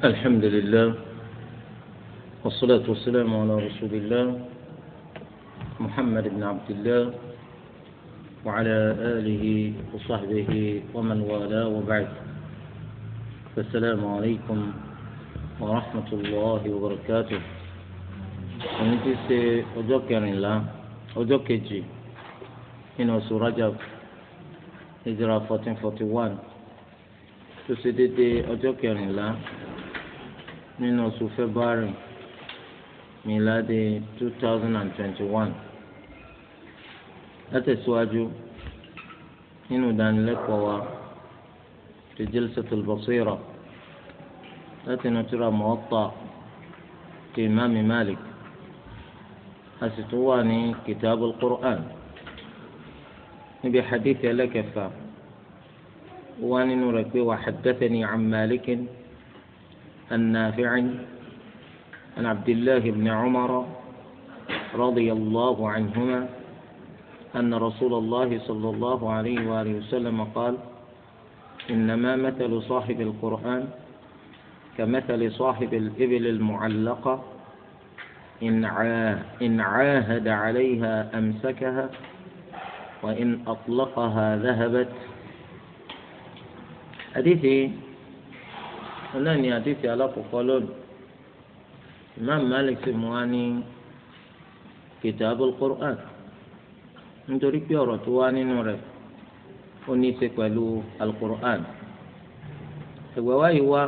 الحمد لله والصلاة والسلام على رسول الله محمد بن عبد الله وعلى آله وصحبه ومن والاه وبعد فالسلام عليكم ورحمة الله وبركاته ẹni سي ṣe ọjọ́ kẹrìnlá ọjọ́ kejì nínú oṣù rajab hijra fourteen forty one tó ṣe déédéé ọjọ́ kẹrìnlá nínú oṣù february miladi two thousand and twenty-one látẹ̀síwájú nínú ìdánilẹ́kọ̀ọ́ wa ti Jalsatul Basira láti inú tírà Muwatta ti imaami Malik a sì tún wà ní Kitabul Qur'an níbi hadith ẹlẹ́kẹfà wà nínú rẹ̀ pé wa haddathani an Malikin. النافع عن عبد الله بن عمر رضي الله عنهما أن رسول الله صلى الله عليه وآله وسلم قال إنما مثل صاحب القرآن كمثل صاحب الإبل المعلقة إن, عا إن عاهد عليها أمسكها وإن أطلقها ذهبت حديثي wọn ni àdìsí alákọ̀ọ́kọ́ lónìí imam malik sì mú wa ní kitabul qur'an nítorí pé ọ̀rọ̀ tó wá nínú rẹ̀ ó ní í ṣe pẹ̀lú alukur'an ẹgbẹ́ wa yìí wá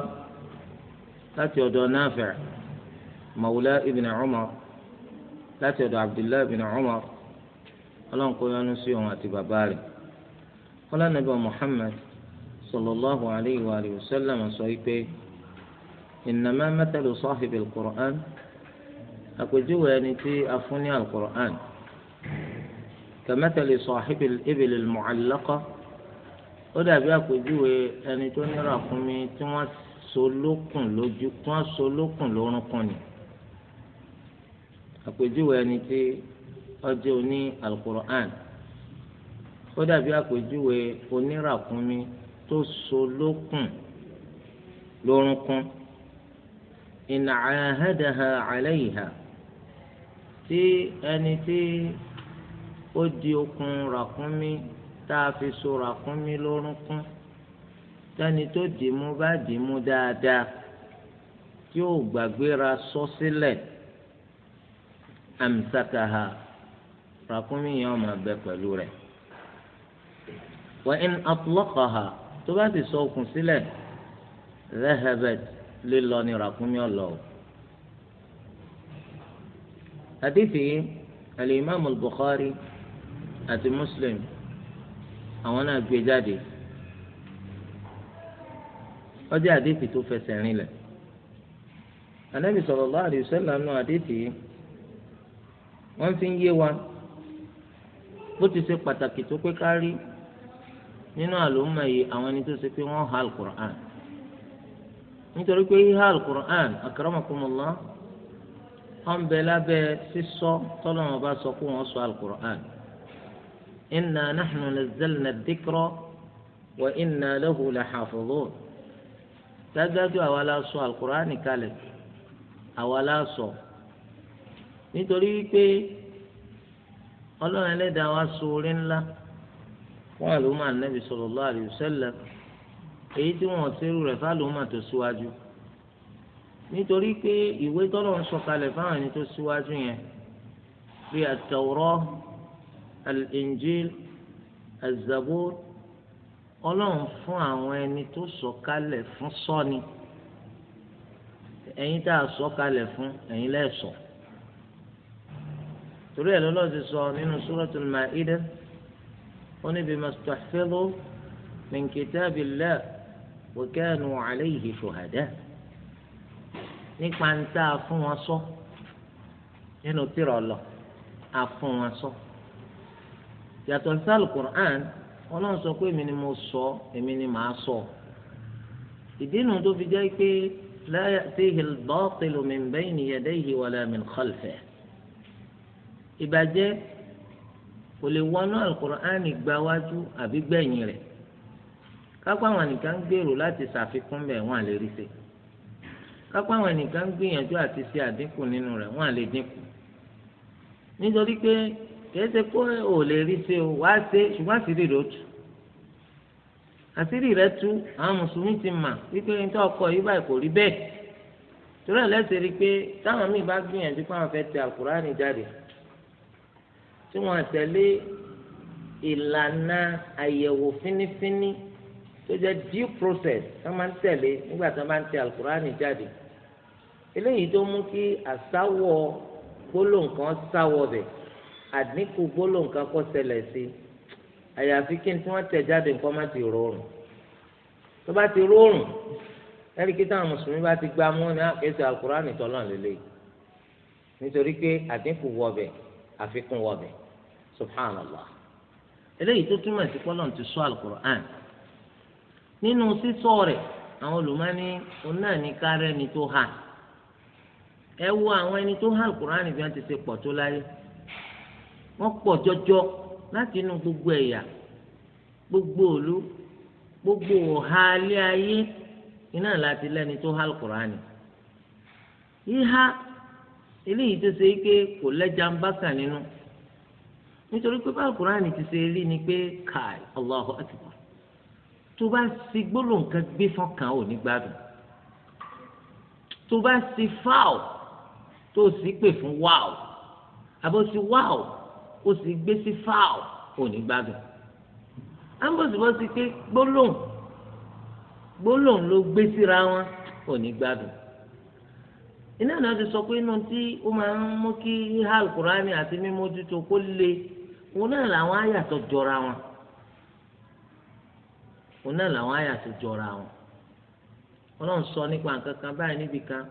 láti ọ̀dọ̀ ibn Umar láti ọ̀dọ̀ abdullahi ibn Umar ọlọ́nkóyanu sí òun àti bàbá rẹ̀ muhammad. sallallahu alayhi wa alihi wa sallam sọ pé innama mathalu sahibi al-Qur'an àpèjúwe ẹni tí a fún ní al-Qur'an kamathali sahibi al-ibil al-mu'allaqa ó dàbí àpèjúwe ẹni tó ní ràkúnmí tí wọ́n so lókùn lójú tí wọ́n so lókùn lórúnkún ni àpèjúwe ẹni tí ọjọ́ oní al-Qur'an ó dàbí àpèjúwe oníràkúnmí tó so lókùn lórúnkún ìnà àhádàhà àlẹ́yìhà tí ẹni tí ó di okùn ràkúnmí tá a fi so ràkúnmí lórúnkún tẹni tó dì mú bá dì mú dáadáa tí ó gbàgbéra sọ sílẹ̀ àmìsàkàhà ràkúnmí yẹn ó máa pẹ̀lú rẹ̀ wọ́n in atlọ́kọ̀ ha tó bá sì sọ okùn sílẹ̀ zahabat lílọ ní ràkúnmí ọ̀lọ́ o. hadithi alimami bukhari àti muslim àwọn náà gbé jáde ó jẹ́ hadithi tó fẹsẹ̀ rinlẹ̀ anabi sallallahu alaihi wasallam nù hadithi wọ́n fi ń yé wa bó ti ṣe pàtàkì tó pé ká rí nínú àlùmọ̀ yìí àwọn ẹni tó ṣe pé wọ́n ha alukur'an nítorí pé híha alukur'an akaramakumullah wọ́n bẹ lábẹ́ sísọ tọ́lọ́mọ bá sọ pé wọ́n sọ alukur'an inna nahnu nazzalna dhikra wa inna lahu lahafidhun dájúdájú àwa la sọ alukur'an kalẹ̀ àwa la sọ nítorí pé ọlọ́run ẹlẹ́dàá wa sọ orí ńlá. So fún àlùmọ́ ànábì sallallahu alaihi wasallam èyí tí wọ́n ṣerú rẹ̀ fálùmọ́ tó síwájú nítorí pé ìwé tọ́lọ̀ ń sọ̀kalẹ̀ fáwọn ẹni tó síwájú yẹn bí àtàwòrán al-injil az-zabur ọlọ́run fún àwọn ẹni tó sọ̀kalẹ̀ fún sọ́ni ẹ̀yin tá a sọ̀kalẹ̀ fún ẹ̀yin lẹ́sọ̀ọ́ torí ẹ̀ lọ́lọ́ ti sọ nínú suratul Ma'idah wọ́n ní bima istahfidhu min kitabillah wa kanu alayhi shuhada nípa ń tá a fún wọn sọ nínú tìrọ lọ a fún wọn sọ yàtọ̀ sálù Qur'an ọlọ́run sọ pé èmi ni mo sọ èmi ni màá sọ ìdí nu tó fi jẹ́ pé la ya'tihi al-batilu min bayni yadayhi wala min khalfihi ìbàjẹ́ kò lè wọnú alukur'ani gbáwájú àbí gbẹ̀yìn rẹ̀ kápá àwọn nìkan gbèrò láti ṣàfikún bẹ̀ wọ́n àlè rí ṣe kápá àwọn nìkan gbìyànjú àti ṣe àdínkù nínú rẹ̀ wọ́n àlè dínkù nítorí pé kìí ṣe kó o lè rí ṣe o wá ṣe ṣùgbọ́n àṣírí rẹ̀ ó tú àṣírí rẹ̀ tú àwọn mùsùlùmí ti mà wípé ní ọkọ yìí báyìí kò rí bẹ́ẹ̀ torí ẹ̀ lẹ́sẹ̀ rí pé táwọn míì bá gbìyànjú tí wọ́n tẹ̀lé ìlànà àyẹ̀wò fínífíní tó jẹ́ due process tó máa ń tẹ̀lé nígbà tó máa ń tẹ alukurani jáde eléyìí tó mú kí àsáwọ̀ gbólóǹkan sáwọ̀ bẹ̀ àdínkù gbólóǹkan kọ́ ṣẹlẹ̀ sí àyàfi kí n tí wọ́n tẹ̀ jáde nǹkan má ti rọrùn tó bá ti rọrùn ẹni kí táwọn mùsùlùmí bá ti gbá mú ní àkẹ́sẹ̀ ah, alukurani tọ́lọ̀ lélẹ̀ nítorí pé àdínkù wọ̀ bẹ̀ àfikún wọ̀ bẹ̀ subhanallah eléyìí tó túmọ̀ sí pọ́lọ́n ti sọ alukur'an nínú sísọ rẹ̀ àwọn olùmọ́ni òun náà ní ni tó hà ẹ wo àwọn ẹni tó hà alukur'an bí wọ́n ti pọ̀ tó láyé wọ́n pọ̀ jọjọ láti inú gbogbo ẹ̀yà gbogbo òlu gbogbo òhàlẹ́ ayé iná láti lẹ́ni tó hà ha eléyìí tó ṣe é ké kò lẹ́jà ń bá kà nítorí pé bá alukur'ani ti ṣe rí ni pé kai Allahu akbar tó bá sì gbólóhùn kan gbé fọkàn ò ní gbádùn tó bá sì fáwò tó sì pè fún wáwò àbó sì wáwò ó sì gbé sí fáwò ò ní gbádùn ambosibosi pé gbólóhùn gbólóhùn ló gbé síra wọn ò ní gbádùn iná náà ti sọ pé inú tí ó máa ń mú kí hàlùkùránì àti mímójútó kó le òun náà làwọn àyà tó jọra wọn òun náà làwọn àyà tó jọra wọn ọlọ́run sọ nípa nǹkan kan báyìí níbi kan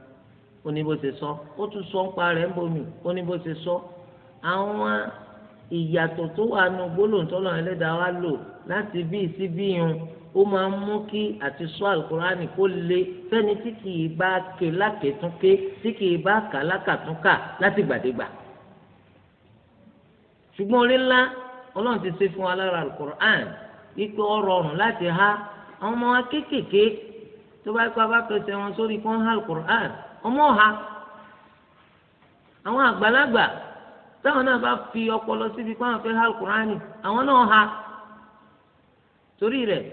ó ní bó ṣe sọ ó tún sọ nípa rẹ̀ ń bomi ó ní bó ṣe sọ àwọn ìyàtọ̀ tó wà nù gbólóhùn tọ́lọ́run ẹlẹ́dàá wa lò láti bíi sí bíi yun ó máa ń mú kí àti sọ alukurani kó le fẹ́ni tí kì í bá ké lákètúnké tí kì í bá kà lákàtúnkà láti gbàdégbà. ṣùgbọ́n orí ńlá ọlọ́run ti ṣe fún wa lára alukur'an wípé ó rọrùn láti ha àwọn ọmọ wa kéékèèké tó bá pa bá pèsè wọn sórí kó ha há alukur'an ọmọ ọ̀ha àwọn àgbàlagbà táwọn náà bá fi ọpọlọ síbi pé àwọn fẹ́ há alukur'an àwọn náà há torí rẹ̀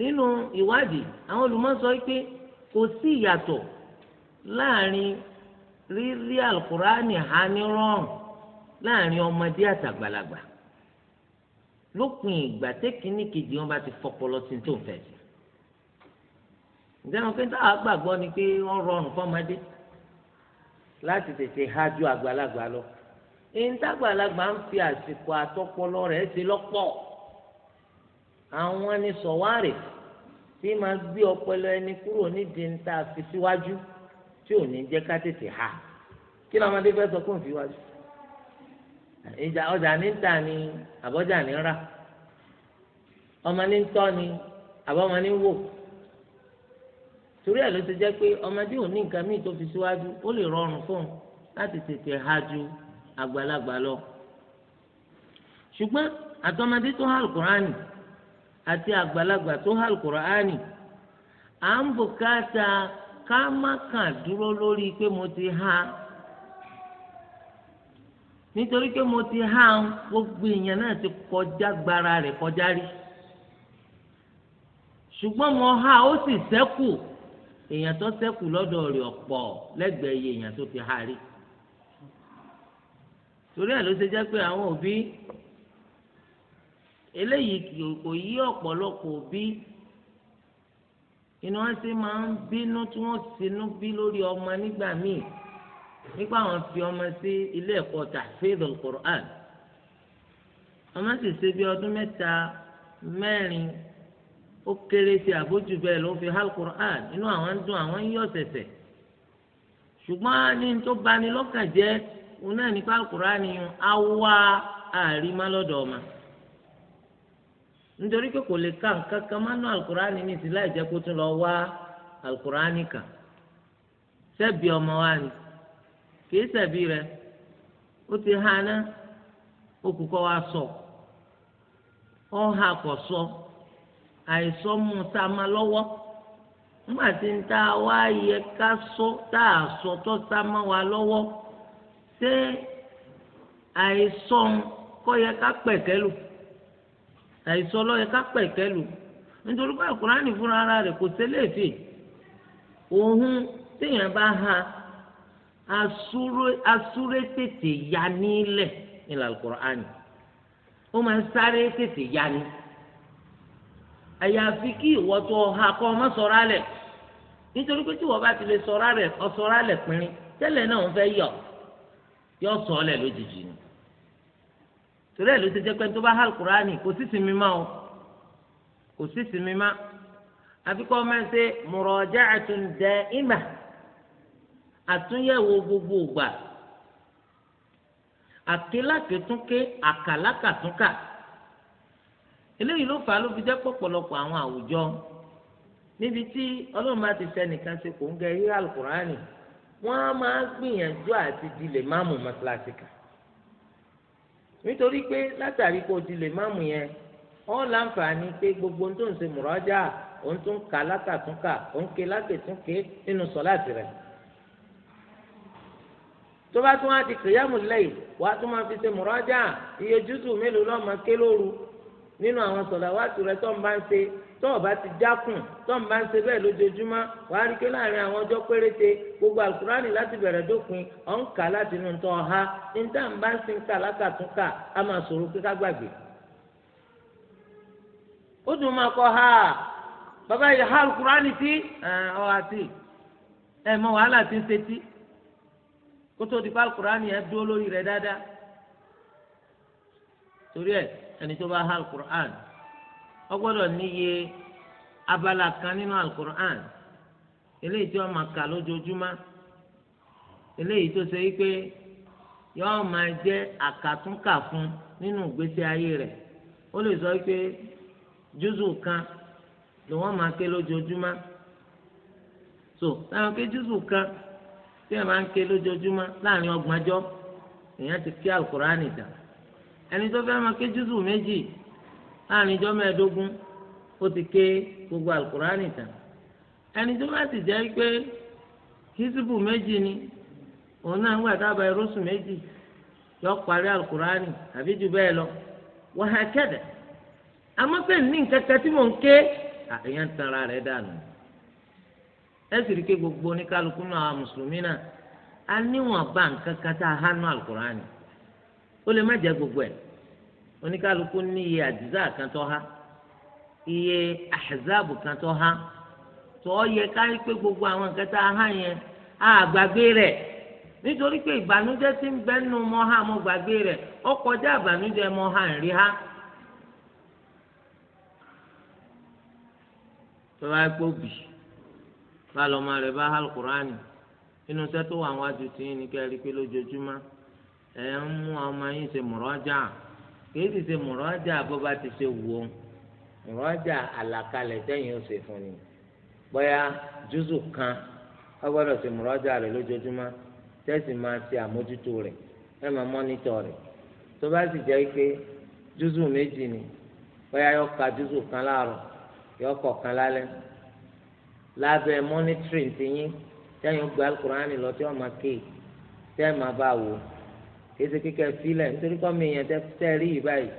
nínú ìwádìí àwọn olùmọ̀ sọ pé kò sí ìyàtọ̀ láàrin rírí alukur'an há ní rọrùn láàrin ọmọdé àtàgbàlagbà lópin ìgbà tẹkíní kejì wọn bá ti fọpọlọ sí tó ń fẹ́ sí ìdáhùn pé táwọn àgbàgbọ́ ni pé wọ́n rọrùn fọmọdé láti tètè hájú àgbàlagbà lọ ìntàgbàlagbà ń fi àsìkò àtọpọlọ rẹ̀ ṣe lọ́pọ̀ àwọn ni sọ̀wárì tí máa gbé ọpọlọ ẹni kúrò nídìí ń ta fi síwájú tí ò ní jẹ́ ká tètè há kí lọ́mọdé fẹ́ sọ fún ìfiwájú ìjà ọjà ní ta ni àbọ̀jà ní ra ọmọ ní ni àbọ̀mọ ní wò torí ló ti jẹ pé ọmọdé ò ní nǹkan míì tó fi síwájú ó lè rọrùn fún un láti tètè ju àgbàlagbà lọ ṣùgbọ́n àtọmọdé tó há àti àgbàlagbà tó à ń bùkátà ká má kàn dúró nítorí pé mo ti há ń gbogbo èèyàn náà ti kọjá gbára rẹ̀ kọjá rí ṣùgbọ́n mo há ó sì ṣẹ́kù èèyàn tó ṣẹ́kù lọ́dọ̀ rẹ̀ ọ̀pọ̀ lẹ́gbẹ̀ẹ́ iye èèyàn tó ti há rí torí ẹ̀ ló ṣe jẹ́ pé àwọn òbí eléyìí kò yí ọ̀pọ̀lọpọ̀ òbí inú wọn sì máa ń bínú tí wọ́n sinú bí lórí ọmọ nígbà míì nípa àwọn fi ọmọ sí ilé ẹ̀kọ́ tahfidh al-Qur'an ọmọ sì ṣe bí ọdún mẹ́ta mẹ́rin ó kéré sí àbójú bẹ́ẹ̀ ló fi al-Qur'an inú àwọn ń dùn àwọn ń yọ̀ sẹ̀sẹ̀ ṣùgbọ́n ní tó bani lọ́kàn jẹ́ òun náà nípa al-Qur'an yìí á wá àrímá lọ́dọ̀ ọmọ nítorí pé kò lè ka nǹkan kan mánú al-Qur'an ní ti láì jẹ́ kó tún lọ wá al-Qur'an kan sẹ́bi ọmọ wa ni kìí ṣẹ̀bi rẹ̀ ó ti haná okùn kọ́ wa sọ ọ́ ha kọ̀ sọ àìsọ mú tá a máa lọ́wọ́ nígbà tí ń tá a wá yẹ ká sọ tá a sọ tó tá a máa lọ́wọ́ ṣé àìsọ kọ́ yẹ ká pẹ̀kẹ́lù àìsọ lọ́ yẹ ká pẹ̀kẹ́lù nítorí pé àkùránì fúnra rẹ̀ kò sí léèfì òun téèyàn bá ha. asúré tètè ya nílẹ̀ nílẹ̀ alukur'ani ó máa ń sáré tètè ya ni àyàfi kí ìwọ tó ha kọ́ ọmọ sọ̀rọ̀ alẹ̀ nítorí pé tí ìwọ bá ti lè sọ̀rọ̀ alẹ̀ ọ̀sọ̀rọ̀ alẹ̀ pinrin tẹ́lẹ̀ náà ń fẹ́ yọ yọ sọ ọ́ lẹ̀ lójijì ni torí ẹ̀ ló ti jẹ́ pé tó bá kò sí sinmi o kò sí sinmi máa ń ṣe ìmà. àtúnyẹ̀wò gbogbo ìgbà àkélákètúnké àkàlákàtúnkà eléyìí ló fà á ló fi jẹ́ pọ̀pọ̀lọpọ̀ àwọn àwùjọ níbi tí ọlọ́run bá ti sẹ́nìkan ṣe kò ń gẹ ríra alukurani wọ́n á máa gbìyànjú àti di lè máàmù mọ́ṣáláṣí kan nítorí pé látàrí kó di lè máàmù yẹn ó láǹfààní pé gbogbo ohun tó ń ṣe mùrọ́jà òun tó ń kà látàtúnkà òun ké lákètúnké nínú sọ́láàtì rẹ̀ tó bá tún wá di kìyàmù lẹ́yìn wàá tún máa fi ṣe mùrọ́jà iye jútù mélòó lọ́ọ́ máa ké lóru nínú àwọn sọ̀làwátù rẹ tó ń bá ń ṣe tó o bá ti jákùn tó ń bá ń ṣe bẹ́ẹ̀ lójoojúmọ́ wàá rí i láàrin àwọn ọjọ́ péréte gbogbo alukurani láti bẹ̀rẹ̀ dópin ọ̀ kà láti inú tó ọ̀há ní tá à ń bá ń sin kà á máa ṣòro kíká gbàgbé. ó dùn máa kọ ha bàbá yìí ha alukurani tí ẹ ọ àti ẹ mọ wàhálà ti ń ṣe tí. kótó di pa alukur'an yẹn dúró lórí rẹ̀ dáadáa torí ẹ ẹni tó bá ha alukur'an ó gbọ́dọ̀ níye abala kan nínú alukur'an eléyìí tí wọ́n máa kà lójoojúmọ́ eléyìí tó ṣe yí pé yọọ máa jẹ́ àkàtúnkà fún nínú ìgbésí ayé rẹ̀ ó lè sọ pé júzù kan ni wọ́n máa ké lójoojúmọ́ so táwọn ké júzù kan. tí ẹ máa ń ké lójoojúmọ́ láàrin ọgbọ̀njọ́ èèyàn ti kí alukurani dà ẹni tó fẹ́ máa ké júzù méjì láàrin ijọ́ mẹ́ẹ̀ẹ́dógún ó ti ké gbogbo alukurani dà ẹni tó bá ti jẹ́ pé hísíbù méjì ni òun náà ń gbà dábàá erósù méjì yọ parí alukurani àbí jù bẹ́ẹ̀ lọ wọ́n á kẹ́dẹ̀ àmọ́ pé ní nǹkan mò ń ké ẹsì rí gbogbo oníkálukú náà àwọn mùsùlùmí náà a níwọ̀n bá nǹkan kan a hánú àlùkùránì ó lè má jẹ́ gbogbo ẹ̀ oníkálukú ní iye àdìsá kan tó há iye àhàzáàbù kan tó tó yẹ káyé pé gbogbo àwọn nǹkan tá a há yẹn á gbàgbé rẹ̀ nítorí pé ìbànújẹ́ tí ń mọ́ gbàgbé kọjá ń rí tó bá lọ́mọ rẹ̀ bá alukurani inú iṣẹ́ tó wà wájú tí yín ni kẹ́ ẹ rí pé ń mú ọmọ yín ṣe mọ̀rọ́jà kì í sì ṣe mọ̀rọ́jà bó bá ti ṣe wù ó mọ̀rọ́jà àlàkalẹ̀ tẹ́yìn ó ṣe fún ni bóyá kan ó gbọ́dọ̀ ṣe mọ̀rọ́jà àmójútó máa mọ́nítọ̀ tó bá sì jẹ́ pé méjì ni bóyá yọ ka kan yọ lábẹ́ monitoring ti yín tẹ́yìn gba alukur'ani lọ tí wọ́n máa ké tẹ́ máa bá wò kéde kíkẹ́ filẹ̀ nítorí kọ́ mi yẹn tẹ́ rí yìí báyìí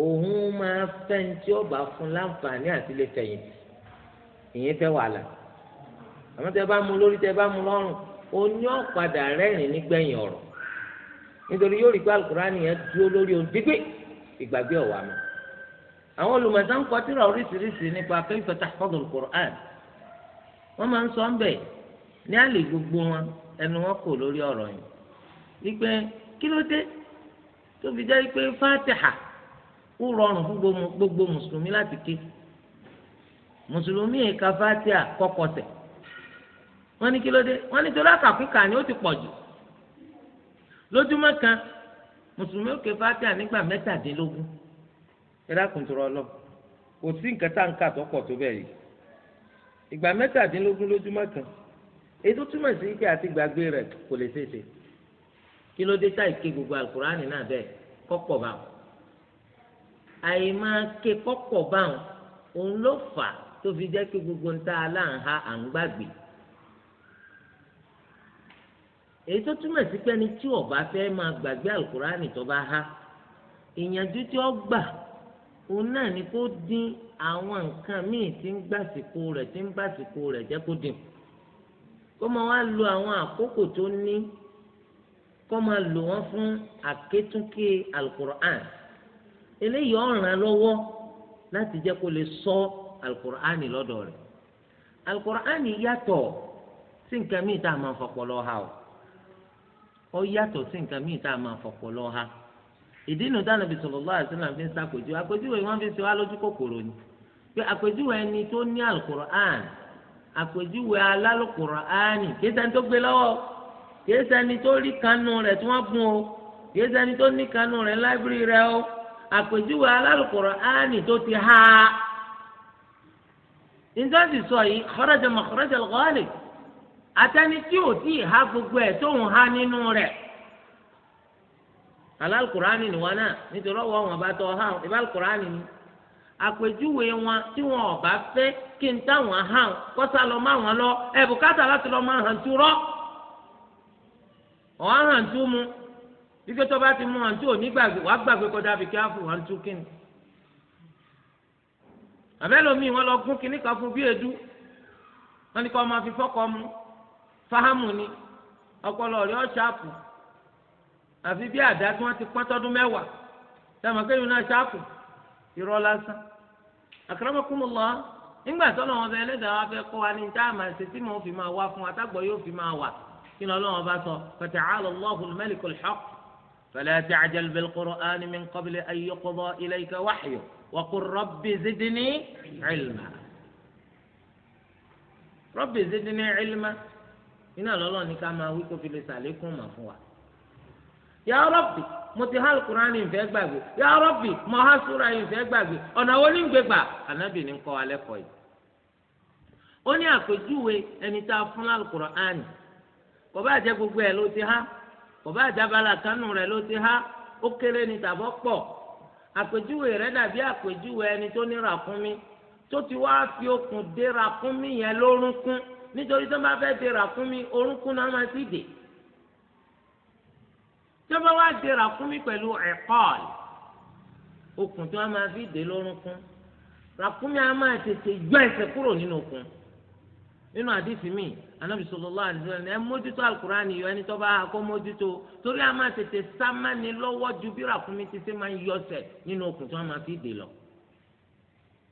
òun máa fẹ́ ní tí ó bá fún láǹfààní àti lè fẹ̀yìntì ìyẹn fẹ́ wàhálà àmọ́ tẹ́ bá mu lórí tẹ́ bá mu lọ́rùn oní ọ̀padà rẹ́rìn nígbẹ̀yìn ọ̀rọ̀ nítorí yóò rí pé alukur'ani yẹn dúró lórí ohun dígbé ìgbàgbé ọ̀wà mi àwọn olùmọ̀tá ń kọ́ tírà oríṣiríṣi nípa kayfa tahfazul Qur'an wọ́n máa ń sọ ń bẹ̀ ní àlè gbogbo wọn ẹnu wọn kò lórí ọ̀rọ̀ yìí wípé kí ló dé tó fi jẹ́ wípé fatiha ó rọrùn fún gbogbo mùsùlùmí láti ké mùsùlùmí yìí ka fatiha kọ́kọ́ tẹ̀ wọ́n ní kí ló dé wọ́n ní torí àkàkúkà ni ó ti pọ̀ jù lójúmọ́ kan mùsùlùmí ó fatiha nígbà mẹ́tàdínlógún ẹ dákun tó rọ lọ kò sí nǹkan tá à ń kà tó pọ̀ tó bẹ́ẹ̀ yìí. ìgbà mẹ́tàdínlógún lójúmọ́ kan èyí tó túmọ̀ sí pé àti gbàgbé rẹ̀ kò lè ṣèṣe kí ló dé táì ké gbogbo alukurani náà bẹ́ẹ̀ kọ́pọ̀ báwọn àìmáa ké kọ́pọ̀ báwọn òun ló fà tó fi jẹ́ pé gbogbo ńta aláǹha à ń gbàgbé èyí tó túmọ̀ sí pé ẹni tí ó fẹ́ máa gbàgbé alukurani tó bá há ìyànjú tí ó gbà òun náà ni kó dín àwọn nǹkan míì ti ń gbàsìkò rẹ̀ tí ń gbàsìkò rẹ̀ jẹ́ kó kó máa wá lo àwọn àkókò tó ní kó máa lò wọ́n fún àkétúnké alukur'an eléyìí ọ̀ràn lọ́wọ́ láti jẹ́ kó lè sọ alukur'an lọ́dọ̀ rẹ̀ alukur'an yàtọ̀ sí nǹkan míì tá a máa fọpọlọ ha o yàtọ̀ sí nǹkan míì tá a ha ìdí nu dáná pé àpèjúwe ẹni tó ní alukur'an àpèjúwe alalukur'an kìí ṣẹni tó gbé lọ́wọ́ kìí ṣẹni tó rí kanu rẹ̀ tí wọ́n bùn o kìí ṣẹni tó ní kanu rẹ̀ láìbírì rẹ̀ o àpèjúwe alalukur'an tó ti ha nítorí sọ yìí kharaja makhraja al-ghalib atani tí ò tí ha gbogbo ẹ̀ tó ń ha nínú rẹ̀ alalukur'an ni wọn náà nítorí ọwọ́ wọn bá tọ́ ha ìbá alukur'an ni àpèjúwe wọn tí wọn ò bá fẹ́ kí n táwọn hàn kọsà lọ má wọn lọ ẹ bùkátà láti lọ máa hàn tú rọ ọ̀hán hàn tú mu ike tó bá ti mú hàn tú òní gbàgbé wàá gbàgbé kọjá bí káfù hàn tú kíni àbẹ́lòmíì wọn lọ gún kíní kan fún bí edu wọn ni kọ́ máa fi fọ́kọ́ mu fáhámù ni ọpọlọ rẹ ọ ṣáàpù àfi bí àdá tí wọn ti pọ́n tọdún mẹ́wàá sàmàkéyìn náà ṣáàpù irọ́ lásán akramakumullah nígbà tó lọ́wọ́ bẹ ẹlẹ́dàá wa fẹ́ kọ́ wa ní tá a máa ṣe tí mo fi máa wá fún atágbọ̀ yóò fi máa wà kí ni ọlọ́wọ́ bá sọ fata'ala Allahu al-maliku al-haqq fala ta'jal bil-qur'ani min qabli an yuqda ilayka wahyuhu wa qul rabbi zidni ilma rabbi zidni iná lọ́lọ́ ní ká máa wí kó fi lè sàlékún mà fún wa ya Rabbi mo ti hal Qur'an ìfẹ́ gbàgbé ya Rabbi mo ha sura ìfẹ́ gbàgbé ọ̀nà wo ni ń gbé gbà ànábì ní kọ́ alẹ́ kọ́ yìí. ó ní àpèjúwe ẹni tá a fún hal Qur'an kò bá jẹ́ gbogbo ẹ̀ ló ti há kò bá jábàlá kánú rẹ̀ ló ti há ó kéré ni tàbọ̀ pọ̀ àpèjúwe rẹ̀ dàbí àpèjúwe ẹni tó ní ràkúnmí tó ti wá fi okùn dé ràkúnmí yẹn lórúnkún nítorí tó bá fẹ́ dé ràkúnmí orúnkún náà máa ti dè tọ́ba wá dé ràkúnmí pẹ̀lú ẹ̀kọ́ọ̀lì okùn tí wọ́n máa fi dé lórúnkún ràkúnmí á máa tètè yọ ẹsẹ̀ kúrò nínú okùn nínú àdìsí mi anabi sallallahu alaihi wasallam ẹ mójútó alukurani yọ ẹni tọ́ba akọ mójútó torí á máa tètè sámánì lọ́wọ́ ju bí ràkúnmí ti ṣe máa yọ ẹsẹ̀ nínú okùn tí wọ́n máa fi dé lọ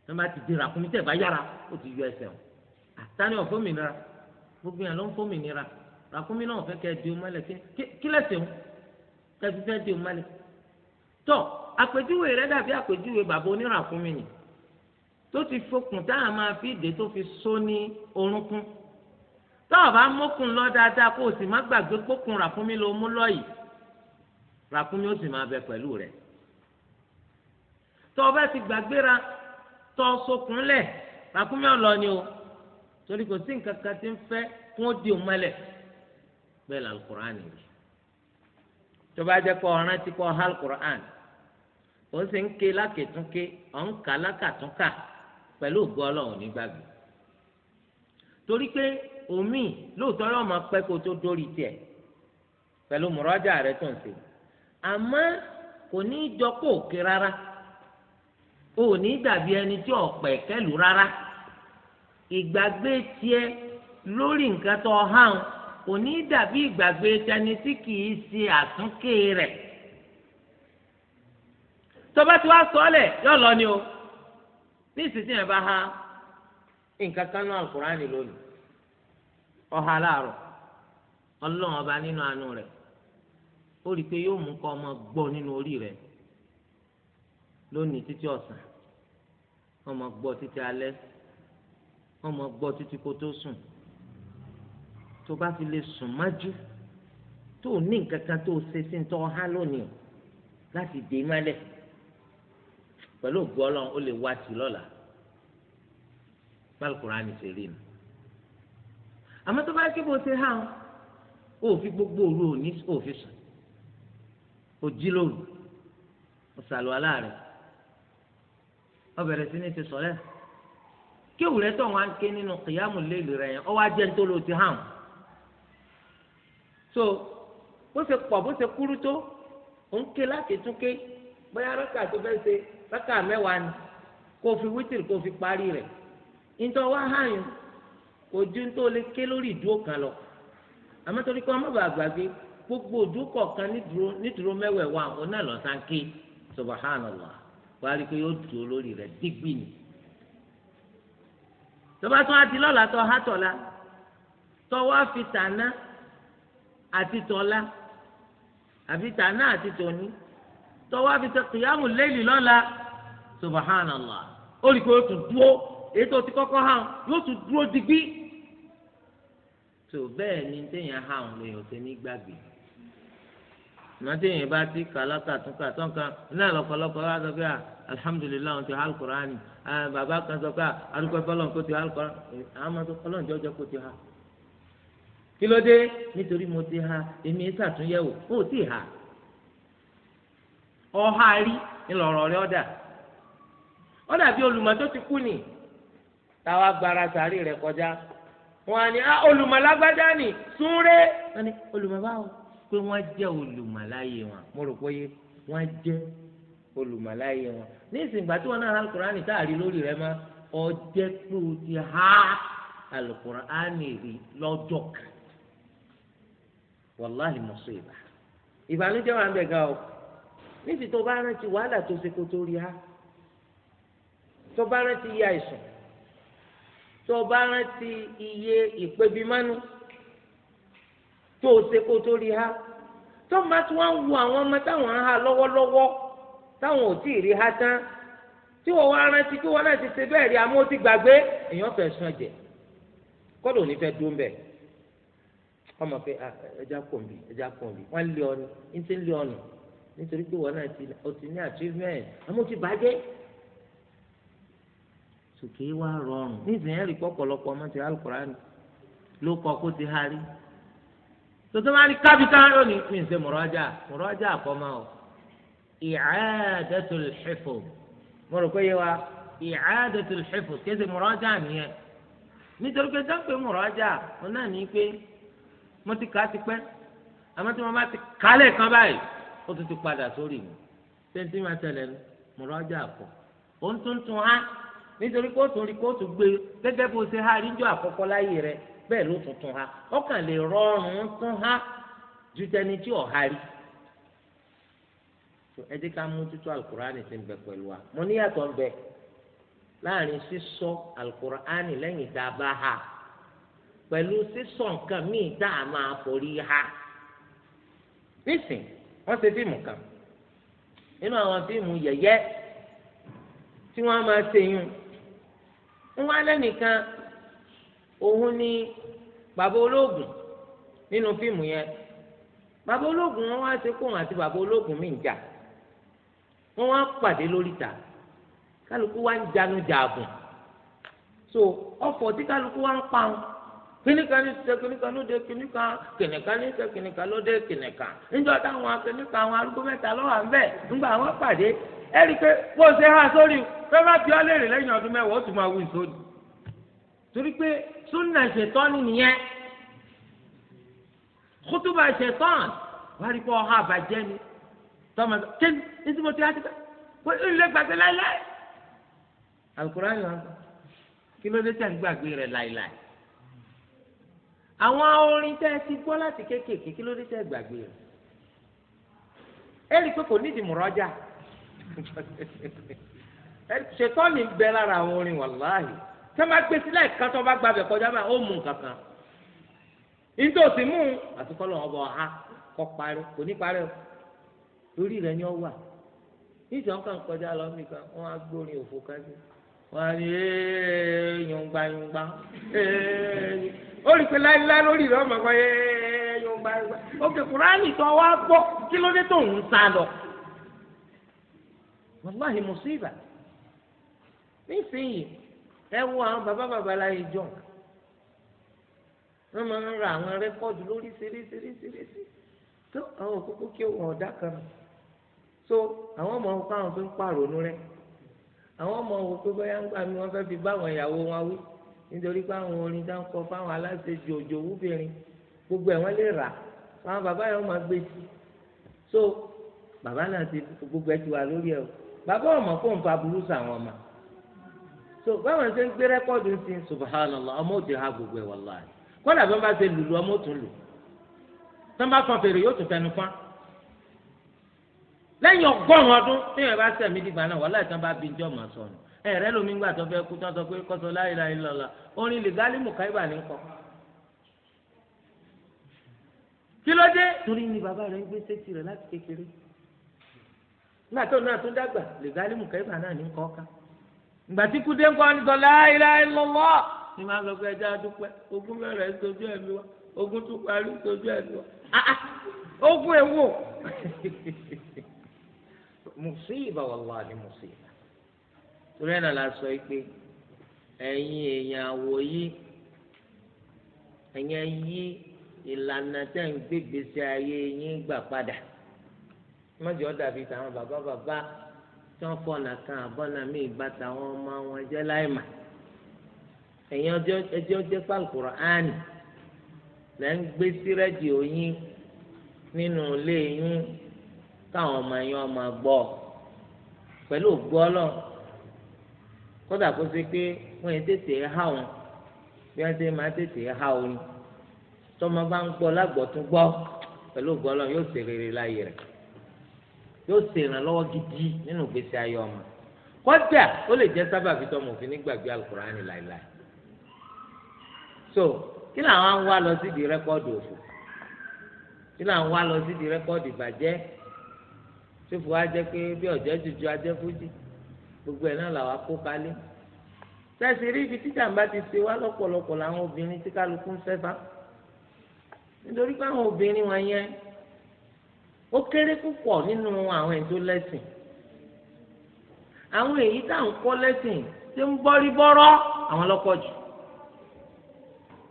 wọ́n máa ti dé ràkúnmí tẹ̀ bá yára ó ti yọ ẹsẹ̀ wọn àtàní ọ̀fọ́mìnira gbogbo yẹn ló ń fọ́mìnira ràkúnmí náà fẹ́ kẹ́ di o tẹ́tí fẹ́ di òmálẹ̀ tọ́ àpèjúwe rẹ dàbí àpèjúwe bàbá onírà fún mi nì tó ti fokùn tá a máa fi dé tó fi só ní orúnkún tọ́ ọ̀bá mọ́kùn lọ dáadáa kó o sì má gbàgbé pókùn rà fún mi ló mú lọ́yìí rà fún mi ó sì máa bẹ pẹ̀lú rẹ̀ tọ́ ọba ti gbàgbéra tọ́ sokùn lẹ̀ rà fún mi ọ̀lọ́ ni o torí kò sí nǹkan kan tí ń fẹ́ kó o di òmálẹ̀ bẹ́ẹ̀ làlùkùránì rí. tó bá jẹ́ kó ti kó hal Qur'an ó sì ń ké lákètúnké ọ̀ ń kà lákàtúnkà pẹ̀lú ògbó ọlọ́run nígbàgbé torí pé omi lóòótọ́ yóò máa pẹ́ kó tó dórí tiẹ̀ pẹ̀lú mùrọ́jà rẹ tó ń àmọ́ kò ní í jọ kó òkè rárá kò ní dàbí ìgbàgbé tẹni tí kì í ṣe àtúnké rẹ̀ tọba tí wàá sọ ọlẹ yóò lọ ni o ní ìsinsìn yẹn bá ha nǹkan kan náà alukurani lónìí ọha láàárọ̀ Ọlọ́run ọba nínú àánú rẹ̀ ó rí i pé yóò mú kọ ọmọ gbọ́ nínú orí rẹ̀ lónìí títí ọ̀sán ọmọ gbọ́ títí alẹ́ ọmọ gbọ́ títí kó tó sùn tó bá fi lè sùn májú tó ní nǹkan kan tó ṣe sí tó há lónìí láti dé mọ́lẹ̀ pẹ̀lú ògùn ọlọ́run ó lè wá sí lọ́la pálukùrá ni ṣe rí nu àmọ́ tó bá ké bó ṣe hàn ó fi gbogbo òru òní ó fi sùn ó jí lóru ó sàlù aláàrẹ̀ ó bẹ̀rẹ̀ sí ní ti sọ̀rẹ́ kí òwúrẹ́ tó wọn á ké nínú kìyàmù léèlì rẹ̀ yẹn ó wá jẹ́ nítorí ó ti hàn. so bó ṣe pọ̀ bó ṣe kúrú tó ń ké láti tún ké bóyá rákà tó fẹ́ ṣe mẹ́wàá ni kó fi wítìrì kó fi parí rẹ̀ nítorí wá hàyàn kò ju tó lè ké kan lọ àmọ́ torí gbé gbogbo òdúró kọ̀ọ̀kan nídúró mẹ́wẹ̀ẹ̀wá òun náà lọ́sàn-án ké subhanallah wàá pé yóò dúró lórí rẹ̀ dígbì ni tọ́ba la fi tàná àti tọ́lá àbí tàná àti tòní tọ́wọ́ àfi ṣe kìyàmù lẹ́yìn lọ́la subahánàlá ó rí i pé ó tún dúró èyí tó ti kọ́kọ́ hàn yóò tún dúró digbí tó bẹ́ẹ̀ ni téèyàn hàn lèèyàn ṣe ní gbàgbé mọ̀tẹ́yìn bá ti kàlákàtúnkà tọ́nkan náà lọ́kọ̀lọ́kọ̀ wá sọ pé à ah, alihamudulilayi wọn ti ha alukurani ah, bàbá kan sọ pé à ah, adúgbò ti ha alukurani àwọn ọmọ tó fọlọ́n jọjọ kó ti ha. kí ló dé nítorí mo ti ha èmi ṣàtúnyẹ̀wò ó sì ha ọha rí ńlọrọ rẹ ọdà ọdà bíi olùmọ̀ tó ti kú ni táwa gbára sàárì rẹ kọjá wọn á ní ah, olùmọ̀ lágbájá ni súnré wọn ní olùmọ̀ báwo pé wọn jẹ olùmọláyé wọn mo rò pé wọn jẹ olùmọláyé wọn ní ìsìngbà tí wọn náà alukurani táàrí lórí rẹ mọ ọjẹ pé o ti ha alukurani rí lọjọ kan wàláhì mùsíbà ìbànújẹ́ wà ń bẹ gan o níbi tó bá rántí wàhálà tó ṣe kó tó rí ha tó bá rántí iye àìsàn tó bá rántí iye ìpèbímánú tó ṣe kó tó rí ha tó bá tí wọ́n ń wo àwọn ọmọ táwọn ń ha lọ́wọ́lọ́wọ́ táwọn ò tí ì rí ha tán tí wọ́n wá rántí kí wọ́n náà ti ṣe bẹ́ẹ̀ rí amó ti gbàgbé èèyàn fẹ́ sàn jẹ kọ́dọ̀ ò ní fẹ́ dúró bẹ́ẹ̀. wọ́n a pé ah, ẹja pọ̀ nbí ẹja pọ̀ nbí wọ́n lé ń lé nítorí pé náà ti ní achievement àmọ́ ti bàjẹ́ wá rọrùn nísìnyẹn rí pọ̀pọ̀lọpọ̀ ọmọ ti alukurani ló kọ kó ti harí tòtò máa ní kábíkà n ṣe mọ̀rọ́jà mọ̀rọ́jà àkọ́mọ́ o mo rò pé wa nìyẹn mo ti kà á ti pẹ́ àmọ́ tí mo bá ti kà á lẹ́ẹ̀kan báyìí ó tún ti padà sórí mi sẹ́ńtì máa tẹ̀lé nu mo rọ́jà pọ̀ ó ń tuntun á nítorí kóòtù rí kóòtù gbé gẹ́gẹ́ bó ṣe há ríjọ àkọ́kọ́ láyé rẹ bẹ́ẹ̀ ló tuntun há ọkàn lè rọrùn tún há ju tẹni tí ò há rí ẹ jẹ́ ká mú títú alukur'ani ti ń bẹ pẹ̀lú wa mo níyàtọ̀ ń bẹ láàrin sísọ alukur'ani lẹ́yìn tá a há pẹ̀lú sísọ nǹkan míì tá a máa forí ha nísìn wọ́n ṣe fíìmù kan nínú àwọn fíìmù yẹ̀yẹ́ tí wọ́n máa ṣe yún wọn alẹ́ nìkan òun ni bàbá olóògùn nínú fíìmù yẹn bàbá olóògùn wọn wá ṣe kóhùn àti bàbá olóògùn míì ń jà wọn wá pàdé lóríta kálukú wá ń janu jàbùn so ọ̀fọ̀ tí kálukú wá ń pa wọn kìnìkan ní ṣe kìnìkan ló dé kìnìkan kìnìkan ní ṣe kìnìkan ló dé kìnìkan níjọ́ táwọn kìnìkan àwọn arúgbó mẹ́ta lọ́wọ́ à ń bẹ̀ ńgbà wọn pàdé ẹ̀rí pé bó ṣe há sórí fẹ́ bá fi ọ́ lè rìn lẹ́yìn ọdún mẹ́wàá ó tún máa wí sórí torí pé súnà ṣètọ́ni nìyẹn kútùbà ṣètọ́n wàá rí pé ọ̀há àbàjẹ́ ni tọ́mọ kí ni tí mo ti rántí pé ilé gbàgbé láíláí àlùkò ráyọ̀ kí ló dé tẹ̀ ń gbàgbé rẹ̀ láíláí àwọn orin tẹ́ ẹ ti gbọ́ láti kéékèèké kí ló dé tẹ́ ẹ gbàgbé rẹ̀ ẹ rí i pé kò nídìí mùrọ́jà ṣètọ́ni ń bẹ lára àwọn orin wàláhì tẹ́ máa gbé sílẹ̀ kan tó bá gbàbẹ̀ kọjá báyìí ó mú nǹkan kan nítòsí mú àti kọ́ lọ́wọ́ bọ̀ ha kọ́ parí kò ní parí o lórí rẹ̀ ni ó wà níjọ́ kan kọjá lọ mí kan wọ́n á gbórin òfò kan sí á ní yọ̀ǹgbà yọ̀ǹgbà ó rí i pé láíláí lórí rẹ ọmọ kan yẹ yóò gba ẹgbẹ òkè kúránì tó wá gbọ́ kí ló dé tó ń sá lọ. wàláhì mùsíbà nísìnyí ẹ wo àwọn bàbá bàbá láyé jọ wọn máa ń ra àwọn rẹkọọdù lórí ṣeréṣeréṣeréṣe tó àwọn òkúkú kí wọn ọdá kan nù so àwọn ọmọ òkú àwọn fi ń pààrọ̀ nù rẹ àwọn ọmọ òkú bóyá ń gbà mí wọn fẹ́ẹ́ fi bá àwọn ìyàwó wọn wí nítorí pé àwọn orin tá ń kọ fáwọn aláṣejù òjò wúbìrin gbogbo ẹ̀ wọ́n lè rà fáwọn bàbá yẹn wọ́n máa gbé sí so bàbá náà ti gbogbo ẹ̀ ti wà lórí ẹ̀ o bàbá ọmọ kò ń fa burú sàwọn ọmọ so báwọn ṣe ń gbé rẹ́kọ́ọ̀dù sí subhanallah ọmọ òde ha gbogbo ẹ̀ wallahi kọ́dà bí wọ́n bá ṣe lùlù ọmọ òtún lù tí wọ́n bá fọn fèrè yóò tún fẹnu fún lẹ́yìn ọgọ́rùn-ún ọdún tí wọ́n bá sẹ̀mí dìgbà náà wallahi tí wọ́n bá bí ń jọ́ ọmọ ẹ̀rẹ́ lomi ńgbà tó fẹ́ kú tó sọ pé kọ́sọ la ilaha illallah orin lìgálí ní kọ́. kí ló dé torí ni bàbá rẹ̀ ń gbé sétí láti kékeré nígbà tó náà tó dàgbà lìgálí mùkáíbà náà ní kọ́ ká ìgbà tí kúdé ń kọ́ ni sọ ni máa dúpẹ́ ogún mẹ́rẹ̀ sojú ogún tún parí sojú ah, ah, ogún torí ẹ̀ náà la sọ pé ẹ̀yin èèyàn àwọ̀ yìí ẹ̀yin yí ìlànà tẹ̀ ń gbégbèsè ayé yín gbà padà mọ́jọ́ ó dàbí tàwọn bàbá bàbá tí wọ́n fọ̀nà kan àbọ̀nà míì bá tàwọn ọmọ wọn jẹ́ láìmà ẹ̀yin ẹjọ́ jẹ́ pàlùkùrọ̀ áàní lẹ́ ń gbé sí rédíò yín nínú ilé yín káwọn ọmọ yín ọmọ gbọ́ pẹ̀lú ògbọ́lọ́ kódà kó ṣe pé wọ́n yẹn tètè há wọn bí wọ́n ṣe máa tètè há wọn tọ́mọ bá ń gbọ́ lágbọ̀tún gbọ́ pẹ̀lú gbọ́lọ́ yóò ṣe rere láyé rẹ̀ yóò ṣe ìrànlọ́wọ́ gidi nínú ìgbésí ayé ọmọ kódà ó lè jẹ́ sábàbí tọmọ òfin nígbàgbé alukurani láìláì so kí làwọn ń wá lọ sídìí rẹ́kọ́ọ̀dù òfò kí làwọn ń wá lọ sídìí rẹ́kọ́ọ̀dù ìbàjẹ́ tó fi wá jẹ́ pé bí ọ̀jẹ́ jùjú ajẹ́ fújì gbogbo ẹ̀ náà làwa kó kálé sẹ́sì rí ibi tí jàǹbá ti ṣe wá lọ́pọ̀lọpọ̀ làwọn obìnrin tí kálukú ń fẹ́fá nítorí pé àwọn obìnrin wọn yẹn ó kéré púpọ̀ nínú àwọn ètò lẹ́sìn àwọn èyí tá à ń kọ́ lẹ́sìn tí ń bọ́rí bọ́rọ́ àwọn lọ́kọ̀ jù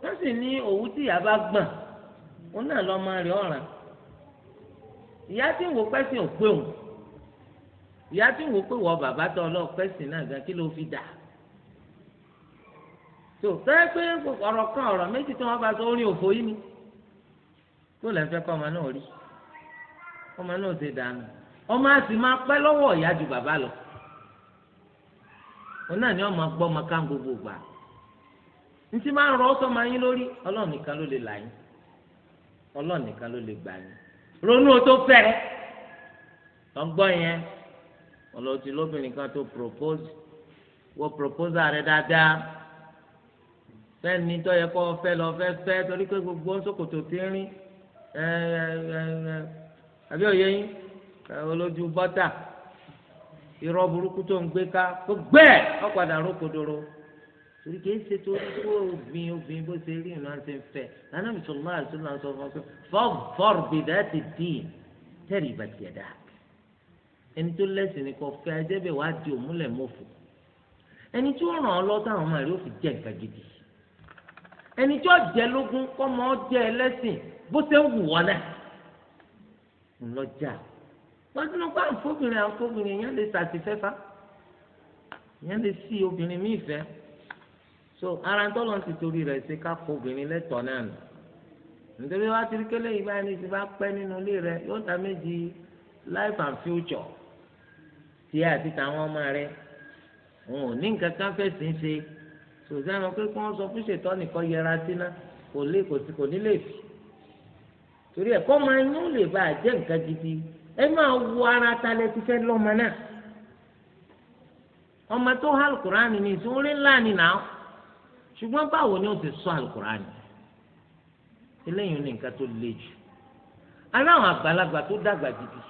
wọ́n sì ní òwú tí ìyá bá gbọ̀n òun náà lọ́ọ́ máa rí ọ̀ràn ìyá tí ń wò pẹ́sìn ò pé òun ìyá tí wò pé wọ bàbá tó ọlọ́pẹ̀sìn náà gan kí ló fi dà tó fẹ́ pé ọ̀rọ̀ kan ọ̀rọ̀ méjì tí wọ́n bá orin òfò ni fẹ́ kọ́ ọmọ náà rí ọmọ náà dànù ọmọ àti máa pẹ́ lọ́wọ́ ìyá ju lọ òun náà ni ọmọ gbọ́ ọmọ ká gbogbo gbà ntí máa ń rọ sọmọ yín lórí ọlọ́run nìkan ló lè là yín ọlọ́run nìkan ló lè gbà yín ronú o tó ọlọ́tí lóbìnrin kan tó propose wọ proposal rẹ dáadáa fẹ́ni tó yẹ kó fẹ́ lọ fẹ́ fẹ́ torí pé gbogbo ṣòkòtò ti rìn àbí òye yín olójú bọ́tà irọ́ burúkú tó ń gbé ká gbogbo ẹ̀ ọ̀padà rókòdoro torí kìí ṣe tó kó obìnrin obìnrin bó ṣe rí ìlànà ṣe ń fẹ́ lánàá mi sọ̀rọ̀ láàrin sọ̀rọ̀ láàrin sọ̀rọ̀ fọ́ọ̀bù fọ́ọ̀bù bìdá ti dì tẹ̀rí ìbàjẹ́ ẹni tó lẹ́sìn ni kò fẹ́ ajẹ́bẹ̀ wá di òmúlẹ̀ mọ́fò ẹni tí ràn ọ́ lọ́tọ̀ àwọn ọmọ rẹ̀ ó fi jẹ́ nǹkan gidi ẹni tí ó jẹ́ lógún kọ́ mọ́ ọ́ jẹ́ ẹlẹ́sìn bó ṣe ń wù wọ́n náà ńlọ́jà wọ́n ti náà pa àǹfọ̀bìnrin àǹfọ̀bìnrin yẹn lè ṣàtìfẹ́fà yẹn lè sí obìnrin míì fẹ́ so ara ń tọ́lọ́ ti torí rẹ̀ ṣe ká kó obìnrin lẹ́tọ̀ọ́ náà nù nítorí wá tìrí kélé ìgbà ẹni tí bá pẹ́ nínú ilé rẹ̀ yóò dá méjì life and future tí àti tàwọn ọmọ rẹ wọn ò ní nǹkan kan ṣe sòsìànà pé kí wọ́n sọ fún ṣètọ́ nìkan yẹra síná kò lè kò sí kò ní lè fi torí ẹ̀kọ́ máa ń lè bá a jẹ́ nǹkan gidi ẹ máa wo ara ta lẹ ti náà ọmọ tó há alukurani ní ìsìn orí ńlá ni náà ṣùgbọ́n báwo ni o ti sọ alukurani eléyìí ní nǹkan tó le jù ara àgbàlagbà tó dàgbà gidi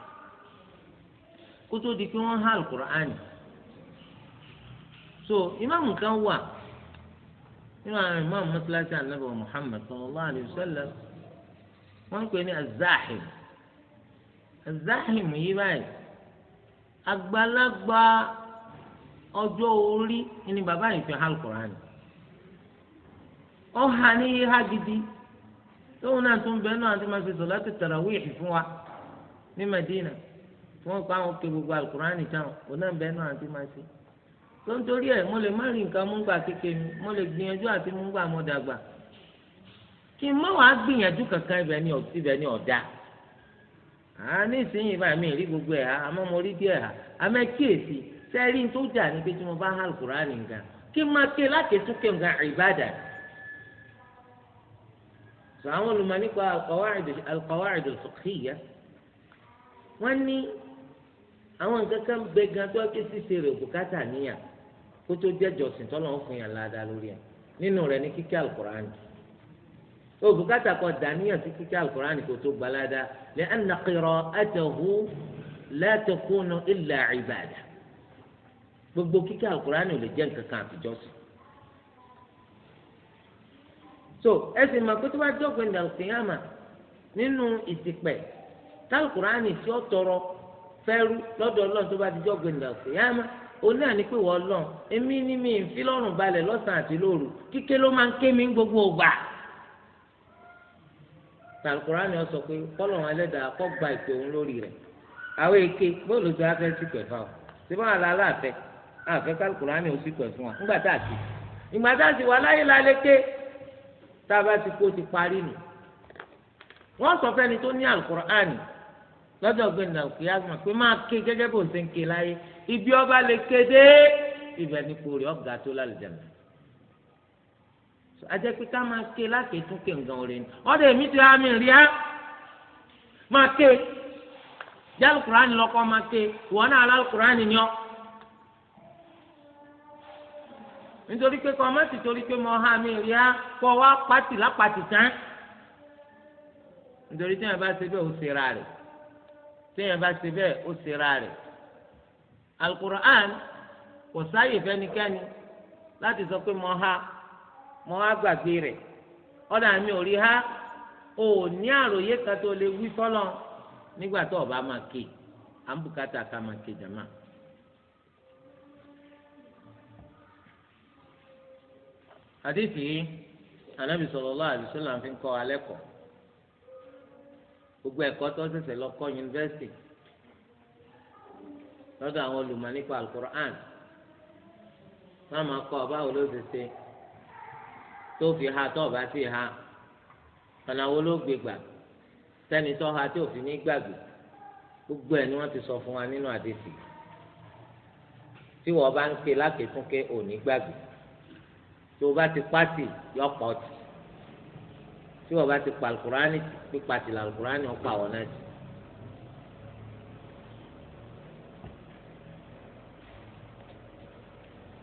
kótó di pé wọ́n há alukur'ani so ìmáàmù kan wà nínú àwọn ìmáàmù mọ́tíláṣí ànábì Muhammad sallallahu alayhi wa sallam wọ́n ń pè ní azahim azahim yìí báyìí àgbàlagbà ọjọ́ orí ni bàbá yìí fi há alukur'ani ọ ha ní gidi tóun náà tún bẹ́ẹ̀ náà ti máa fi sọ̀látù tarawih fún wa ní wọn pa àwọn pé gbogbo alukurani táwọn onáǹbẹ náà àti máa ṣe tó ń torí ẹ mo lè má rí nǹkan mú gbà kéke mi mo lè gbìyànjú àti mú gbà mo dàgbà kí n má wàá gbìyànjú kankan ibẹ̀ ni ibẹ̀ ni ọdá à ní ìsinyìí báyìí mi rí gbogbo ẹ̀ ha àmọ́ mo rí díẹ̀ ha àmọ́ kíyèsí sẹ́rí tó jà ní pé tí mo bá alukurani nǹkan kí n máa ké láti tún ké sọ àwọn olùmọ̀ nípa alqawaid alqawaid alfiqhiyya wọ́n ní àwọn nǹkan kan bẹ gan tó ké ṣíṣe rẹ̀ bùkátà níyàn kó tó jẹjọ sìn tọ́lọ̀ ń fún yàn ládàá lórí ẹ̀ nínú rẹ̀ ní kíkẹ́ alukur'an o bùkátà kọ dàníyàn sí kíkẹ́ alukur'an kó tó gbalada lẹ́ anna qira'atahu la takunu illa ibada gbogbo kíkẹ́ alukur'an ò lè jẹ́ nǹkan kan àtijọ́ sìn so ẹsìn máa kó tó bá jọ́ pé ndàlùkìyàmà nínú ìsìpẹ̀ tálùkùránì tí ó tọrọ fẹ́rú lọ́dọ̀ ọlọ́run tó bá ti jọ́ gbẹ̀ndà òkè yá má òun náà ní pé wọ́n lọ́n èmi ní mi ń fi lọ́rùn balẹ̀ lọ́sàn-án àti lóru kíké ló máa ń ké mi gbogbo ògbà. Al-Kùránì ó sọ pé kọ́lọ̀hún ẹlẹ́dàá kọ́ gba ìpè òun lórí rẹ̀ àwọn èké bóòlù tó afẹ́ sí pẹ̀ fáwọn tí wọ́n àlá aláàfẹ́ àfẹ́ kálukùránì ó sì pẹ̀ fún wa ńgbà tá a ti ìgbà tá a ti wà láyé lálẹ́ ké tá a bá ti kó ti parí nù wọ́n sọ fẹ́ni tó ní Al-Kùránì lọ́jọ́ gbẹ̀ndà òkèèyà mọ̀ pé máa ké gẹ́gẹ́ bó ṣe ń ké láyé ibi ọba lè kéde ibẹ̀ ní kórè ọ̀gá tó lálùjẹ̀mọ̀. ajẹ́ pé ká máa ké lákètún ké nǹkan òrè ni ọ̀dọ̀ èmi ti rà mí rí á máa ké jálùkùránì lọ́kọ́ máa ké ìwọ náà alálùkùránì ni ọ́. nítorí pé kọ́ ọ má sì torí pé mo há mi rí á kọ́ ọ wá pàtì lápàtì tán nítorí tí wọn bá ṣe bẹ́ẹ̀ ó téèyàn bá ṣe bẹ́ẹ̀ ó ṣera rẹ̀ alukur'an kò sáàyè fẹ́nikẹ́ni láti sọ pé mo ha mo ha gbàgbé rẹ̀ ọ̀dà mi ò ha ò ní àròyé kan tó lè wí fọ́lọ́ nígbà tó ọba máa ké à ń bùkátà ká máa ké jàmá. àdìsí kọ́ alẹ́ gbogbo ẹ̀kọ́ tó ṣẹ̀ṣẹ̀ lọ kọ́ yunifásitì lọ́dọ̀ àwọn olùmọ̀ nípa alukur'an wọ́n máa kọ́ báwo ló ṣe ṣe tó fi ha tó ọ̀bá sí ha ọ̀nà wo ló gbé gbà sẹ́ni tó ha tí òfin ní gbàgbé gbogbo ẹ̀ ni wọ́n ti sọ fún wa nínú àdéhùn tí wọ́n bá ń ké lákètúnké òní gbàgbé tó o bá ti pátì yọ pọ̀ tì tí wọ́n bá ti pa alukurani pípa la alukurani wọn pa wọn náà jù.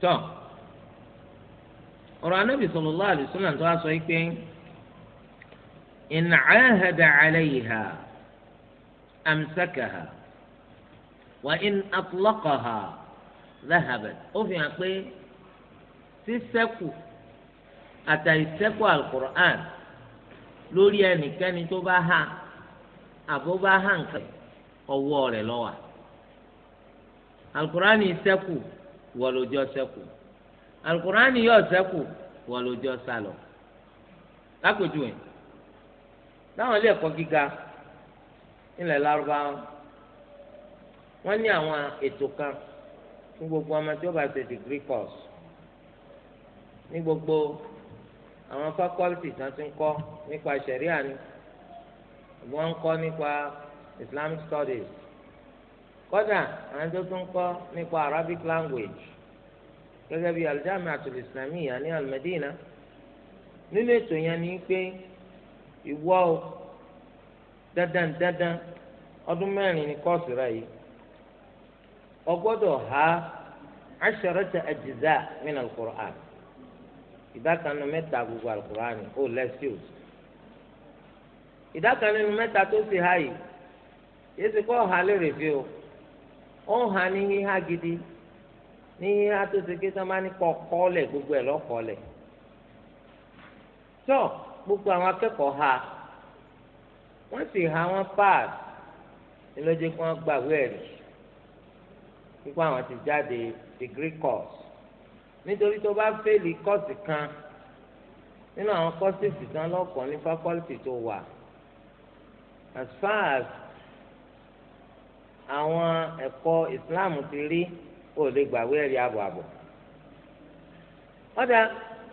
tọ́ ọ̀rọ̀ anábì sallallahu alaihi wasallam tó wá sọ yìí pé dà in yìí hà amsakaha wa in atlaqaha dhahabat ó fi hàn pé sísẹ́kù àtàìsẹ́kù alukurani. lórí ẹnikẹ́ni tó bá hà àbó bá hà nǹkan ọwọ́ rẹ̀ lọ́wọ́ alukurani sẹ́kù wọlójọ́ sẹ́kù alukurani yọ sẹ́kù wọlójọ́ sálọ lápèjúwe láwọn ilé ẹ̀kọ́ gíga ilẹ̀ lárúbáwá wọ́n ní àwọn ètò kan fún gbogbo ọmọ tí ó bá ṣe ní gbogbo àwọn fakọlítì tán ti ń kọ́ nípa ṣẹ̀ríà ni wọ́n ń nípa Islamic studies kódà àwọn tó tún nípa Arabic language gẹ́gẹ́ bí aljami atul islamiyya ní almadina nínú ètò yẹn ni pé ìwọ dandan dandan ọdún mẹ́rin ni kọ́ọ̀sì ha ìdákanu mẹ́ta gbogbo alukurani ó lẹ́síùs ìdákanu mẹ́ta tó ti ha yìí yéésì kọ́ ọ̀hà lérè fi o ó ń ha ní híhá gidi ní híhá tó ti ké sọ́mà ní kọ́kọ́lẹ̀ gbogbo ẹ̀ lọ́kọ́lẹ̀ tó gbogbo àwọn akẹ́kọ̀ọ́ ha wọ́n sì ha wọ́n pass ní lójú kí wọ́n gbàgbé ẹ̀rí kíkọ́ àwọn ti jáde degree course nítorí tó bá fẹ́ẹ̀lì kọ́ọ̀sì kan nínú àwọn kọ́ọ̀sì ìsìtàn lọ́kàn ní fákọ́lìtì tó wà as far as àwọn ẹ̀kọ́ ìsìláàmù ti rí ó lè gbàwé ẹ̀rí àbọ̀ àbọ̀ ọ̀dà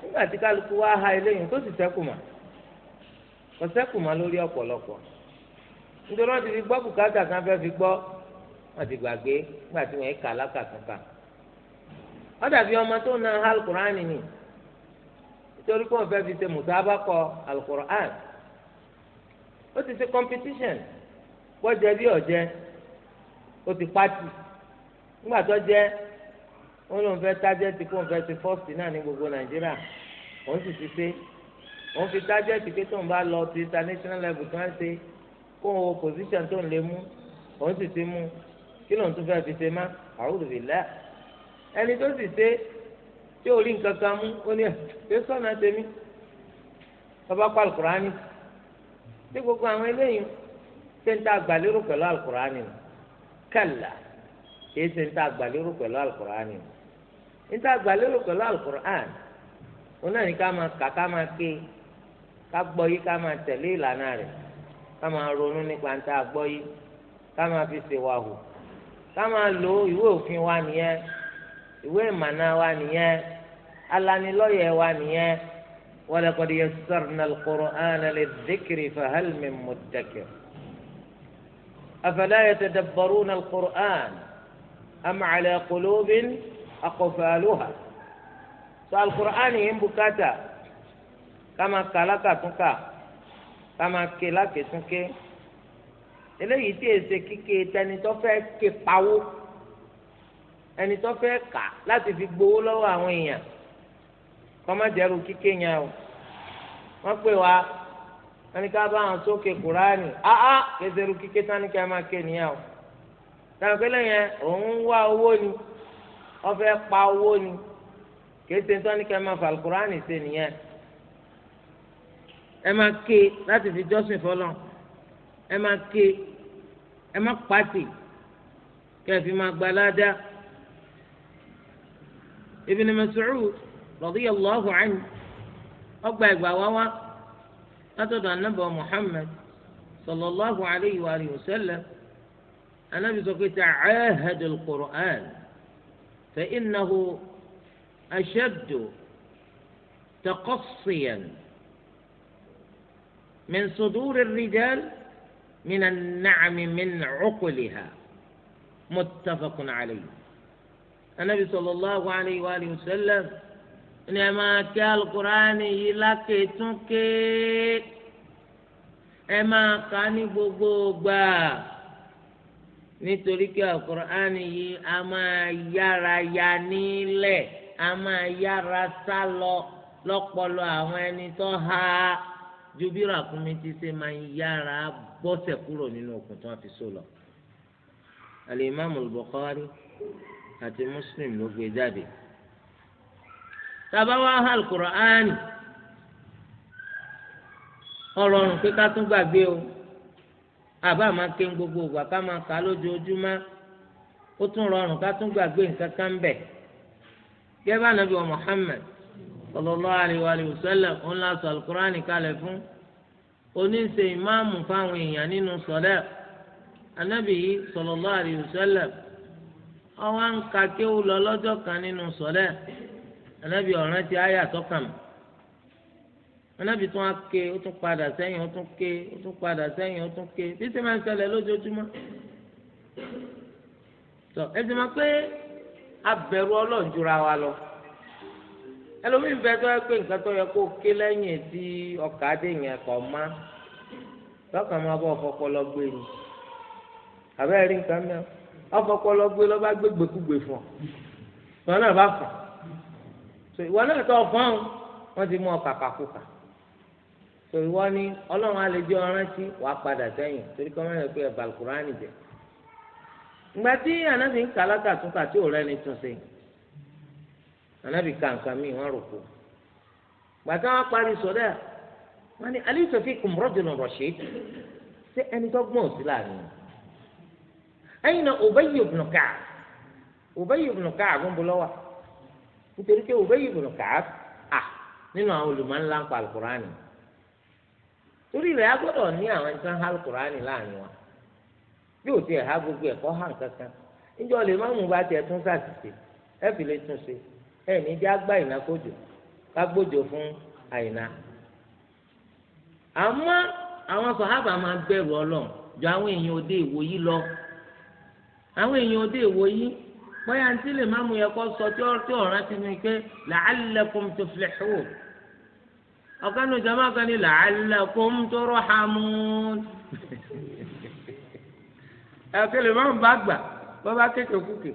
nígbà tí kálukú wá ha eléyìí tó sì sẹ́kù mà kò sẹ́kù mà lórí ọ̀pọ̀lọpọ̀ nítorí wọ́n ti fi gbọ́ bùkátà kan fẹ́ fi gbọ́ wọ́n ti gbàgbé nígbà tí wọ́n yẹ kà lákàtúnkà ó dàbí ọmọ tó na alukur'an ni nítorí pé wọ́n fẹ́ fi ṣe musabakọ alukur'an ó ti ṣe competition bọ́jẹ́ bí ọ̀jẹ́ ó ti pàtì nígbà tó jẹ́ ó lóun fẹ́ tájẹ́tì kó òun fẹ́ ti fọ́ọ̀sì náà ní gbogbo nàìjíríà òun sì ti ṣe òun fi tájẹ́tì pé tóun bá lọ ti international level tí ṣe kó o position tóun lè mú òun sì ti mú kí lóun tún fẹ́ fi ṣe má àrùn rè lẹ́ẹ̀ ẹni tó sì ṣe tí ò rí nǹkan kan mú ó ní ẹ sọ̀nà tèmi bàbá pa alukurani tí gbogbo àwọn eléyìí ṣe ń ta àgbàlérò pẹ̀lú alukurani kàlà kìí ṣe ń ta àgbàlérò pẹ̀lú alukurani ń ta àgbàlérò pẹ̀lú alukurani ó náà ní ká máa kà ká máa ké ká gbọ́ yìí ká máa tẹ̀lé ìlànà rẹ̀ ká máa ronú nípa ń ta àgbọ́ yìí ká máa fi ṣèwà hù ká máa lo ìwé òfin wa nìyẹn. ìwé ìmàna wa nìyẹn alanilọ́yẹ̀ wa nìyẹn wọ́n di walaqad yassarna al-Qur'ana lidh-dhikri fahal min muddakir afala yatadabbaruna al-Qur'an am ala qulubin aqfaluha so alukoro an yìí ń bùkátà kama kàlákàtúnkà kama kélàkètúnké eléyìí tí èsè kíkè tó fẹ́ ké pawó. ẹni tó fẹ́ kà láti fi gbowó lọ́wọ́ àwọn èèyàn kọ́mọ́jẹ́rù kíkẹ́ yẹn o wọ́n pè wá wọ́n ní ká bá àwọn sókè kúránì áá kẹsẹ̀rù kíkẹ́ sani kẹ́ máa ké nìyẹn o táwọn pẹ́lẹ́ yẹn òun wá owó ni wọ́n fẹ́ pa owó ni kẹsẹ̀ sani kẹ́ máa fàlù kúránì ṣe nìyẹn ẹ máa ké láti fi jọ́sìn fọlọ́ ẹ máa ké ẹ máa pàtì kẹ́ ẹ fi Ibn Mas'ud radiyallahu anhu ọgbà ẹgbà wá wá látọ̀dọ̀ anábọ̀ Muhammad sallallahu alayhi wa alihi wa sallam anábì sọ pé ta'ahadu al-Qur'an fa innahu ashaddu taqassiyan min sudur ar-rijal min an-na'am min 'uqliha muttafaqun alayhi. anabi sallallahu alayhi wa alihi wa sallam ni ẹ máa ké alukurani yìí lákè tún ké ẹ máa kà á ní gbogbo gbà nítorí pé alukurani yìí a máa yára ya nílẹ̀ a máa yára sá lọ lọ́pọlọ àwọn ẹni tó ha ju bí ti ṣe máa yára bọ́sẹ̀ kúrò nínú okùn tó wọ́n fi so lọ. alimami al-Bukhari. àti muslim ló gbé jáde tàbá wá hàn Qur'an ọlọ́run pé ká tún gbàgbé o àbá máa ké gbogbo ìgbà ká máa kà á lójoojúmọ́ ó tún rọrùn ká tún gbàgbé nǹkan kan ń bẹ wa Muhammad sallallahu alaihi wa sallam òun la sọ alukur'ani kalẹ̀ fún oníṣe ìmáàmù fáwọn èèyàn nínú ọwọ́ ń ka kéwù lọ lọ́jọ́ kan nínú sọ́lẹ̀ anábì ọ̀ràn ti àyà sọ́kàn anábì tún á ké ó tún padà sẹ́yìn ó tún ké ó tún padà sẹ́yìn ó tún ké bí ṣe máa ń ṣẹlẹ̀ lójoojúmọ́ tọ ẹ máa pé abẹ̀rù Ọlọ́run wa lọ ẹlòmíín fẹ́ tó yẹ pé nǹkan tó yẹ kó ké lẹ́yìn tí ọkà dé yẹn má lọ́kàn máa bọ̀ fọpọlọ gbé ni àbẹ́rẹ́ rí nǹkan mẹ́rin ọfọpọlọ gbé lọ́ba gbégbèkúgbè fún ọ wọn náà bá fà so ìwọ náà tó fọ́n wọn ti mú ọ kàkàkùkà so ìwọ ni ọlọ́run àlejò ọrántí wàá padà sẹ́yìn torí kọ́ mẹ́rin pé ẹ̀bà alukurani jẹ ìgbà tí anabi ń kà látàtúnkà tí òun rẹ ni tún sí anabi ka nǹkan mi wọn rò kó gbàtà wọn parí sọdẹ wọn ni alẹ́ ìtọ́fíkùn rọ́jò náà rọ̀ ṣe é ṣé ẹni tó gbọ́n sí láàrin yìí. ẹ̀yin na Ubay ibn Ka'b Ubay ibn Ka'b ń bọ̀ lọ́wọ́ nítorí pé Ubay ibn Ka'b à nínú àwọn olùmọ̀ńlá ń pa a gbọ́dọ̀ ní ha wa bí o ha gbogbo ẹ̀kọ́ ha kankan níjọ́ lè má mú bá etu tún ẹ fi lè tún ṣe ẹ ní bí agbá ká gbójò fún àyìnà àwọn máa ju àwọn èèyàn òde ìwòyí lọ àwọn èèyàn òde èwo yìí bóyá ntí lè má mu yẹ kó sọ tí ọtí ti ní pé la'allakum tuflihun ọ̀kan nu jama kan ní la'allakum turhamun ẹ̀kẹ́ lè má bá gbà bọ́bá kékeré kúkè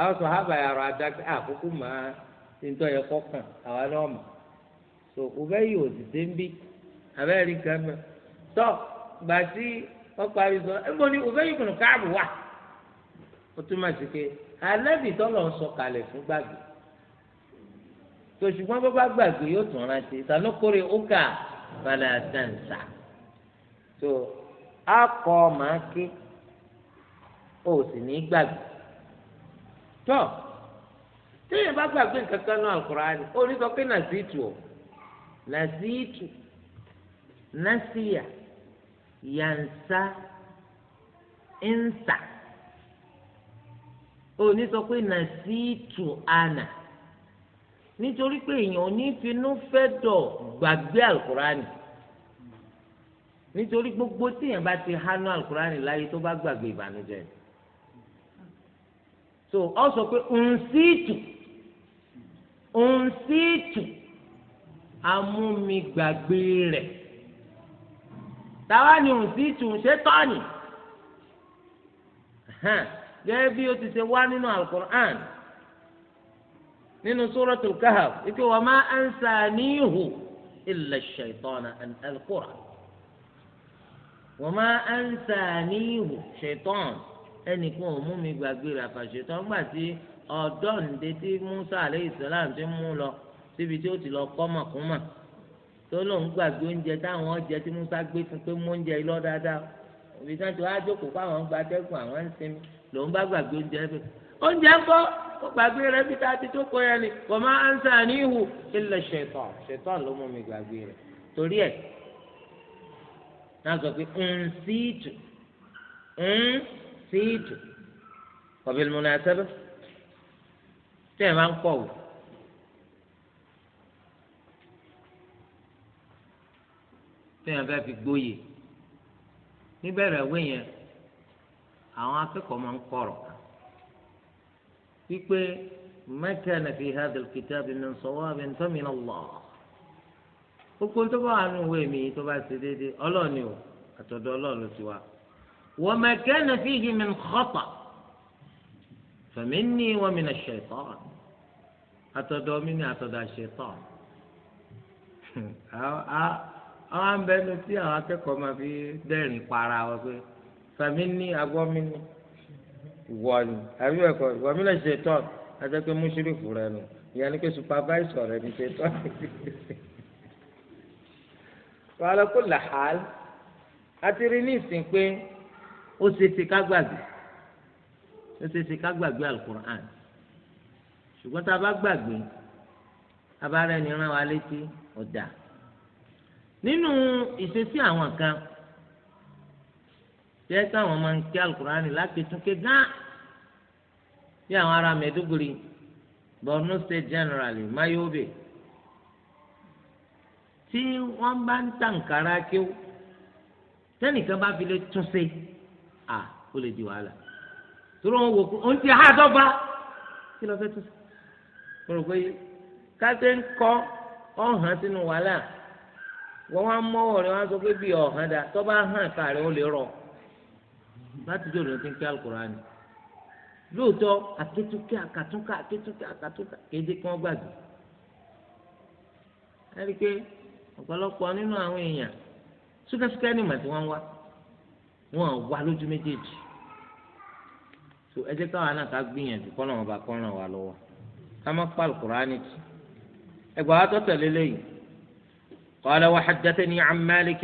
àwọn sọ ha bàyà rọ adágbé àkókò máa ti ń tọ́ yẹ kọ́ kàn náà mọ̀ so òbẹ́ yìí ò ń bí abẹ́rẹ́ rí tọ́ gbàtí wọ́n parí sọ ó túmọ̀ sí pé anábì tọ́lọ̀ ń sọ kalẹ̀ fún gbàgbé tó ṣùgbọ́n bó bá gbàgbé yóò tún rántí sanukore oka fàlà dansa tó akọ màá ké o sì ní gbàgbé tó téèyàn bá gbàgbé nǹkan kan náà Al-Qur'ani ó ní sọ pé nàzíìtù o nàzíìtù nàṣìyà yànsá ń sà o ní sọ pé nàṣìtù àná nítorí pé èèyàn ò ní finú fẹ́ dọ̀ gbàgbé alukurani nítorí gbogbo tíyẹn bá ti hánú alukurani láyé tó bá gbàgbé ìbànújẹ́ so ọ sọ pé nsìtù nsìtù amúmigbàgbé rẹ táwa ni nsìtù ṣe tọ́ni. gẹ́gẹ́ bí o ti ṣe wá nínú alukur'an nínú suratul kahf ike wa ma ansanihu illa ash-shaytana an adhkura wa ma ansanihu shaytan ẹnìkan ò mú mi gbàgbé rẹ̀ àfàṣetán gbà tí ọ̀dọ́ ǹdẹ́ tí Musa alayhi salam ti mú lọ síbi tí ó ti lọ kọ́ màkúmà tó lóun gbàgbé oúnjẹ táwọn jẹ tí Musa gbé fún pé mú oúnjẹ yìí lọ dáadáa òbí sáà jókòó fáwọn àwọn ń sinmi lòun bá gbàgbé oúnjẹ bẹ oúnjẹ ń bọ ó gbàgbé rẹ bí tá a ti jókòó yẹn ni kò máa ń sàn ní ìhù ilẹ̀ ṣẹ̀tàn ṣẹ̀tàn ló mú mi gbàgbé rẹ torí ẹ̀ náà sọ pé ń síìtù ń síìtù ọ̀bẹ̀lì mọ̀nà àtẹ́bẹ́ tẹ́ ẹ̀ máa ń pọ̀ wò. tẹ́yìn fẹ́ fi gbóyè níbẹ̀rẹ̀ wé yẹn àwọn akẹ́kọ̀ọ́ máa ń kọ̀rọ̀ kan wípé mẹ́kànnà fi hadha al-kitab min sawabin famin Allah gbogbo tó bá wà nù wé mi tó bá ṣe déédéé ọlọ́ọ̀ni o àtọ̀dọ̀ ọlọ́ọ̀lù ti wá wa mẹ́kànnà fihi min khata faminni wa min ash-shaytan àtọ̀dọ̀ mi ni àtọ̀dọ̀ ash àwọn àbẹnu àwọn akẹ́kọ̀ọ́ máa fi dẹ́rìn para wọn pé fàmí ní agbọ́mí ní ìwọ ni àbí ẹ̀kọ́ ìwọ mi lè ṣe tán ajẹ́ pé mùsùlùmí rẹ nù ìyẹn ni pé supervisor rẹ ní ṣe tán. wàhálà kò làhálà a ti rí ní ìsìn pé ó ṣe ṣe ká gbàgbé ó ṣe ṣe ká gbàgbé alukur'an ṣùgbọ́n tá a bá gbàgbé abára rán wa létí ọ̀dà nínú ìṣesí àwọn kan. yẹ káwọn máa ń kí alukurani láti túnké gán bí àwọn ará mẹdúgùrì Borno state generally Mayobe tí wọ́n bá ń tàǹkàrà kéwù tẹnìkan bá fi lè túnṣe à ó lè di wàhálà tóró wọn wò ó ń ti há dọ́gba kí fẹ́ túnṣe mo rò pé ń kọ́ ọ̀hán sínú wàhálà wọ́n wá mọ́wọ́ wọ́n á sọ láti jọ lóun ti ń kí alukurani lóòótọ́ akétúkẹ́ akatúkà akétúkẹ́ akatúkà kéde kí wọ́n gbàgbé ẹni pé ọ̀pọ̀lọpọ̀ nínú àwọn èèyàn súkẹ́súkẹ́ ni màtí wọ́n wá wọ́n wá lójú méjèèjì tó ẹ káwọn náà ká gbìyànjú kọ́ lọ́wọ́ bá kọ́ ràn lọ́wọ́ ká má pa tẹ̀lé lẹ́yìn. قال وحدثني عن مالك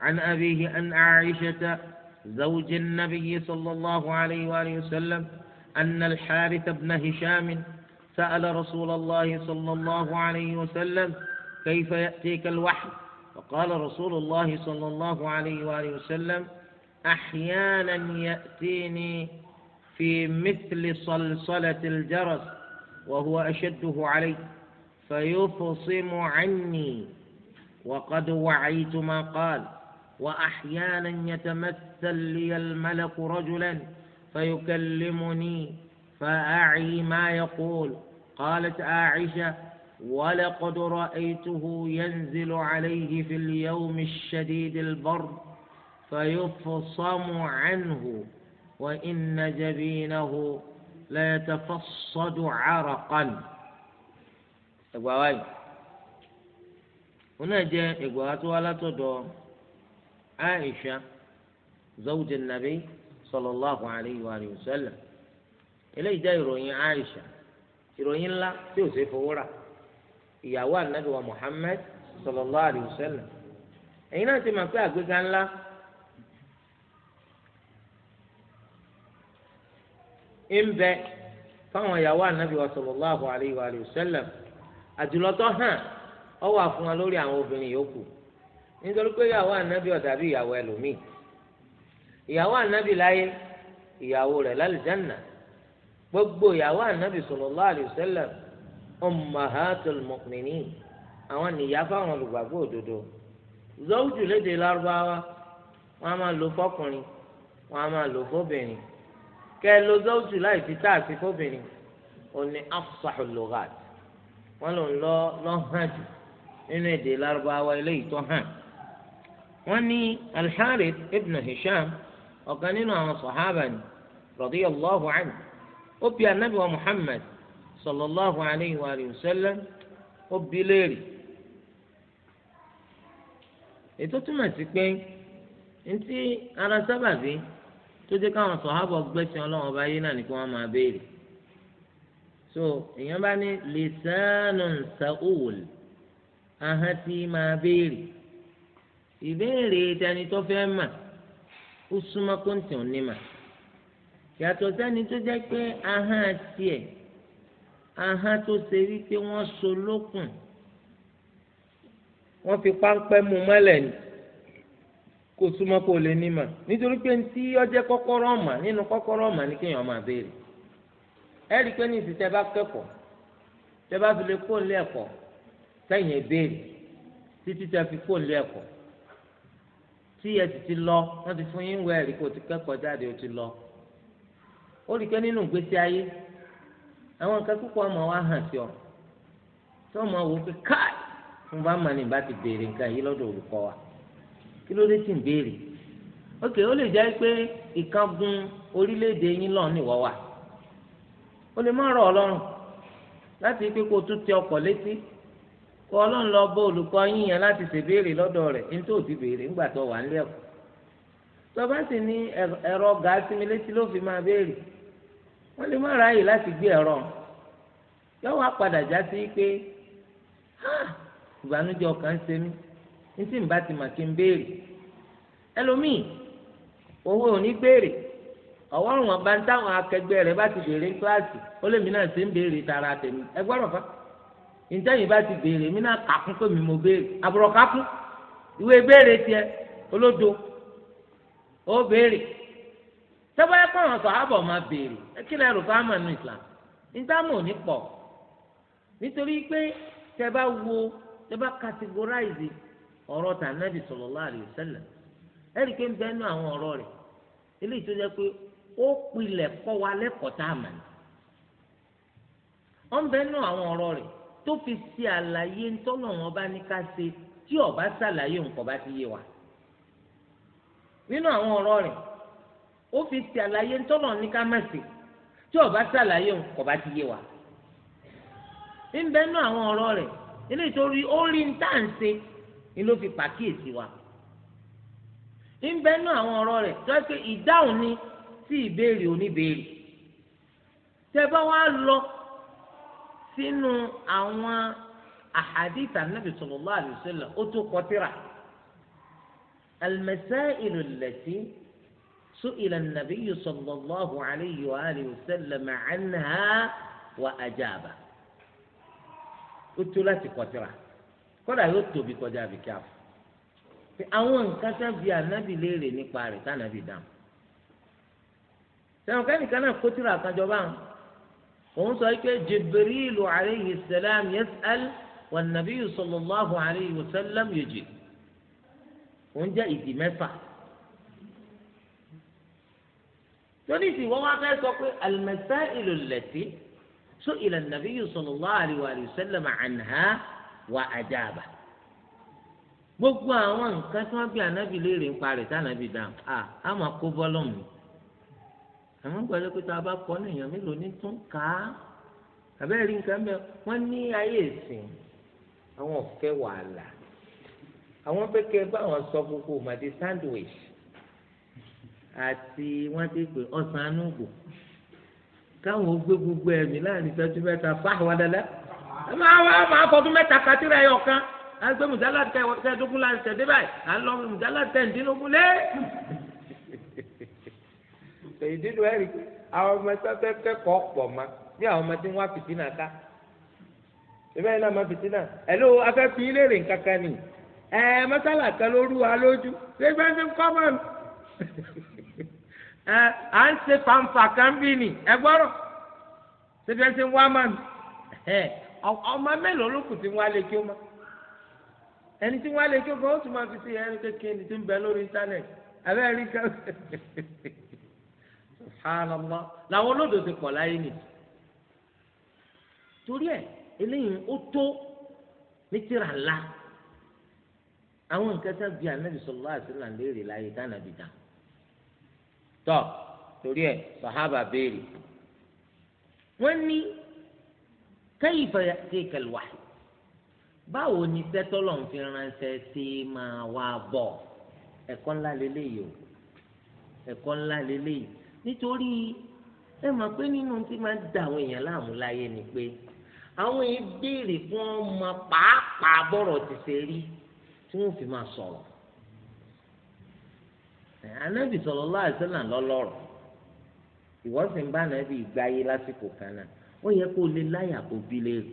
عن أبيه أن عائشة زوج النبي صلى الله عليه وآله وسلم أن الحارث بن هشام سأل رسول الله صلى الله عليه وسلم كيف يأتيك الوحي فقال رسول الله صلى الله عليه وآله وسلم أحيانا يأتيني في مثل صلصلة الجرس وهو أشده علي فيفصم عني وقد وعيت ما قال وأحيانا يتمثل لي الملك رجلا فيكلمني فأعي ما يقول قالت عائشة ولقد رأيته ينزل عليه في اليوم الشديد البرد فيفصم عنه وإن جبينه ليتفصد عرقا إغواوي هنا جاء إغواة ولا تدور عائشة زوج النبي صلى الله عليه وآله وسلم eléyìí jẹ́ aisha ìròyìn ńlá tí ò ṣe fowó rà ìyàwó anabi wa muhammed sallallahu alayhi wa sallam ẹ̀yin náà ti mọ̀ pé àgbéga ńlá wa sallallahu nítorí pé ìyàwó ànábì ò dàbí ìyàwó ẹlòmíì ìyàwó ànábì láyé ìyàwó rẹ̀ lálìjáná gbogbo ìyàwó ànábì sallallahu alaihi wasallam ummahatul mu'minin àwọn nìyá fáwọn olùgbàgbọ́ òdodo zọ́ọ̀jù léde lárúbáwá wọn a máa lò fọkùnrin wọn a máa lò fóbìnrin kẹ ẹ lo zọ́ọ̀jù láì fi tá àti fóbìnrin òní afsahul lughat wọn lò ń lọ lọ jù nínú èdè lárúbáwá eléyìí tó hàn wọ́n ní alḥarith ibn hisham ọ̀kan nínú àwọn sọ̀hábà ni radiyallahu anhu ó bi anabi wa muhammad sallallahu alayhi wa sallam ó bi léèrè ètò túmọ̀ sí pé ntí ara sábàbí tó jẹ́ káwọn sọ̀hábà gbẹ́sìn ọlọ́run ọba yìí náà ni kí wọ́n máa béèrè so èèyàn bá ní lisanun sa'ul ahọ́n máa béèrè ìbéèrè tani tó fẹ́ mà ó súnmọ́ kóńtì òní mà yàtọ̀ sẹ́ni tó jẹ́ pé ahọ́n tiẹ̀ ahọ́n tó ṣe wípé wọ́n so lókùn wọ́n fi páńpẹ́ mu mọ́lẹ̀ ni kò súnmọ́ kó lè ní mà nítorí pé ntí ọjẹ́ kọ́kọ́rọ́ mà nínú kọ́kọ́rọ́ mà ní kéèyàn máa béèrè ẹ̀rí pé ní ìsìtẹ́ bá kẹ́kọ̀ọ́ tẹ́ bá fi lè kó lé ẹ̀kọ́ sẹ́yìn ẹ̀ béèrè títí tẹ́ fi kó lé ẹ̀kọ́ tí ẹ sì ti lọ wọ́n ti fún yín wẹ ẹ̀rí kó o ti kẹ́kọ̀ọ́ jáde o ti lọ ó rí kẹ́ nínú ìgbésí ayé àwọn nǹkan púpọ̀ ọmọ wa hàn ọ tí wọ́n wò ó pé fún bá ní bá ti béèrè nǹkan yìí lọ́dọ̀ olùkọ́ wa kí ló dé tí ń béèrè ok ó lè jẹ́ ọ lọ́rùn láti pé kó o tún tẹ kọ ọlọ́run lọ bọ olùkọ́ yín yẹn láti ṣèbéèrè lọ́dọ̀ rẹ̀ ní tó béèrè ńgbà tó wà nílé ẹ̀kọ́ tọba sì ní ẹ̀rọ gàásì mi létí ló fi máa béèrè wọ́n lè má ráàyè láti gbé ẹrọ yọ̀wọ́ apàdà já sí pé ìbànújẹ́ ọkàn ṣe mí ní tí bá ti mà kí n béèrè ẹlòmíì owó ò béèrè ọwọ́ ọ̀rùn ọba ń táwọn akẹgbẹ́ rẹ̀ bá ti béèrè kíláàsì ó lè mí náà ṣe ń béèrè tara tèmi ẹgbẹ́ rọ̀ fáwọn. ìtẹ́yìn bá ti béèrè mí náà kàkún pé mi mo béèrè àbúrò kàkún ìwé béèrè tiẹ̀ olódo ó béèrè tẹ́bá yẹ kó àwọn sọ̀hábọ̀ máa béèrè kí lẹ́ rò fáwọn àmọ́ Islam ìdáàmú ò ní pọ̀ nítorí pé tẹ́bá wo tẹ́bá categorize ọ̀rọ̀ tànàbì sallallahu alaihi wasallam ẹ̀rí pé ń bẹ́ẹ̀ nú àwọn ọ̀rọ̀ rẹ̀ eléyìí tó jẹ́ pé ó pilẹ̀ kọ́ wa lẹ́kọ̀ọ́ tá a mọ̀ ní. bẹ́ẹ̀ nú àwọn ọ̀rọ̀ rẹ̀ tó fi ṣe àlàyé ńtọ́nà wọn bá ní ká ṣe tí ọba ṣàlàyé nǹkan bá ti yé wa nínú àwọn ọ̀rọ̀ rẹ̀ ó fi ṣe àlàyé ńtọ́nà ní ká má ṣe tí ọba ṣàlàyé nǹkan bá ti yé wa ńbẹ́ nínú àwọn ọ̀rọ̀ rẹ̀ nítorí ó rí ń tà ń ṣe ni ló fi pàkíyèsí wa ńbẹ́ àwọn ọ̀rọ̀ rẹ̀ tó yẹ ìdáhùn ni sí ìbéèrè oníbéèrè tẹ bá wá lọ sínú àwọn àhàdìtà nàbì sallallahu alaihi wasallam ó tó kọtìrà al-masā'ilu allatī su'ila an-nabiyyu sallallahu alaihi wa alihi wasallam 'anhā wa ajāba ó tó láti kọtìrà kódà yóò tóbi kọjá àbíkí àfọ àwọn nǹkan tá fi ànábì léèrè nípa rẹ̀ tá ànábì dáhùn sẹ́wọ̀n kẹ́nìkan náà kó tìrà àkànjọba òun sọ pé jibrilu aleyhi salam yas'al wa nabiyu sallallahu aleyhi wa sallam yajib òun jẹ́ ìdí mẹ́fà. lórí ìsìn wọn wá fẹ́ sọ pé al-masā'ilu allatī su'ila an-nabiyyu sallallahu alaihi wa sallam anha wa ajāba gbogbo àwọn nǹkan tí wọ́n bí anábì léèrè ń parẹ́ tí anábì dáhùn a á máa bọ́lọ́mù yìí àmọ́ gbàdúrà pé tá a bá kọ́ ní èèyàn mélòó ní tún ká àbẹ́rẹ́ rí nǹkan bẹ́ẹ̀ wọ́n ní ayé ìsìn àwọn ọ̀fẹ́ wàhálà àwọn fẹ́ kẹ́ bá wọn sọ gbogbo màdì sandwich àti wọ́n ti pè ọ̀sán anúgbò káwọn ó gbé gbogbo ẹ̀mí láàrin ìṣẹ́jú mẹ́ta fáwọn dáadáa ẹ máa wá máa fọdún mẹ́ta kátìrẹ́ ẹ̀yọ̀ kan àgbẹ̀ mùsálà tẹ̀ ẹ̀dógún láti tẹ̀ dé báyìí à ń lọ mùsálà tẹ̀ ẹ̀dínlógún lé sọ èdè ló ẹ̀rí àwọn ọmọ ẹgbẹ́ fẹ́ kẹ́kọ̀ọ́ pọ̀ mọ́ bí àwọn ọmọ tí wọ́n á fìtínà ká ìbẹ́ náà fi ilé rìn kankan nì ẹ̀ mọ́sálà kan ló rú wa lójú ṣé gbẹ́ ṣe kọ́ mọ́ mi ẹ̀ à ń ṣe fanfa kan bí nì ẹ gbọ́rọ̀ ṣé gbẹ́ wá mọ́ mi ẹ̀ ọmọ fi sí ẹni subhanallah làwọn olódò ti pọ̀ láyé nì torí ẹ̀ eléyìí ó tó ní tírà ńlá àwọn nǹkan tá bí anabi sallallahu alaihi wasallam léèrè láyé tánàbì dá tọ torí ẹ̀ sàhábà béèrè wọ́n ní kayfa ya'tika al-wahy báwo ni sẹ́tọ́lọ̀ ń fi ránṣẹ́ sí máa wá bọ̀ ẹ̀kọ́ ńlá lélẹ́yìí o ẹ̀kọ́ ńlá lélẹ́yìí nítorí ẹ mọ̀ pé nínú tí máa da àwọn èèyàn láàmú láyé ni pé àwọn ìbéèrè fún ọmọ pàápàá bọ̀rọ̀ ti ṣe rí tí wọ́n fi máa sọ̀rọ̀ anábì sọ̀rọ̀ láìsílà lọ́lọ́rọ̀ ìwọ sì ń bá anábì gbáyé lásìkò kan náà ó yẹ kó lè láyà kó bí léèrè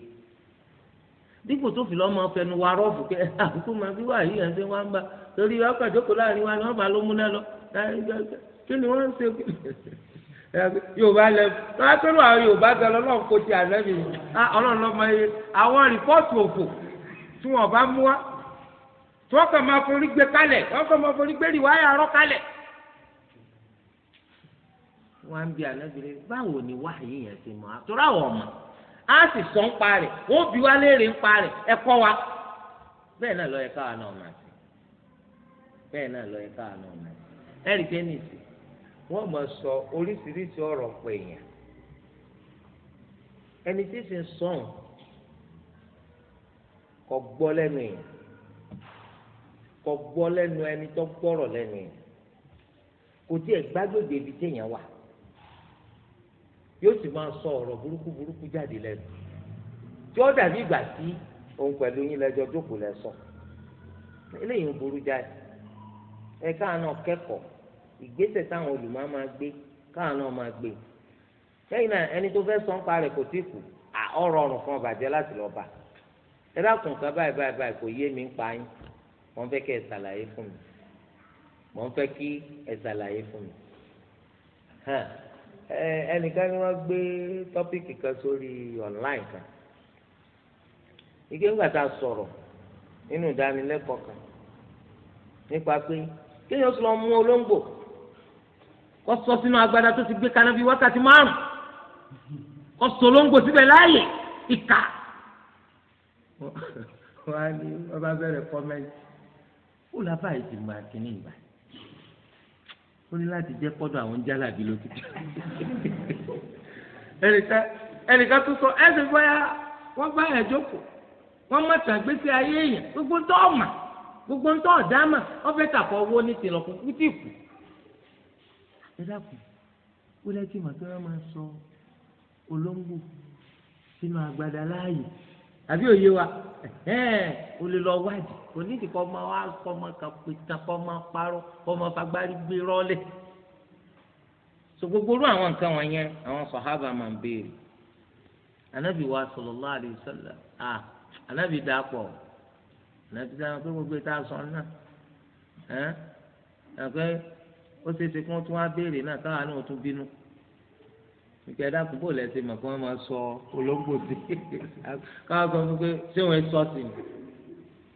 dípò tó fi lọ́mọ fẹnu wa rọ́ọ̀fù pé ah, àbúkú máa fi wà yìí ṣe wá ń bá torí ọkọ̀ ìjókòó láàrin wa ni wọ́n bá ló múná lọ kí ni wọ́n ń ṣe yorùbá lẹ wọn á tọrọ àwọn yorùbá gan lọ́lọ́run kò ti àlẹbi Ọlọ́run lọmọ yẹ àwọn rìpọ́ọ̀tù òfò tí wọ́n bá mú wa tí wọ́n kàn máa forí gbé kalẹ̀ wọ́n kàn máa forí gbé rìwáyà rọ kalẹ̀. wọn á ń bi àlẹbi rẹ báwo ni wáyé yẹn ti mọ àtúrọ àwọn ọmọ á sì sọ ń pa rẹ wọn ò bí wa léèrè ń pa rẹ ẹ kọ́ wa bẹ́ẹ̀ náà lọ yẹ káwa náà mà sí bẹ́ẹ̀ náà lọ yẹ káwa náà mà sí ẹ rí i pé nìsí wọ́n máa sọ oríṣiríṣi ọ̀rọ̀ pé èèyàn ẹni tí sì ń sọ̀n kò gbọ́ lẹ́nu èèyàn kò gbọ́ lẹ́nu ẹni tó gbọ́rọ̀ lẹ́nu èèyàn kò tí ẹ̀ gbàgbọ́dọ̀ ibi téèyàn wà yóò sì máa sọ ọ̀rọ̀ burúkú burúkú jáde lẹ́nu tí ó dàbí ìgbà tí òun pẹ̀lú yín lẹ́jọ́ jókòó lẹ́sọ̀ eléyìí ń burú jáde ẹ̀ka náà kẹ́kọ̀ọ́ ìgbésẹ̀ táwọn olùmọ̀ máa gbé káwọn náà máa gbé lẹ́yìn náà ẹni tó fẹ́ sọ́n pa rẹ̀ kò tí kù ọ̀rọ̀ ọ̀rùn kan bàjẹ́ láti lọ bá ẹ dákun ká báyìí báyìí báyìí kò yé mi ń pa yín mo ń fẹ́ kí ẹ ṣàlàyé fún mi mo ń fẹ́ kí ẹ ṣàlàyé fún mi ẹnìkan ni wọ́n gbé tọ́pìkì kan sórí ọ̀nláìn kan ike ńgbà tá a sọ̀rọ̀ nínú ìdánilẹ́kọ̀ọ́ kan nípa pé kéèyàn sọ lọ mú olóńgbò kó sọ sínú agbada tó ti gbé kaná bíi wákàtí márùn kó sọ lóńgbò síbẹ̀ láàyè ìkà. wọ́n á ní wọ́n bá bẹ̀rẹ̀ kọ́mẹ́ntì ó lábàá ìdìbò àkínní ìgbà ó ní láti jẹ́ kọ́dọ̀ àwọn jálàbí lókè. ẹnìkan ẹnìkan tó sọ ẹsẹ̀ bóyá wọ́n bá yẹn jókòó wọ́n má tàn gbèsè ayé èèyàn gbogbo ń tọ́ ọ̀mà gbogbo ń tọ́ ọ̀dáàmà wọ́n fẹ́ tàkọ́ owó ní tìlọ̀kùn kú tì kù ẹ dákun ó lẹ́tí mà pé wọ́n máa sọ olóńgbò sínú agbada láàyè àbí òye wa o lè lọ wádìí kò nídìí kọ́ máa wá kọ́ máa kà pétan kọ́ máa parọ́ kọ́ máa fagbárí gbé rọ́ọ̀lẹ̀ so gbogbo orú àwọn nǹkan wọ̀nyẹn àwọn sọ̀hábà máa ń béèrè anabi wa sallallahu alaihi wasallam ah anabi dà pọ̀ anabi dà pé gbogbo ìta sọ náà ẹ̀ ẹ̀ pé ó ṣeé ṣe kí wọ́n tún wá béèrè náà káwọn náà tún bínú ìgbà dákun bò lẹsẹ mọ kí wọ́n máa sọ olóńgbò sí káwọn kan fún pé ṣé wọ́n sọ sí mi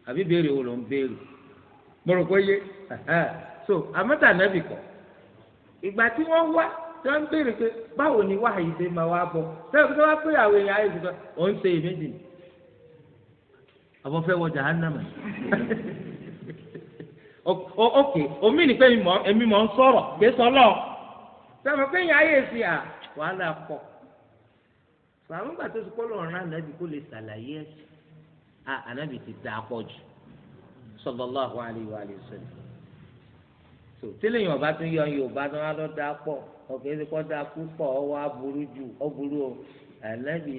àbí béèrè wo ló ń béèrè mo rò pé yé so àmọ́tà nẹ́bì kọ́ ìgbà tí wọ́n wá tí wọ́n ń béèrè pé báwo ni wáhàyí ṣe máa wá bọ̀ sẹ́wọ́n tí wọ́n pè àwọn èèyàn ayé ìṣúná òun ṣe ìméjì àbọ̀fẹ́ wọ jahannama òkè omi nìkan èmi mọ̀ ń sọ̀rọ̀ gbé sọlọ sọmọ pé yẹn ayé sí à wàhálà pọ̀ sàmú gbà tó ti kọ́ lọ́rùn náà nàbì kó lè ṣàlàyé ẹ̀sìn à ànábì ti dà pọ̀ jù sallallahu alaihi wa alihi wasallam tó tẹ́lẹ̀ yìí tó yọ yorùbá tó wá lọ dà pọ̀ ọ̀kẹ́ ti kọ́ dà púpọ̀ ọwọ́ aburú ju ọburú o ànábì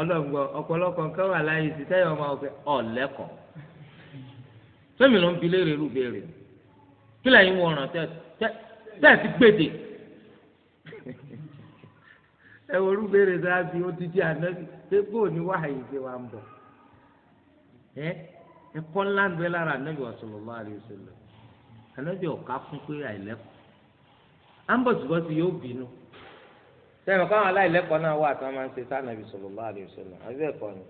ọlọ́gbọ́ ọ̀pọ̀lọpọ̀ nǹkan wà láyé sí sẹ́yìn ọmọ ọ̀fẹ́ ọ̀lẹ́kọ̀ọ́ sẹ́mi ló ń fi léèrè lù béèrè kí lẹ́yìn wọ̀ràn tẹ́ẹ̀tì gbèdè ẹ wo lù béèrè sáájú ó ti di ànábì pé bó o ní wáhàyè ṣe wà ń bọ̀ ẹ ẹ̀kọ́ ńlá ń bẹ lára ànábì sallallahu alaihi wasallam ànábì ọ̀ká fún pé àìlẹ́kọ̀ọ́ à yóò bínú sẹ́yìn káwọn aláìlẹ́kọ̀ọ́ náà wà tí wọ́n máa ń ṣe sànàbì sallallahu alaihi wasallam àbí ẹ̀kọ́ ni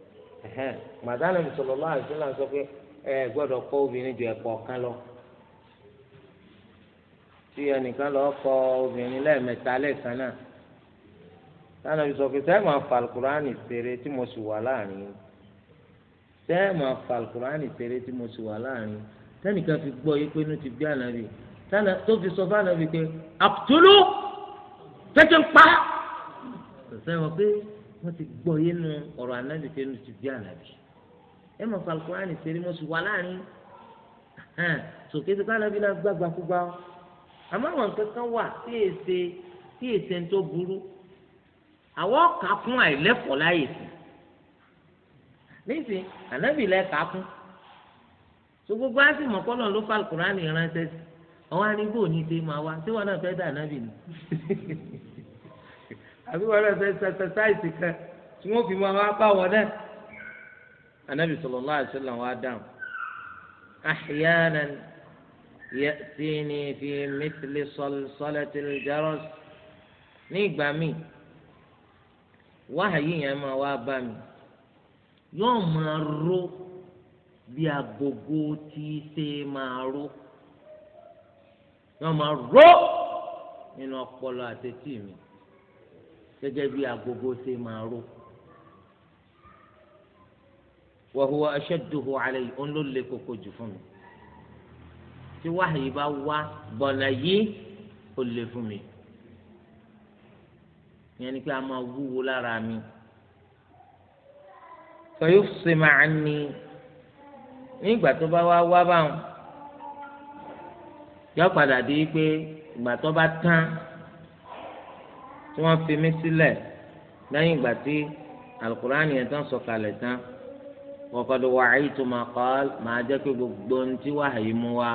màdánàbì sallallahu alaihi wasallam sọ pé ẹ gbọ́dọ̀ kọ́ obìnrin ju ẹ̀kọ́ kan lọ tí ẹnìkan lọ kọ obìnrin lẹ́ẹ̀mẹ́ta lẹ́ẹ̀kan náà sànàbì sọ pé sẹ́yìn máa fa tí mo sì wà láàrin sẹ́yìn máa fa tí mo sì wà láàrin tẹ́nìkan fi gbọ́ yí pé inú ti bí ànàbì tó fi sọ fún ànàbì pé àkùtúlù tẹ́tẹ́ ń pa á sọ̀sẹ́ wọn pé wọ́n ti gbọ́ yé nu ọ̀rọ̀ ànábì tẹ́ nu ti bí ànábì ẹ mọ̀ falkurani ṣeré mo sì wà láàrin sòkè tó ká ànábì náà gbàgbà kúgbà ó àmọ́ àwọn kankan wà tí èsè tí èsè ń tó burú àwọn kà kún àìlẹ́kọ̀ọ́ láyè sí nísìn ànábì lẹ́ kà kún so gbogbo á sì mọ̀ kọ́lọ̀ ló falkurani ránṣẹ́ sí àwọn arígbò ní ti máa wá tí wọn náà fẹ́ dà ànábì ni. àbí wọn lọ́ọ́ fẹ́ sẹ́sẹ́sáìsì kan tí wọ́n fi máa bá wọn náà. anabi sallallahu alaihi wasallam wa dáhùn ahyanan ya'tini fi mithli salsalatil jaras ní ìgbà míì wáhàyí yẹn máa wá bá mi yóò máa ró bí agogo tí ṣe máa ró yóò máa ró nínú ọpọlọ àti etí mi gẹ́gẹ́ bí agogo ṣe máa ró wàhùwà aṣẹ́dùhù alẹ́ yìí ó ń lò lè koko jù fún mi tí wáhìí bá wá gbọ̀nà yìí ó lè fún mi ìyẹn ni pé a máa wúwo lára mi sọyún ṣe máa ń ní nígbà tó bá wá wá báwọn yọ padà di pé ìgbà tó bá tán tí wọ́n fi mí sílẹ̀ lẹ́yìn ìgbà tí alukur'an yẹn tán sọ̀kalẹ̀ tán wọ́kọ̀dọ̀ wàhálì tó máa kọ́ máa jẹ́ pé gbogbo ohun tí wàhálì mú wa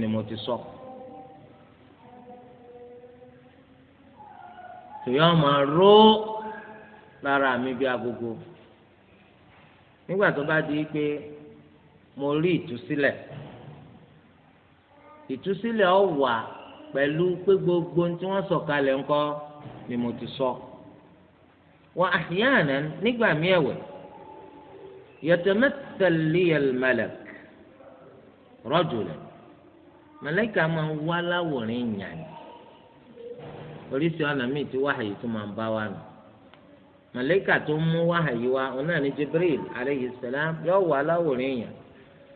ni mo ti sọ. tòyọ́ máa ró lára mi bí agogo nígbà tó bá di pé mo rí ìtúsílẹ̀ ìtúsílẹ̀ ọ̀ wà pẹ̀lú pé gbogbo ohun tí wọ́n sọ̀kalẹ̀ ńkọ́ ni mo ti sọ wa ahyanan nígbà mí ẹ̀wẹ̀ yatamathal liya al-malak rajulan màláíkà máa ń wá láwòrán èèyàn ni oríṣi ọ̀nà míì tí wáhàyí tó máa ń bá wa nù màláíkà tó mú wáhàyí wa òun náà ní Jibril alayhi yóò wá láwòrán èèyàn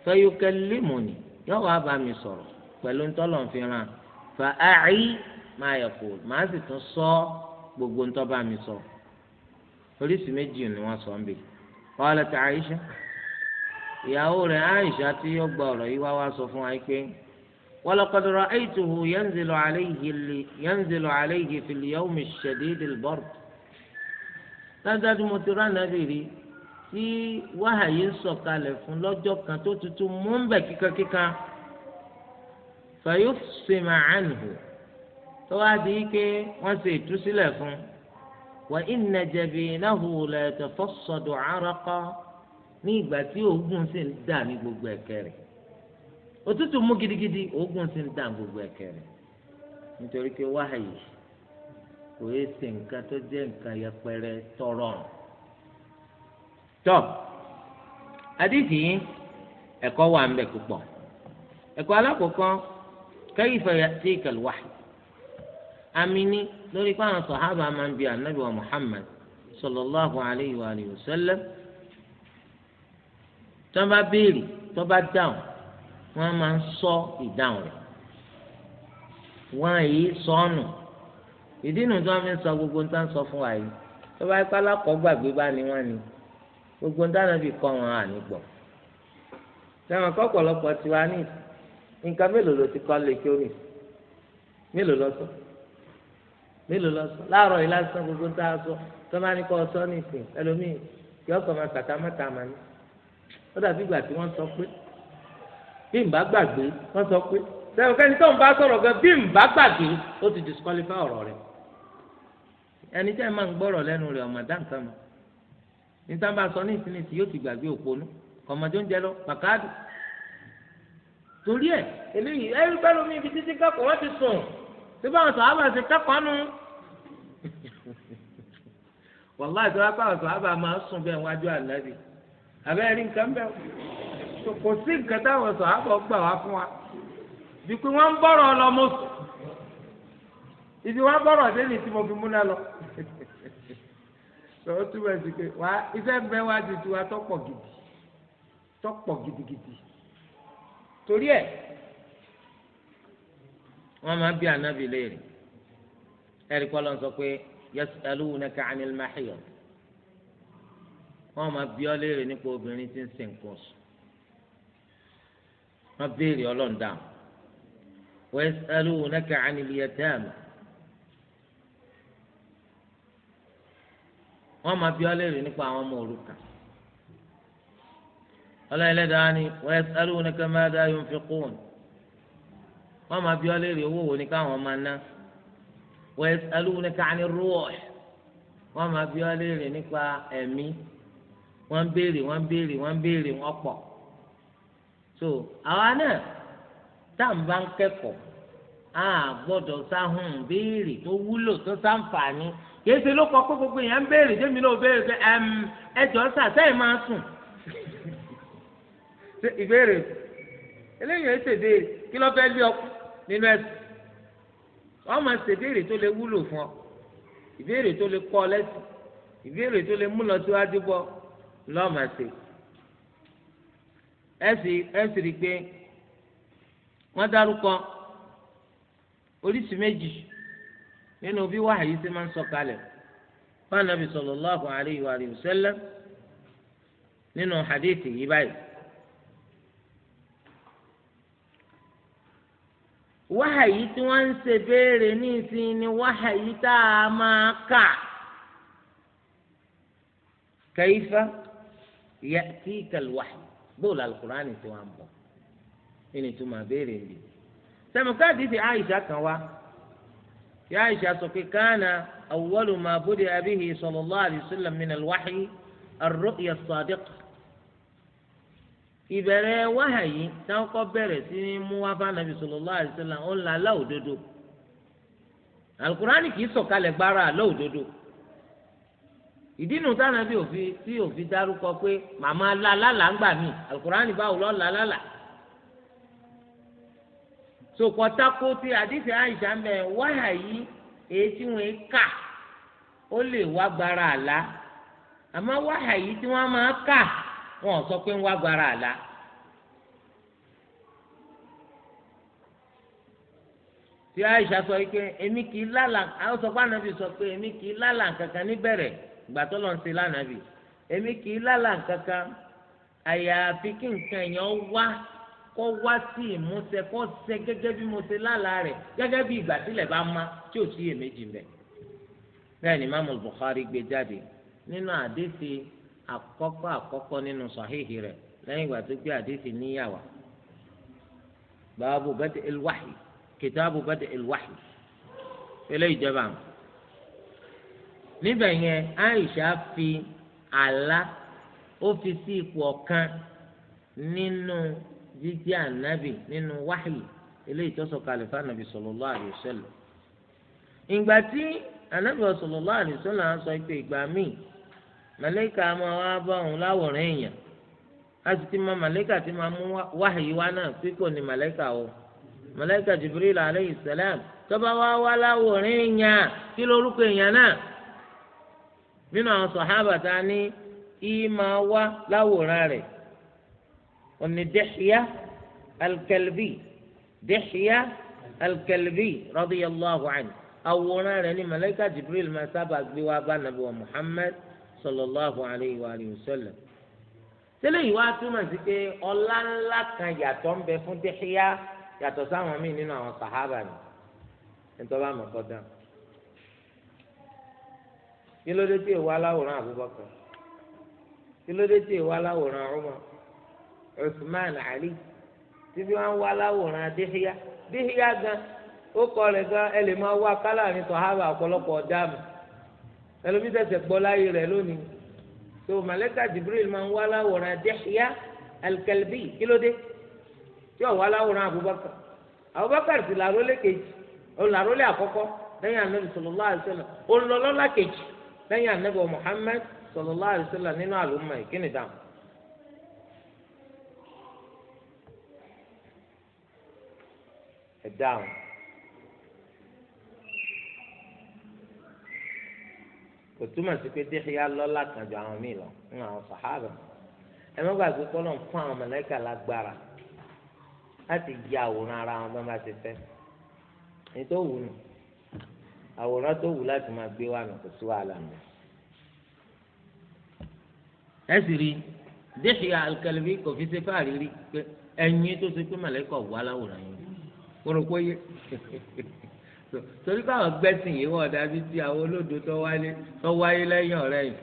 fa yukallimuni yóò wá bá mi sọ̀rọ̀ pẹ̀lú ntọ́lọ̀ fi ràn fa a'i ma yaqul màá sì tún sọ ọ́ gbogbo ń tọ́ba mi sọ oríṣi méjì ni wọ́n sọ ń bì qalat Aisha ìyàwó rẹ̀ Aisha tí ó gba ọ̀rọ̀ yìí wá wá sọ fún wa pé walaqad ra'aytuhu yanzilu alayhi yanzilu alayhi fil yawmi ash-shadid al-bard dájúdájú mo ti rán nàbì rí tí wáhàyè ń sọ̀kalẹ̀ fún lọ́jọ́ kan tó tutù mú ń bẹ̀ kíkankíkan fa yufsima tó di ike wọ́n ṣe ìtúsílẹ̀ fún wa inna jabinahu la tafassadu araqa ní ìgbà tí oògùn sì ń dà ní gbogbo ẹ̀kẹ́ rẹ̀ òtútù gidigidi oògùn sì ń dà ní gbogbo ẹ̀kẹ́ rẹ̀ nítorí pé wáhàyè kò yé nǹkan tó jẹ́ nǹkan yẹpẹrẹ tọrọ tọ́ àdìsí yìí ẹ̀kọ́ wà ń bẹ púpọ̀ ẹ̀kọ́ amini lórí pé àwọn sọ̀hábà máa ń bi ànábì wa Muhammad sallallahu alayhi wa alihi wa sallam tí wọ́n bá béèrè tí wọ́n bá dáhùn wọ́n máa ń sọ ìdáhùn rẹ̀ wọ́n yí sọ́ọ̀nù ìdí nu tí wọ́n fi ń sọ gbogbo ń tán sọ fún wa yìí tó bá ipá lákọ̀ọ́gbàgbé bá ní wọ́n ni gbogbo ń dáná fi kọ́ wọn àní gbọ̀ sẹ́wọ̀n kọ́pọ̀lọpọ̀ tiwa ní nǹkan mélòó ló ti kọ́ lé kí ó rìn mélòó lọ́sọ̀ọ́ mélòó lọ́sọ̀ láàárọ̀ yìí lásán gbogbo tá a sọ tó máa ní kọ́ ọ sọ ní ìsìn ẹlòmíì kí ọkọ̀ máa tàtà mọ́ta mà ní. ó dàbí ìgbà tí wọ́n sọ pé bí n bá gbàgbé wọ́n sọ pé sẹ́wọ̀n kẹ́ni tó ń bá sọ̀rọ̀ gan bí n bá gbàgbé ó ti disqualify ọ̀rọ̀ rẹ̀. ẹni tẹ́ ẹ máa ń gbọ́rọ̀ lẹ́nu rẹ̀ ọ̀mọ̀ dá nǹkan mọ̀ ní sábà sọ ní ìsìn ìsìn yóò ti gbàgbé òponú kọ̀mọ̀jọ́ ń jẹ lọ pàkáàdù torí ẹ̀ eléyìí ẹ síbẹ̀ àwọn sọ̀hábà ti kẹ́kọ̀ọ́ nu wàláì tó wá pé àwọn sọ̀hábà máa ń sùn bẹ́ẹ̀ wájú ànábì abẹ́rẹ́ rí nǹkan bẹ́ẹ̀ kò sí nǹkan táwọn sọ̀hábà gbà wá fún wa bí pé wọ́n ń bọ̀rọ̀ lọ mo sùn ibi wọ́n bọ̀rọ̀ débi tí mo fi múná lọ sọ túbọ̀ sí pé wá iṣẹ́ ń bẹ wá ti tiwa tọ́pọ̀ gidi tọ́pọ̀ gidigidi torí ẹ̀ wọ́n máa bí anabi léèrè ẹ̀rí kọ́ ló ń sọ pé yasalunaka anil mahiyọ wọ́n máa bí ọ léèrè nípa obìnrin tí ń sìn nǹkan sùn wọ́n béèrè ọlọ́run dáhùn wa yasalunaka anil yatama wọ́n máa bí ọ léèrè nípa àwọn ọmọ òrukàn ọlọ́run ẹlẹ́dàá ni wa yasalunaka madha yunfiqun wọ́n máa bi ọ́ léèrè owó wo ni káwọn máa ná wọ́n alúwọ́n ká ní rúwọ̀ wọ́n máa bi ọ́ nípa ẹ̀mí wọ́n ń béèrè wọ́n ń béèrè wọ́n ń béèrè wọ́n pọ̀ so àwa náà tá à ń bá ń kẹ́kọ̀ọ́ a gbọ́dọ̀ sáhùn béèrè tó wúlò tó sáǹfààní kìí ṣe ló kọ pé gbogbo èèyàn ń béèrè jẹ́mi náà béèrè pé ẹjọ́ sà sẹ́yìn máa sùn ìbéèrè eléyìí ẹ ṣèbéèrè kí ló fẹ́ lé ọ nínú ẹ̀sìn wọ́n máa ṣèbéèrè tó lè wúlò fún ọ ìbéèrè tó lè kọ́ ọ ìbéèrè tó lè múlọ tó adúgbò lọ́ọ́ máa ṣe ẹ̀sìn rí pé wọ́n dárúkọ oríṣi méjì nínú bí wàhálì ṣe máa ń fún anabi wáhàyí tí wọ́n ń ṣe béèrè ní ìsìn ni wáhàyí tá a máa kà kẹ́yìfà yẹ tí kẹlùwàhì bóòlù alukur'ani tí wọ́n bọ̀ ẹni tó máa béèrè ni. sẹ́mukádìí ti àyíṣà kan wá yà àyíṣà sọ pé kánà awwalu ma budi abihi sallallahu alayhi wa sallam min alwahyi arru'ya as ìbẹ̀rẹ̀ wáhà yìí táwọn kọ́ bẹ̀rẹ̀ sí ní mú wá bá nàbì sallallahu alaihi wasallam ń la láòdodo alukurani kìí sọ̀kalẹ̀ gbára láòdodo ìdínú tánàbí òfin tí òfin dárúkọ pé màmá lálálà ń gbà mí alukurani báwo lọ́ lálálà sokọtako ti àdìsí àyíṣà mẹ me yìí èyí tí wọn ka ó le wa gbara ala àmọ́ wáhà ti tí wọn ka wọn sọ pé ń wá gbára àlá tí Aisha sọ pé èmi kì í lálà àwọn sọ pé ànábì sọ pé èmi kì í lálà kankan níbẹ̀rẹ̀ ìgbà tó lọ ń ṣe lánàbì èmi kì í lálà kankan àyàfi kí nǹkan èèyàn wá kó wá sí ìmúṣẹ kó ṣẹ gẹ́gẹ́ bí mo ṣe lálà rẹ̀ gẹ́gẹ́ bí ìgbà tílẹ̀ bá má tí ò sí èméjì mẹ́ bẹ́ẹ̀ ni Imam Bukhari gbé jáde nínú àdéhìí akọkọ akọkọ nínú sàhíhì rẹ̀ lẹyìn ìgbà tó gbé àdìsí níyàwó báàbù bàdé ilwáhì kìtàbù bàdé ilwáhì eléyìí jẹba àwọn. níbẹ̀ yẹn Aisha fi àlá fi sí ipò ọ̀kan nínú jíjẹ́ ànábì nínú wáhì eléyìí tó sọ kalẹ̀ fánàbì sallallahu alaihi wasallam. ìgbà tí ànábì sallallahu alaihi wasallam sọ pé ìgbà màlẹ́kà máa wá bá òun láwòrán èèyàn a sì ti mọ màlẹ́kà tí máa mú wáhìí wá náà pé kò ní màlẹ́kà o màlẹ́kà Jibril alayhi salam tọ́ba wá wá láwòrán èèyàn kí lórúkọ èèyàn náà nínú àwọn sọ̀hábà tá a ní ìmọ̀ wá láwòrán rẹ̀ òní Dihya al-Kalbi Dihya al-Kalbi àwòrán rẹ̀ ní màlẹ́kà Jibril máa sábà gbé wá bá nàbẹ̀wò Muhammad. sallallahu alayhi wa sallam tẹ́lẹ̀ yìí wá túmọ̀ sí pé ọlá ńlá kan yàtọ̀ ń bẹ fún Dihya yàtọ̀ sáwọn míì nínú àwọn sàhábà ni nítorí bá mọ̀ kọ́dá kí ló dé tí èwo aláwòrán kí ló dé tí èwo Ali tí fi wọn wá aláwòrán Dihya Dihya gan ó kọ gan ẹ lè máa wá kálá ní ẹlòmí tẹsẹ̀ gbọ́ láyé rẹ̀ lónìí tó màlẹ́kà jibril máa ń wá láwòrán Dihya al-Kalbi kílódé tí ò wá láwòrán Abubakar Abubakar sì làrólé kejì làrólé àkọ́kọ́ lẹ́yìn anabi sallallahu alaihi wasallam olùlọ́lọ́lá kejì lẹ́yìn anabi Muhammad sallallahu alaihi wasallam nínú àlùmọ́ ìkíni dáhùn. dáhùn kò túmọ̀ sí pé Dihya lọ́lá kan ju àwọn míì lọ ń àwọn sàhábà ẹ má gbàgbé kọ́ lọ́n fún àwọn mọ̀lẹ́kà lágbára láti ya àwòrán ara wọn bá bá ti fẹ́ èyí tó wù nù àwòrán tó wù láti máa gbé wà nù kò sí wàhálà nù. ẹ sì rí Dihya al-Kalbi kò fi ṣe fáàrí rí pé ẹyin tó ṣe pé mọ̀lẹ́kà wà láwòrán yẹn kó rò pé yé. So torí káwọn gbẹ́sìn yìí wọ́n dàbí ti àwọn olódo tó wáyé tó wáyé lẹ́yìn ọ̀rẹ́ yìí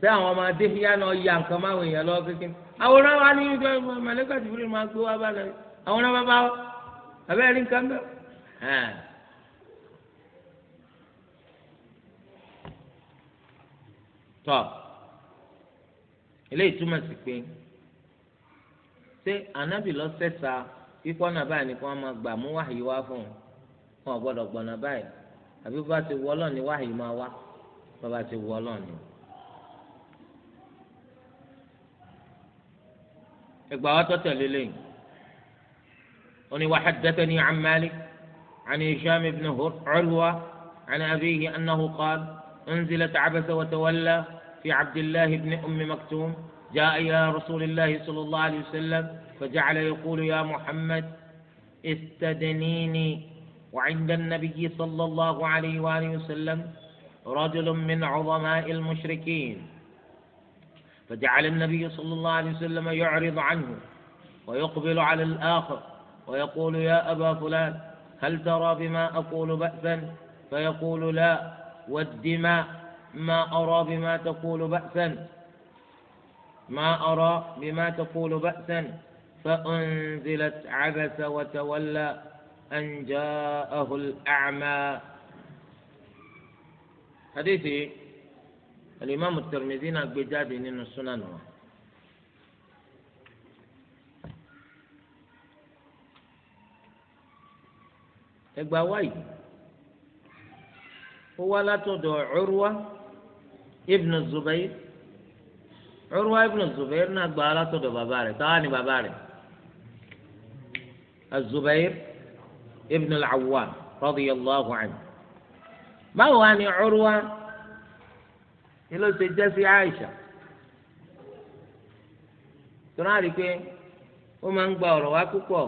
bẹ́ẹ̀ àwọn ọmọ adéhìyá náà ya nǹkan máwọn èèyàn lọ́wọ́ kékeré àwòrán wa ní ìjọ mọ̀lẹ́kà tìbúrẹ́ máa gbé wá bá lọ àwòrán bá bá abẹ́rẹ́ rí nǹkan bẹ́ẹ̀. tọ́ eléyìí túmọ̀ sí pé ṣé ànábì lọ sẹ́sà kíkọ́ náà báyìí ni kí wọ́n máa gbà mú wáyé wá fún un. wọn ò gbọ́dọ̀ gbọ̀nà báyìí àbí bá ti wọ ọlọ́ọ̀ni wáyé máa wá bá ti wọ ọlọ́ọ̀ni. ẹgbà wa tọ́ tẹ̀lé lẹ́yìn wọn ni وحدثني عن مالك عن هشام بن علوة عن أبيه أنه قال أنزلت عبس وتولى في عبد الله بن أم مكتوم جاء إلى رسول الله صلى الله عليه وسلم فجعل يقول يا محمد استدنيني وعند النبي صلى الله عليه وآله وسلم رجل من عظماء المشركين فجعل النبي صلى الله عليه وسلم يعرض عنه ويقبل على الآخر ويقول يا أبا فلان هل ترى بما أقول بأسا فيقول لا والدماء ما أرى بما تقول بأسا ما أرى بما تقول بأسا فأنزلت عبس وتولى أن جاءه الأعمى حديثي الإمام الترمذي نقبجاد من السنن ẹgbà wáyé ó wá látọ̀dọ̀ Urwa ibn Zubair Urwa ibn Zubair náà gbà látọ̀dọ̀ bàbá rẹ̀ táwa ni bàbá rẹ̀ az ibn al-Awwam radiyallahu anhu báwo wá ní Urwa ni ló ṣe jẹ́ Aisha tọ́lá rí i pé ó gba ọ̀rọ̀ wá púpọ̀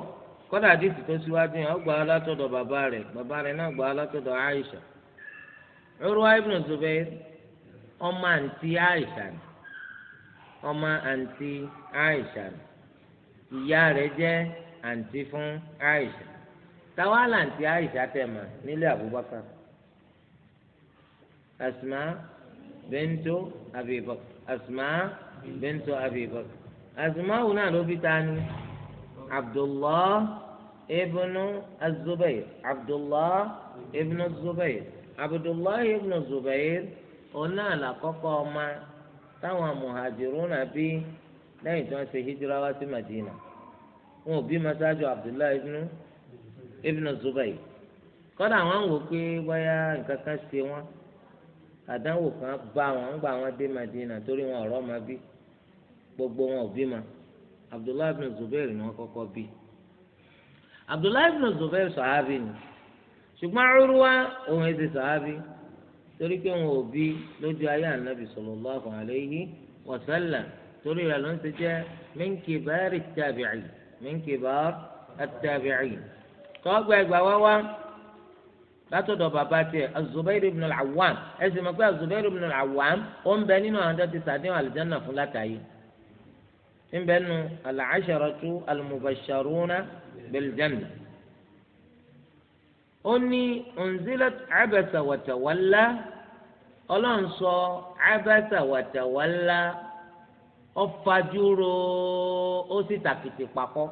kọ́dà díìsì tó síwájú yẹn ó gbà á látọ̀dọ̀ bàbá rẹ̀ Aisha Aisha táwa làǹtí àìsà tẹ̀mà nílé Abubakar Asma bẹ́ńtò Abibak Asma bẹ́ńtò Abibak Asma wò náà ló bí tani Abdullah ibnu Azubair Abdullah ibnu Zubair Abdullah ibnu Zubair òun náà làkọ́kọ́ ọma táwọn muhajirun àbí lẹ́yìn tí wọ́n ṣe hijira wá sí Madina wọn ò bí masájú Abdullah ibnu. Ibn nwa kọ́dà àwọn wò pé nwa nǹkan kan ṣe wọ́n àdánwò kan bá wọn gbà wọn dé Madina torí wọn ọ̀rọ̀ ma bí gbogbo wọn ò bí ma Abdullahi ibn Zubair ni wọn kọ́kọ́ bí Abdullahi ibn Zubair sàhábì ni ṣùgbọ́n Urwa òun èsì sàhábì torí pé wọn ò bí lójú ayé torí rẹ̀ ló ń ṣe jẹ́ tí wọ́n gba ẹgbàá wá wá látọ̀dọ̀ bàbá tiẹ̀ Az-Zubair ibn al-Awwam ẹ sì mọ̀ pé Az-Zubair ibn al-Awwam ó ń bẹ nínú àwọn tó ti sàdéhùn àlùjáná fún látàyè ń bẹ nu al-asharatu al ó ní unzilat abasa wa ọlọ́run sọ abasa wa tawalla ó sì tàkìtì papọ̀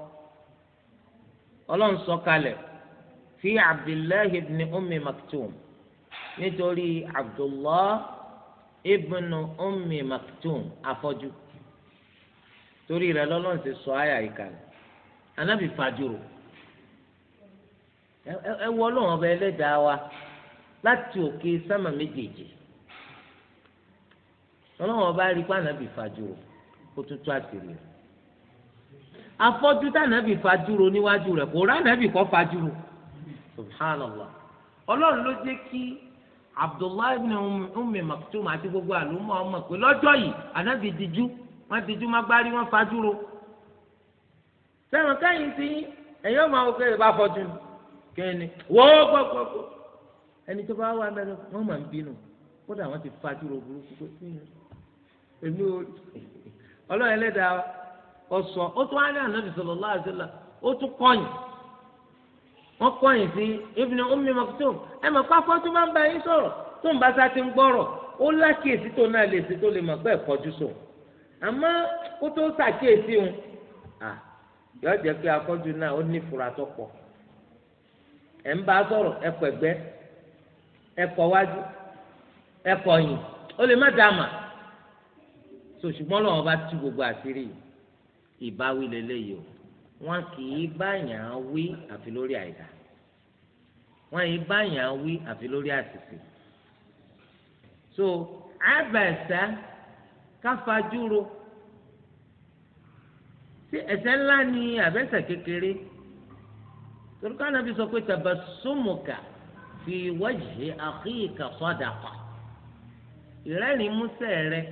ọlọ́run sọ̀kalẹ̀ fi abdullahi ibn ummi maktum nítorí abdullahi ibn ummi maktum afọ́jú torí rẹ̀ lọ́lọ́run ti sọ àyà ìkàlẹ̀ anábì fàdúrò ẹ wọ ọlọ́run ọba ẹlẹ́dàá wa láti òkè sámà méjèèjì ọlọ́run ọba rí pé anábì fàdúrò kó tuntun àtìrè rẹ̀ afọ́jú tànàbì fajúro níwájú rẹ̀ kò ránàbì kọ́ fajúro subhanallah ọlọ́run ló jẹ́ kí abdullahi ibn umm, ummi maktum àti gbogbo àlùmọ́ ọmọ pé lọ́jọ́ yìí ànábì dijú wọ́n dijú má gbárí wọ́n fajúro sẹ́wọ̀n káyìn sí ẹ̀yìn ọmọ àwọn òkèèrè bá fọ́jú kẹ́ni wọ́ọ́ gbọ́gbọ́gbọ́ ẹni tó bá wà lẹ́nu wọ́n máa ń bínú kódà wọ́n ti fajúro burúkú pé èmi ò ọlọ́run ẹlẹ́dàá ọsọ ó tún wá ní ànábì sallallahu alaihi wasallam ó tún kọ̀yìn sí ẹ ma pápá tó máa ń bá yín tó ń bá sá ti ń gbọ́rọ̀ ó lákèésí tó náà lè ṣe tó lè mọ̀ pé ẹ̀kọ́jú sùn àmọ́ kó tó ṣàkíyèsí òun yọ jẹ́ pé akọ́jú náà ó ní ìfura tó ń bá wájú so ṣùgbọ́n lọ́wọ́ bá gbogbo àṣírí ìbáwí lélẹ́yìí o wọn kì í báyàn án wí àfi lórí àìdá wọn yìí báyàn án wí àfi lórí àṣìṣe so àbẹ̀sẹ̀ káfajúro sí ẹ̀ṣẹ̀ ńlá ni àbẹ̀sẹ̀ kékeré torí ká nàbí sọ pé tabassumuka fi wajhi akhika sadaqa ìrẹ́rìn músẹ́ rẹ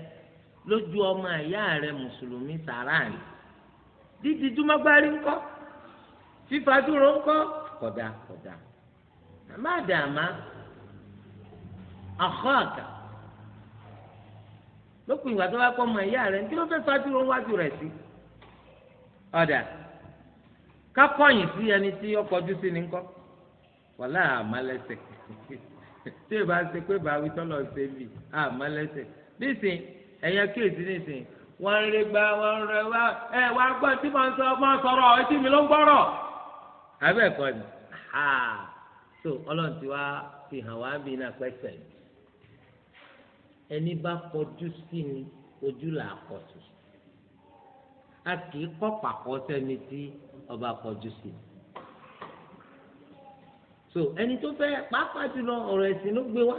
lójú ọmọ ìyá rẹ mùsùlùmí sàrà ni dídi dúmọ́gbárí ńkọ́ fífa dúró ńkọ́ kódà kódà àmà dàmà àkọ́ọ̀kà lópin ìgbà tó bá kọ́ ọmọ ìyá rẹ̀ kí ló fẹ́ fàdúró wájú rẹ̀ sí ọ̀dà kákọ́yìn sí ẹni tí ó kọjú sí ni ńkọ́ wàlá àmàlẹ́sẹ̀ tí ìbá ṣe pé bàá wí tọ́lọ̀ ṣe bì àmàlẹ́sẹ̀ nísìn ẹ̀yàn kéèsì nísìn wọ́n ń regba wọ́n ń rẹ wá ẹ wá gbọ́ tí mo ń sọ mo ń sọ̀rọ̀ etí mi ló ń gbọ́rọ̀ àbẹ́ ẹ̀kọ́ ni so ọlọ́run ti wá fi hàn wá bí iná pẹ́sẹ̀ ẹni bá kọjú sí ni ojú là á kọ sí a kì í kọ́ pàkọ́ sẹ́ni tí ọba kọjú sí ni so ẹni tó fẹ́ pàápàá jùlọ ọ̀rọ̀ ẹ̀sìn ló gbé wá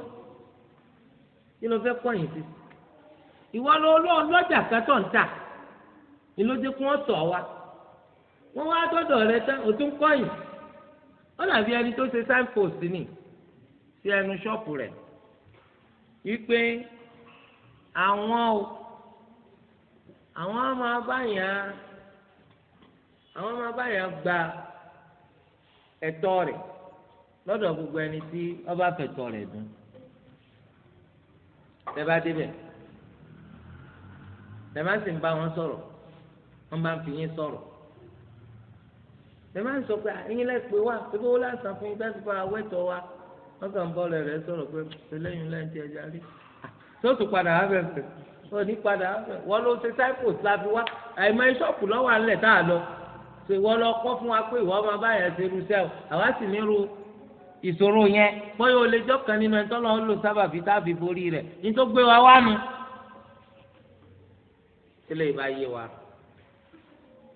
kí ló fẹ́ kọ́ yìí sí i ìwọ lọ́ọ́ lọ́jà kẹtọ̀ ń tà ni ló dé kí wọ́n tọ̀ wá wọ́n wá dọ́dọ̀ rẹ tán o tún kọ́yìn ó dàbí ẹni tó ṣe signpost ni sí ẹnu ṣọ́ọ̀pù rẹ̀ wípé àwọn o àwọn máa báyà àwọn máa báyà gba ẹ̀tọ́ rẹ̀ lọ́dọ̀ gbogbo ẹni tí ó bá fẹ̀tọ́ rẹ̀ dùn tẹ́ bá débẹ̀ lẹ́mà sì ń bá wọn sọ̀rọ̀ wọ́n bá ń fi yín sọ̀rọ̀ lẹ́mà sọ pé ẹ̀yin lẹ́ pé wá pé owó lásán fún yín dáṣípà awẹ́tọ̀ wa wọ́n kàn ń bọ́ ọ̀rẹ́ rẹ̀ sọ̀rọ̀ pé ẹlẹ́yin lẹ́yìn tí ẹja rí tó tún padà wá bẹ̀ fẹ̀ ó ní padà wá bẹ̀ wọ́n ló ṣe cycles la fi wá àìmọ̀ ṣọ́ọ̀pù lọ́wọ́ alẹ̀ tá a lọ ṣe wọ́n lọ kọ́ fún wa pé ìwọ ọmọ báyẹn ṣe irú sẹ́ọ̀ àwa sì nírú ìṣòro yẹn bóyá o lè jọ́ kan nínú ẹ̀ńtọ́ lọ́ọ́ lò sábàbí tá a borí rẹ̀ ní tó gbé wa wá tẹ́lẹ̀ ìbá yé wa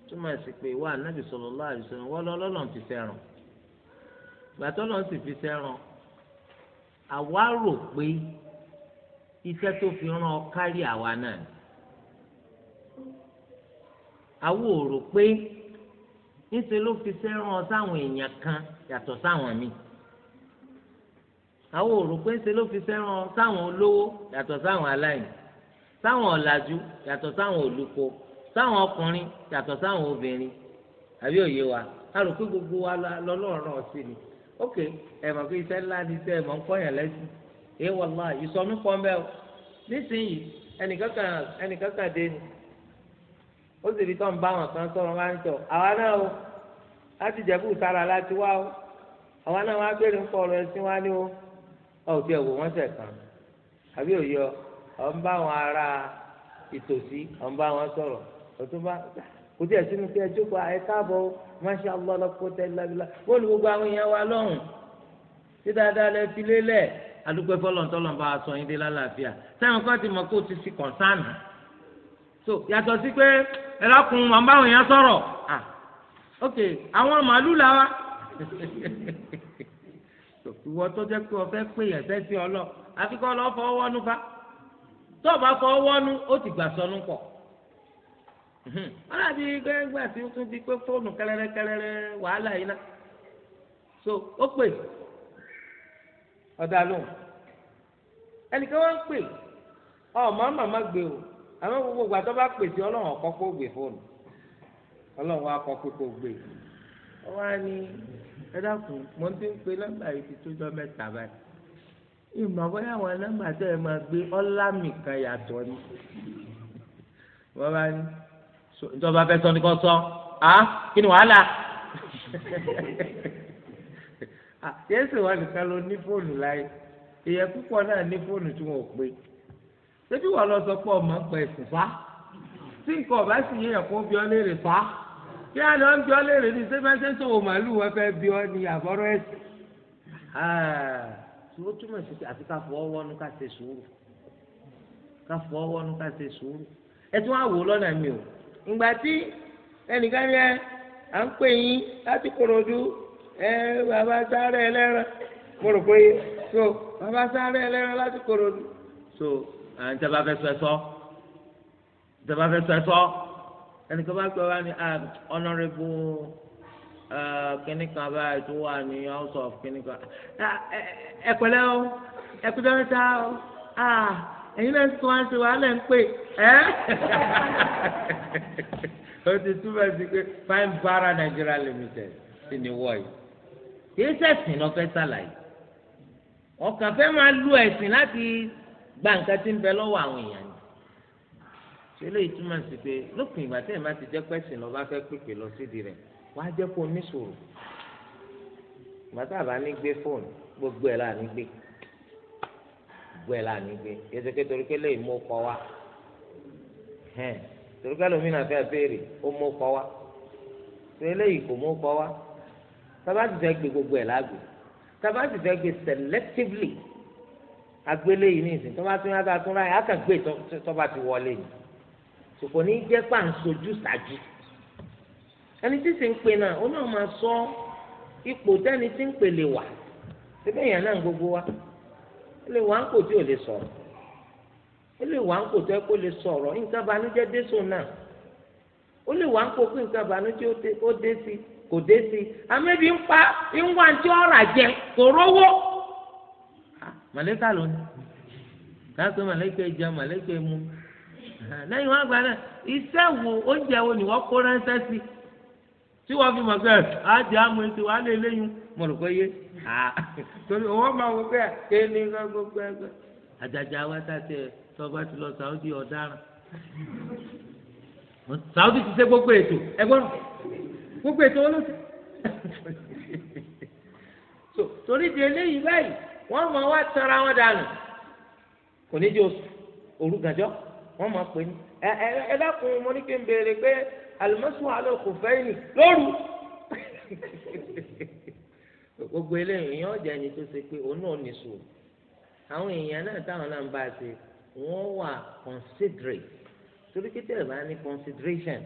túmọ̀ sí pé wà nábì sallallahu alaihi wasallam wọ́n lọ́lọ́run fi sẹ́ràn gbàtọ́ lọ́n sì fi sẹ́ràn àwa rò pé iṣẹ́ tó fi rán ọ kárí àwa náà àwa ò rò pé níṣẹ́ ló fi sẹ́ràn ọ sáwọn èèyàn kan yàtọ̀ sáwọn míì àwa ò rò pé níṣẹ́ ló fi sẹ́ràn ọ sáwọn olówó yàtọ̀ sáwọn aláìní sáwọn ọ̀làjú yàtọ̀ sáwọn olùkọ́ sáwọn ọkùnrin yàtọ̀ sáwọn obìnrin àbí òye wa alò pé gbogbo wa lọ́lọ́rọ̀ sí ni ok ẹ mọ̀ pé iṣẹ́ ńlá ni iṣẹ́ mọ̀ ń kọ́yàn lẹ́sìn èyí wọ́n lọ́wọ́ ìsọnù pọ̀ ń bẹ́ẹ̀ o nísìnyí ẹnìkankan ẹnìkankan dé ni ó sì fi tọ́ bá wọn kan sọ̀rọ̀ máa ń tọ̀ àwa náà o láti jẹ̀bú sára láti wá o àwa náà wá gbé ní pọ̀ ọ̀rọ̀ ẹ̀sìn wá ní o ọ̀ ọ̀n bá àwọn ará ìtòsí ọ̀n bá wọn sọ̀rọ̀ ọ̀tún bá kò tí ẹ̀ sínú kí ẹ jókòó ẹ káàbọ̀ masha allah lọ́kọ́tẹ́ lábílá bóòlù gbogbo àwọn èèyàn wa lọ́hùn tí dáadáa lẹ fi lélẹ̀ adúpẹ́ fọlọ́ntọ́lọ́n bá a sọ yín dé lálàáfíà sẹ́wọ̀n kan ti mọ̀ kó o ti fi kọ̀ǹsánù so yàtọ̀ sí pé ẹ lọ́kùn wọn bá àwọn èèyàn sọ̀rọ̀ ah ok àwọn màálù là wá ìwọ tó jẹ́ pé o fẹ́ pè yẹn sẹ́sì ọlọ́ àfikọ́ lọ́ fọwọ́ nufa. tó o bá fọ ọwọ́nu ó ti gbà pọ pọ̀ wọ́n mhm. dàbí gbẹ́gbẹ́ àti tún di pé fóònù wàhálà yìí náà so ó pè ọ̀dà lóhùn ẹnìkan wọ́n ń pè ọ màmá gbé o àmọ́ gbogbo ìgbà tó bá pè sí ọlọ́run ọ̀kọ́ kó gbé fóònù ọlọ́run wa kọ́ pé kó gbé ọ wá ní ẹ dákun mo ti ń ìmọ̀ bóyá àwọn nọ́mbà tẹ́ ẹ máa gbé ọlámì kan yàtọ̀ ni wọ́n bá ní ìjọba fẹ́ sọ ní kò sọ á kí ni wàhálà yẹ́sì ah, wà nìkan ló ní fóònù láyé ìyẹn púpọ̀ náà ní fóònù tí wọ́n ò pé ṣébí wọ́n lọ sọ pé ọmọ ń pẹ̀ sùn fa tí nǹkan ọ̀bá sì yẹ̀yàn kó bí ọ léèrè fa kí àná ń bí ọ léèrè ní sẹ́fẹ́sẹ́ sọ̀wọ́ wọn fẹ́ bí ọ ní àbọ̀rọ̀ ẹ̀sìn. Ah tó ó túmọ̀ sí pé àfi ká fọ ọwọ́ nu ká ṣe sùúrù ká fọ ọwọ́ nu ká ṣe sùúrù ẹ tún wá wò lọ́nà mi o ìgbà tí ẹnìkan yẹ à ń pè yín láti korodu ẹ bàbá sáré ẹlẹ́ran mo rò pé so bàbá sáré ẹlẹ́ran láti korodu so à ń tẹ́ bá fẹ́ sọ ẹ sọ tẹ́ bá fẹ́ sọ ẹ sọ ẹnìkan bá gbọ́ wá ní ah, honourable. Eh, kíní kan báyìí tó wà ní house of kíní kan ah, ẹ pẹ̀lẹ́ o ẹ kú dọ́rẹ́ta o ah, ẹ̀yin náà tún wá sí wàhálà ń pè ẹ́ o ti túbọ̀ sí pé fine bara Nigeria limited ti ní wọ̀nyí kìí ṣẹ̀sìn lọ fẹ́ ṣàlàyé ọkàn fẹ́ máa lu ẹ̀sìn láti gba nǹkan tí ń bẹ lọ́wọ́ àwọn èèyàn ni ṣé lè túmọ̀ sí pé lópin ìgbà tẹ́yìn bá ti jẹ́ pẹ́sìn lọ fẹ́ pèpè lọ sídìí rẹ̀ wàá jẹ́ kó ní sùúrù màtàbà ní gbé fóònù gbogbo ẹ̀ láà ní gbé gbogbo ẹ̀ láà ní gbé yẹtẹkẹ torí pé lè mú kọ wa hẹn torí pé lómìnà fẹ́ béèrè ó mú kọ wa torí eléyìí kò mú kọ wa tábà ti fẹ́ gbé gbogbo ẹ̀ láàgbé tábà ti fẹ́ gbé selectively agbélé yìí ní ìsìn tọ́ba tún yàtọ̀ àtúnra yìí á kàn gbé tọ́ba ti wọlé yìí sòkò ní jẹ́ pà ń ẹni tí sì ń pè náà ó náà máa sọ ipò tẹ́ni tí ń pè lè wà síbẹ̀ yẹn náà gbogbo wa ó lè kò tí ò lè sọ̀rọ̀ ó lè kò tó kó lè sọ̀rọ̀ nǹkan banújẹ́ dé sùn náà ó lè wà kó pé nǹkan banújẹ́ ó dé sí kò dé sí amẹ́bí ń pa ń wá ọ̀rà jẹ kò rówó. màlẹ́kà ló mu lẹ́yìn wọn náà iṣẹ́ wo oúnjẹ wo ni wọ́n kó ránṣẹ́ tí wọ́n fi mọ̀ pé àjẹ́ àmọ́ ètò wà lè léyìn mo rò pé yé torí ma máa wọ pé kéènì gbogbo ẹgbẹ́ àjàjà wa tàtẹ tọba ti lọ Saudi ọ̀daràn ti ṣe gbogbo ètò ẹgbọ́n gbogbo ètò wọn ló ṣe torí di eléyìí báyìí wọ́n máa wá tara wọn dànù kò ní jẹ́ oṣù wọ́n máa ẹ ẹ ẹ dákun mo ní kí n béèrè pé àlùmọ́sùn ala kò fẹ́ lóru gbogbo eléyìí yẹn ẹni tó ṣe pé òun náà ní àwọn èèyàn náà táwọn náà ń bá a ṣe wọ́n wà considerate torí tẹ̀lé bá ní consideration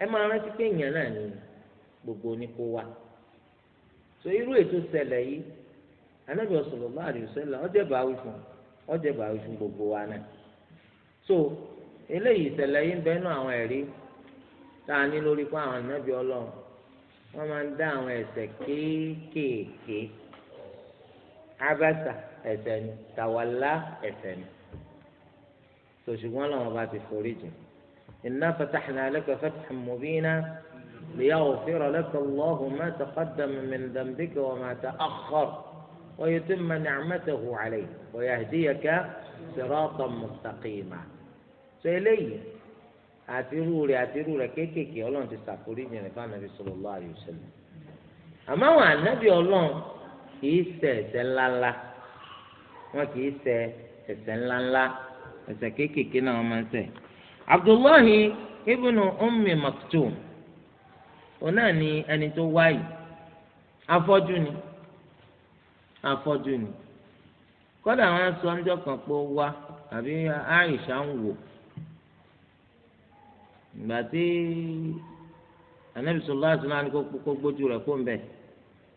ẹ máa rántí pé èèyàn náà ní gbogbo oníkó so irú ètò ṣẹlẹ̀ yìí ọjọ́ ìbáwí fún gbogbo wa náà eléyìí ìṣẹ̀lẹ̀ yìí ń bẹnu àwọn ẹ̀rí tá a ní lórí fún àwọn ànábì Ọlọ́run wọ́n máa ń dá àwọn ẹ̀ṣẹ̀ kéékèèké abasa ẹ̀ṣẹ̀ ni tàwálá ẹ̀ṣẹ̀ ni sòṣùgbọ́n làwọn bá ti forí jù inna fatahna laka fathan mubina liyaghfira laka Allahu ma taqaddama min dhanbika wa ma ta'akhkhar wa yutimma ni'matahu alayka wa yahdiyaka siratan mustaqima. sọ eléyìí àti irú rẹ̀ àti irú rẹ̀ kéékèèké ti ṣàforíjì rẹ̀ fún anabi sallallahu alaihi wasallam àwọn anabi ọlọ́run kì í ṣe ńláńlá wọn kì í ṣe ńláńlá ẹ̀ṣẹ̀ kéékèèké náà wọn máa ń abdullahi ummi òun náà ni ẹni tó wáyìí afọ́jú ni afọ́jú ni wọn ìgbà tí anabi sọlá àtúnà ni kó gbójú rẹ̀ fún bẹ́ẹ̀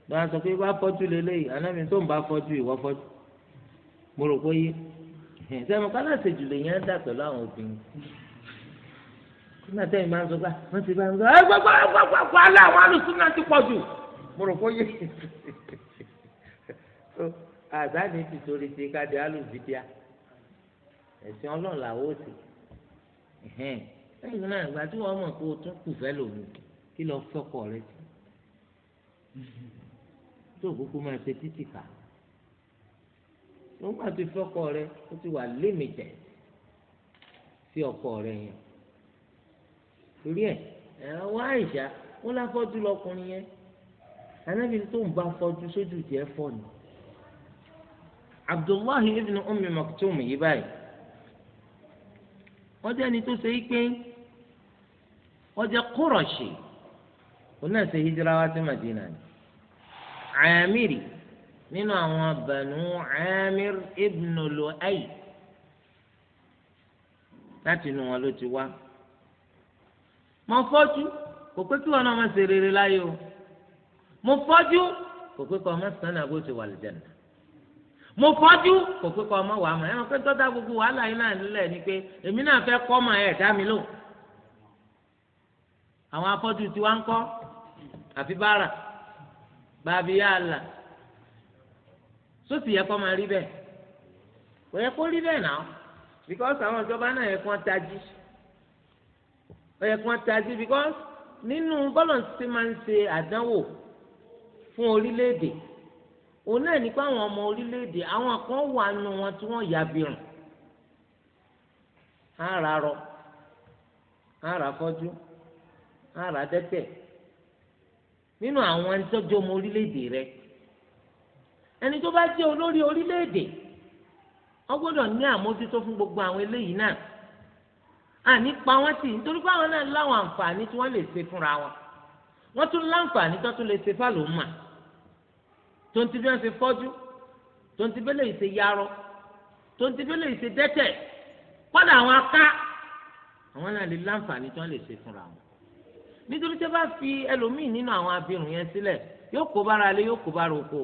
lọ́wọ́ sọ pé bá fọ́jú lélẹ́yìí anabi tó ń bá fọ́jú ìwọ fọ́jú mo rò pé yé sẹ́mu kálá ṣèjú lè yẹn dà pẹ̀lú àwọn obìnrin nígbàtẹ́ ìmọ̀ àzọgbà wọ́n ti bá ń gbọ́ gbọ́gbọ́ gbọ́gbọ́ alẹ́ àwọn alùsùn náà ti pọ̀ jù mo rò pé yé àdáni ti torí ti ká di alùbídíà ẹ̀sìn ọlọ́ọ̀lá ó sì lẹ́yìn náà ìgbà tí wọ́n mọ̀ pé o tún kù fẹ́ lòun kí lọ fọ́kọ rẹ sí tó kúkú máa ṣe títì kà nígbà tí fọ́kọ rẹ ó ti wà límìtẹ̀ sí ọkọ rẹ yẹn torí ẹ ẹ wá àìsà ó láfọ́jú lọkùnrin yẹn anábìrin tó ń bá fọ́jú sójú tiẹ̀ fọ́ ni Abdullahi ibn Ummi Maktum yìí báyìí wọ́n jẹ́ ẹni tó ṣe é pé wọ́n jẹ́ kúrọ̀ṣì òun náà ṣe hijira wá sí madina ni amiri nínú àwọn banu amir ibn lu'ay láti inú wọn ló ti wá mo fọ́jú kò pé kí wọn náà má ṣe rere láyé o mo fọ́jú kò pé kí wọn má sànà bó ṣe wà lìjẹ̀nà mo fọ́jú kò pé kí wọn má wà á mọ̀ ẹ̀ wọ́n pé tọ́ta gbogbo wàhálà yìí náà nílẹ̀ ni pé èmi náà fẹ́ kọ́ ọmọ ẹ̀ dá mi lóhùn àwọn afọ́jú tí wá ń kọ́ àfi bára bàbí yàrá sósì yẹ kọ́ máa rí bẹ́ẹ̀ kò yẹ kó rí bẹ́ẹ̀ náà because àwọn ìjọba náà yẹ kí wọ́n tají ó yẹ kí wọ́n tají because nínú bọ́lọ̀nsì máa ń ṣe àdánwò fún orílẹ̀-èdè òun náà nípa àwọn ọmọ orílẹ̀-èdè àwọn kan wà nù wọn tí wọ́n yà bìrùn á rà rọ á rà fọ́jú ara dẹ́tẹ̀ nínú àwọn ẹni tó jọmọ orílẹ̀-èdè rẹ ẹni tó bá jẹ́ olórí orílẹ̀-èdè wọ́n gbọ́dọ̀ ní àmójútó fún gbogbo àwọn eléyìí náà àní pa wọ́n tì nítorí pé àwọn náà láwọn àǹfààní tí wọ́n lè ṣe fúnra wọn wọ́n tún láǹfààní tó tún lè ṣe fáàlùmà tó ń ti bí wọ́n ṣe fọ́jú tó ń ti bí lèyìí ṣe yarọ tó ń ti bí lèyìí ṣe dẹ́tẹ̀ kọ́dà àwọn aká àwọn náà lè láǹfààní tó wọ́n lè ṣe fúnra wọn nítorí tẹ́ bá fi ẹlòmíì nínú àwọn abirùn yẹn sílẹ̀ yóò kó bára lé yóò kó bára oko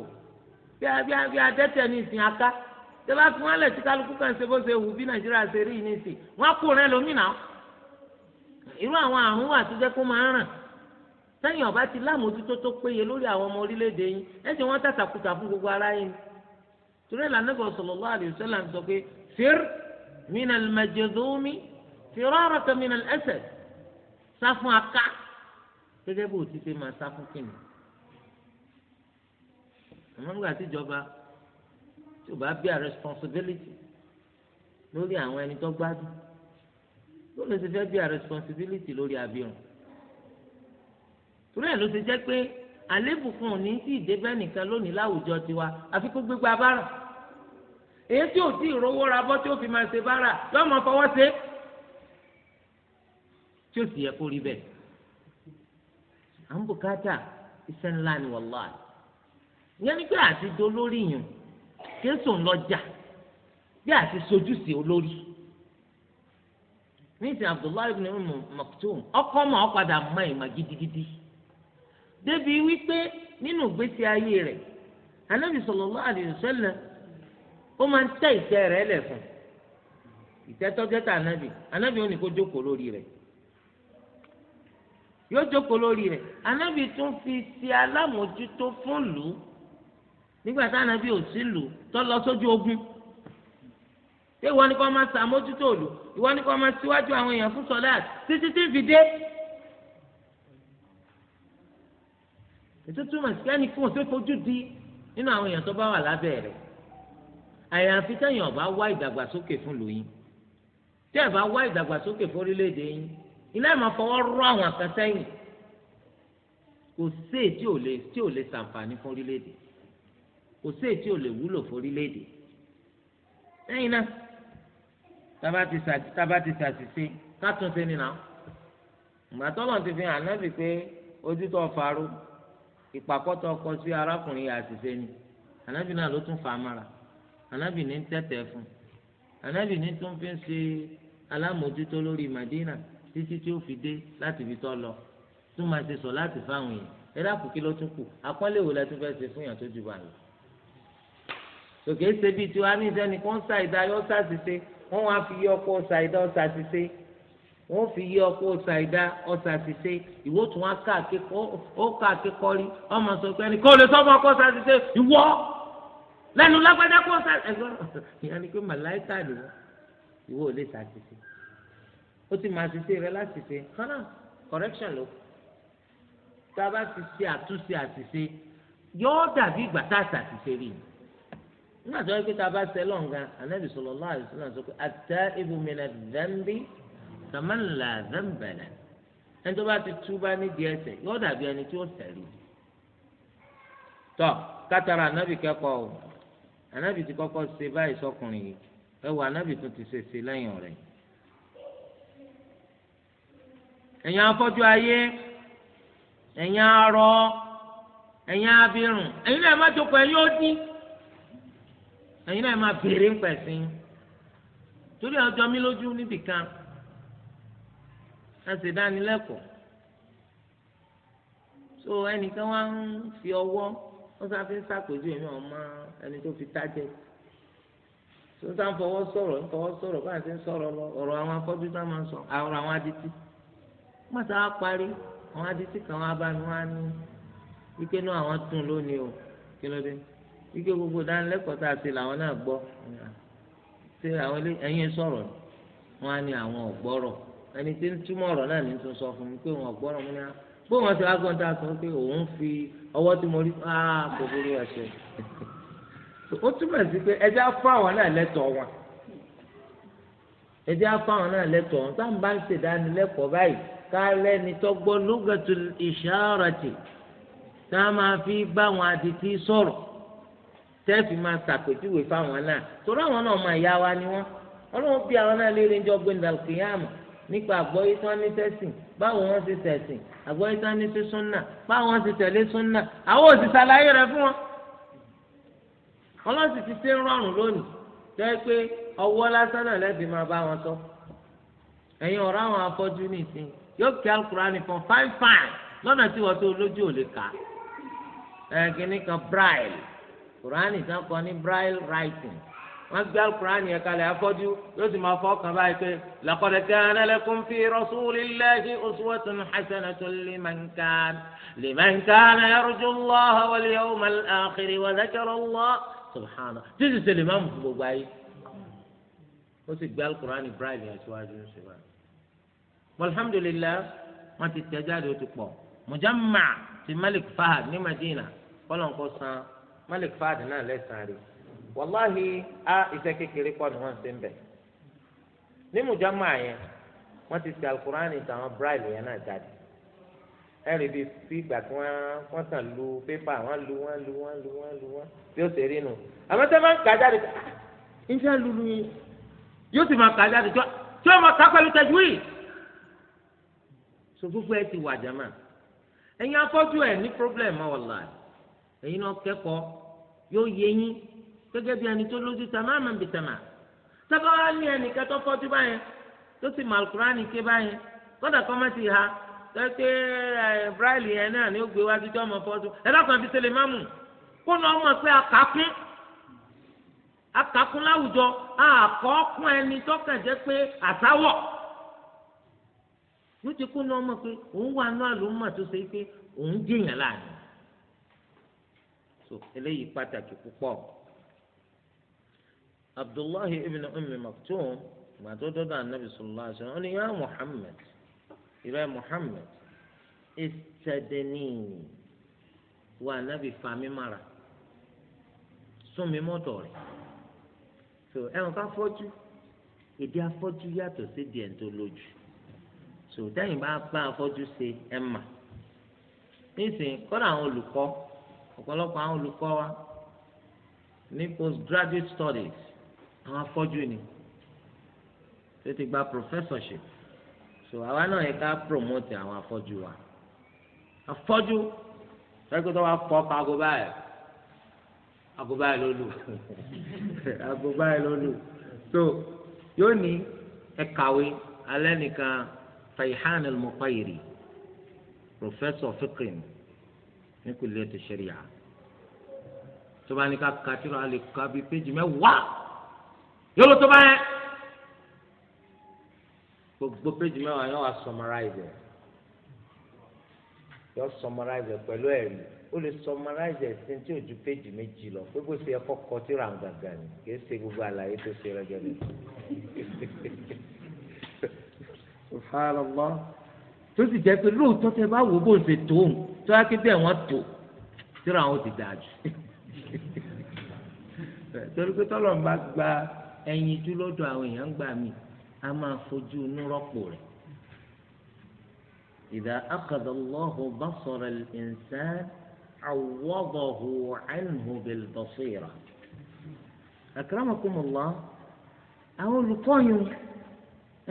bí bí bí adẹ́tẹ̀ ní ìsìn aká tẹ́ bá fi wọ́n lẹ̀ tí kálukú kan ṣe bó ṣe wù bí nàìjíríà ṣe rí ní ìsìn wọ́n á kó rẹ lómìn náà irú àwọn àrùn wà tó jẹ́ kó máa ràn sẹ́yìn ọ̀bá ti lámòójútó tó péye lórí àwọn ọmọ orílẹ̀-èdè yín ẹ̀sìn wọn tàtàkùtà fún gbogbo ara yín torí ẹ̀ lànàbọ̀ sallallahu gẹ́gẹ́ bó ti ṣe máa sá fún kìnnì àmọ́ ńgbà tíjọba tí ò bá bí a responsibility lórí àwọn ẹni tó gbádùn lónìí ti fẹ́ bí a responsibility lórí abirùn torí ẹ̀ ló ti jẹ́ pé àléébù fún òní tí ìdébẹ́ nìkan lónìí láwùjọ tiwa àfi kó gbégbá bára èyí tí ò tí ì rówó ra bọ́ tí ó fi máa ṣe bára yóò máa fọwọ́ ṣe tí ó sì yẹ kó rí bẹ́ẹ̀. à ń bùkátà iṣẹ́ ńlá ni wàláì ìyẹn ni pé àti dolórí yìí kéésù ńlọjà bí àti sojúṣe olórí níìsín abdullahi ibn umu maktoum ọkọ ọmọ ọpadà mọ ìmọ̀ gidigidi débi wípé nínú ìgbésí ayé rẹ̀ anabi sallallahu alayhi wa sallam ó máa ń tẹ́ ìtẹ́ rẹ̀ lẹ̀ fún ìtẹ́ tọ́jọ́ tà anabi anabi ó ní kó jókòó lórí rẹ̀ yóò jókòó lórí rẹ̀ anábì tún fi ṣe alámòjútó fún lù ú nígbà tá anábì ò sí lù ú tó lọ sójú ogun pé ìwọ ni kò máa ṣàmójútó lù ìwọ ni kò máa ṣíwájú àwọn èèyàn fún sọlá títí tí fi dé. ètò túmọ̀ sí ẹni fún òṣèlú fojú di nínú àwọn èèyàn tó bá wà lábẹ́ rẹ̀ àyàfi tẹ̀yìn ọ̀bá wá ìdàgbàsókè fún lòyìn tẹ́ ẹ̀ bá wá ìdàgbàsókè fún orílẹ̀-èdè yín ilé ẹ̀ máa fọwọ́ rọ́ àwọn kan sẹ́yìn kò sí èyí tí ò lè tí ò lè ṣàǹfààní fún orílẹ̀-èdè kò sí èyí tí ò lè wúlò fún orílẹ̀-èdè lẹ́yìn náà tába ti ṣàṣìṣe kátúnṣe nínà ìgbà tọ́lọ̀ ti fi hàn náà pé ojú tó farú ìpàkọ́tọ̀ ọkọ sí arákùnrin àṣìṣe ni ànábì náà ló tún fà á mára ní tẹ̀tẹ̀ fún ànábì ní tún fi ń ṣe alámòjútó lórí Madina títí tí ó fi dé láti ibi tó lọ tó máa ṣe sọ láti fáwọn yẹn ẹ dákun kí ló tún kù àpọ́nlé wo la tún fẹ́ ṣe fún yàn tó ju bá lọ. òkè ṣe bíi tiwa ní ìdẹ́ni kó ń sa ìdá yọ ọ́ ṣàṣìṣe wọ́n wá fi yí ọkọ̀ ọ̀sà ìdá ọ̀ ṣàṣìṣe wọ́n fi yí ọkọ̀ ọ̀sà ìdá ọ̀ ṣàṣìṣe ìwọ tún wá ká àkékọ́ rí ọmọ sọ pé ẹni kó lè sọ ọmọ ọkọ̀ ṣàṣìṣe ìwọ lẹ́nu lágbájá kó ṣàṣìṣe ìyá ni pé màláìkà ni wọ́n ìwọ ò lè ṣàṣìṣe ó ti máa ṣiṣẹ́ rẹ láti ṣe hànà correction ló tá a bá ti ṣe àtúnṣe àṣìṣe yóò dàbí ìgbà tá a ṣàṣìṣe rí i nígbà tó yẹ pé tá a bá ṣe lọ́nga anabi sallallahu alaihi wasallam sọ pé at-ta'ibu mina dhanbi kaman la dhanba lahu ẹni tó bá ti túbá nídìí ẹ̀ṣẹ̀ yóò dàbí ẹni tí ó ṣẹ̀ rí i tọ kátàrà anabi kẹ́kọ̀ọ́ o anabi ti kọ́kọ́ ṣe báyìí sọkùnrin yìí ẹ wọ anabi tún ti ṣe ṣe lẹ́yìn ọ̀rẹ́ ẹ̀yin afọ́jú ayé ẹ̀yin arọ ẹ̀yin abirùn ẹ̀yin náà má jókòó ẹ̀yin ó dín ẹ̀yin náà má béèrè ń pẹ̀sìn torí ọjọ́ mi lójú níbìkan láti dánilẹ́kọ̀ọ́ so ẹnìkan wá ń fi ọwọ́ wọ́n sá fi ń sàpèjúwe mi ọmọ ẹni tó fi tájẹ́ tó ń sá ń fọwọ́ sọ̀rọ̀ ń fọwọ́ sọ̀rọ̀ báyìí ti ń sọ̀rọ̀ lọ ọ̀rọ̀ àwọn afọ́jú tá máa ń sọ ọ̀rọ̀ àwọn adití mọ́tà á parí àwọn adití kan wá bá mi wá ní wípé náà àwọn tún lónìí o kí ló dé wípé gbogbo ìdánilẹ́kọ̀ọ́ tá a ṣe làwọn náà gbọ́ ṣe àwọn ẹ̀yin sọ̀rọ̀ wọn á ní àwọn ọ̀gbọ́rọ̀ ẹni tí ń túmọ̀ ọ̀rọ̀ náà ní tún sọ fún mi pé wọn ọ̀gbọ́rọ̀ mi náà bó wọn ti wá gbọ́n tá a sọ pé òun fi ọwọ́ tí mo rí áá gbogbo ẹ̀ṣẹ̀ ó túmọ̀ sí pé ẹ já fún àwọn náà lẹ́tọ̀ọ́ wọn ẹ já fún àwọn náà lẹ́tọ̀ọ́ wọn táwọn bá ń ṣèdánilẹ́kọ̀ọ́ báyìí kálẹ̀ nítọ́gbọ́ lúgàtú ìṣàràtì tá a máa fi bá wọn adití sọ̀rọ̀ tẹ́ẹ̀fì máa ṣàpèjúwe fáwọn náà torí àwọn náà máa yá wa ni wọ́n ọlọ́run bí àwọn náà léèrè ń jọ gbé nàìjíríàmù nípa àgbọ́yé tí wọ́n ní sẹ́sìn báwo wọ́n ti sẹ̀sìn àgbọ́yé tí wọ́n ní sí súnà báwo wọ́n ti tẹ̀lé súnà àwọn ò sì ṣàlàyé rẹ̀ fún wọn. ọlọ́sìn ti ṣe ń rọrùn lónìí jẹ́ pé ọwọ́ lásán náà lẹ́bi máa bá wọn sọ ẹ̀yin ọ̀rọ̀ àwọn afọ́jú nìsín yóò kí alukurani fún fáin fáin lọ́nà tí wọ́n tó lójú ò lè kà ẹ kíní kan braille kurani tán kọ ní braille writing wọ́n gbé alukurani yẹn kalẹ̀ afọ́jú yóò sì máa fọ́ ọkàn báyìí pé laqad kana lakum fi rasulillahi uswatun hasanatun liman kana liman kana yarju Allah wal yawmal akhir wa dhakara Allah subhanallah títí sèlémà mú gbogbo ayé ó sì gbé alukurani braille yẹn síwájú síwájú walhamdulilayi wọn ti tẹ̀ jáde ó ti pọ̀ mujamma ti malik fahad ní madina kọlọńkọ san malik fahad náà lẹ́sàn-án rẹ̀ wàláhi a iṣẹ́ kékeré kọ́ ni wọ́n ṣe ń bẹ̀ ní mujamma yẹn wọ́n ti ṣe alukurani tàwọn braille yẹn náà jáde ẹ̀rì bíi fi ìgbà tí wọ́n wọ́n tàn lu pépà wọ́n lu wọ́n lu wọ́n lu wọ́n lu wọ́n bí ó ṣe rí nu àmọ́ tẹ́ máa ń kà jáde ah, ǹjẹ́ lulu yìí yóò sì máa kà jáde tí wọ́n máa kà pẹ̀lú tẹ̀jú yìí so gbogbo ẹ ti wà jama ẹ̀yin afọ́jú ẹ̀ ní problem ọ̀la ẹ̀yin náà kẹ́kọ̀ọ́ yóò yé yín gẹ́gẹ́ bí ẹni tó lójú tamama bi tama sábà wà ní ẹnìkan tó fọ́jú báyẹn tó sì mọ alukurani ké báyẹn kódà kọ́ má ti ha tẹ́tẹ́ ẹ̀ braille yẹn náà ni ó gbé wájú tó ọmọ fọ́jú ẹ lọ́kàn fi tẹ̀lé mámù kó náà ọmọ pé akákún akákún láwùjọ àkọ́kún ẹni tó kàn jẹ́ pé àtàwọ̀ yóò ti kú ní ọmọ pé òun wà nú àlùmọ̀ tó ṣe pé òun jèèyàn láàánú so eléyìí pàtàkì púpọ̀ abdullahi ibn ummi maktum gbàtó anabi sallallahu alaihi wasallam ó ní yá muhammed ìrẹ́ muhammed istadinini wa anabi fami mara súnmi mọ́tò rẹ̀ so ẹ̀wọ̀n ká fọ́jú èdè afọ́jú yàtọ̀ sí díẹ̀ tó lójú so dẹ́yìn bá bá afọ́jú ṣe ẹ mà nísìnyí kọ́dà àwọn olùkọ́ ọ̀pọ̀lọpọ̀ àwọn olùkọ́ wa ní postgraduate studies àwọn afọ́jú ni tó ti gba professorship so àwa náà yẹ ká promote àwọn afọ́jú wa afọ́jú sẹ́kítọ́ wa fọ́ pago báyìí ago báyìí ló lù ago báyìí ló lù so yóò ní ẹ kàwé alẹ́ nìkan. Tayhan al-Mutayri professor fiqhin ní kùlẹ̀tì ṣẹ̀ríà tó bá ní ká kàtírọ̀ a lè ka bíi péjì mẹ́wàá yóò lọ tó bá yẹn gbogbo péjì mẹ́wàá yẹn wà summarize yọ summarize pẹ̀lú ẹ̀rí ó lè summarize ẹ̀sìn tí ò ju péjì méjì lọ pé bó ṣe ẹ̀kọ́ kọtírọ̀ àǹgàǹgà ni kì í ṣe gbogbo àlàyé tó ṣe rẹ́gẹ́dẹ́. subhanallah tó sì jẹ́ pé lóòótọ́ tẹ bá wò bó ń ṣe tó ń tó wá pé bẹ́ẹ̀ wọ́n tó síra àwọn ti dà jù torí pé tọ́lọ̀ ń bá gba ẹyin tú lọ́dọ̀ àwọn èèyàn gbà mí a máa fojú inú rọ́pò rẹ̀ ìdá akadàlọ́hùn bá sọ̀rọ̀ ìnsán àwọ̀dọ̀hù ẹnhùn bẹ̀lẹ̀ tọ́sí ìrà àkàràmọ̀kùnmọ̀lá àwọn olùkọ́ yìí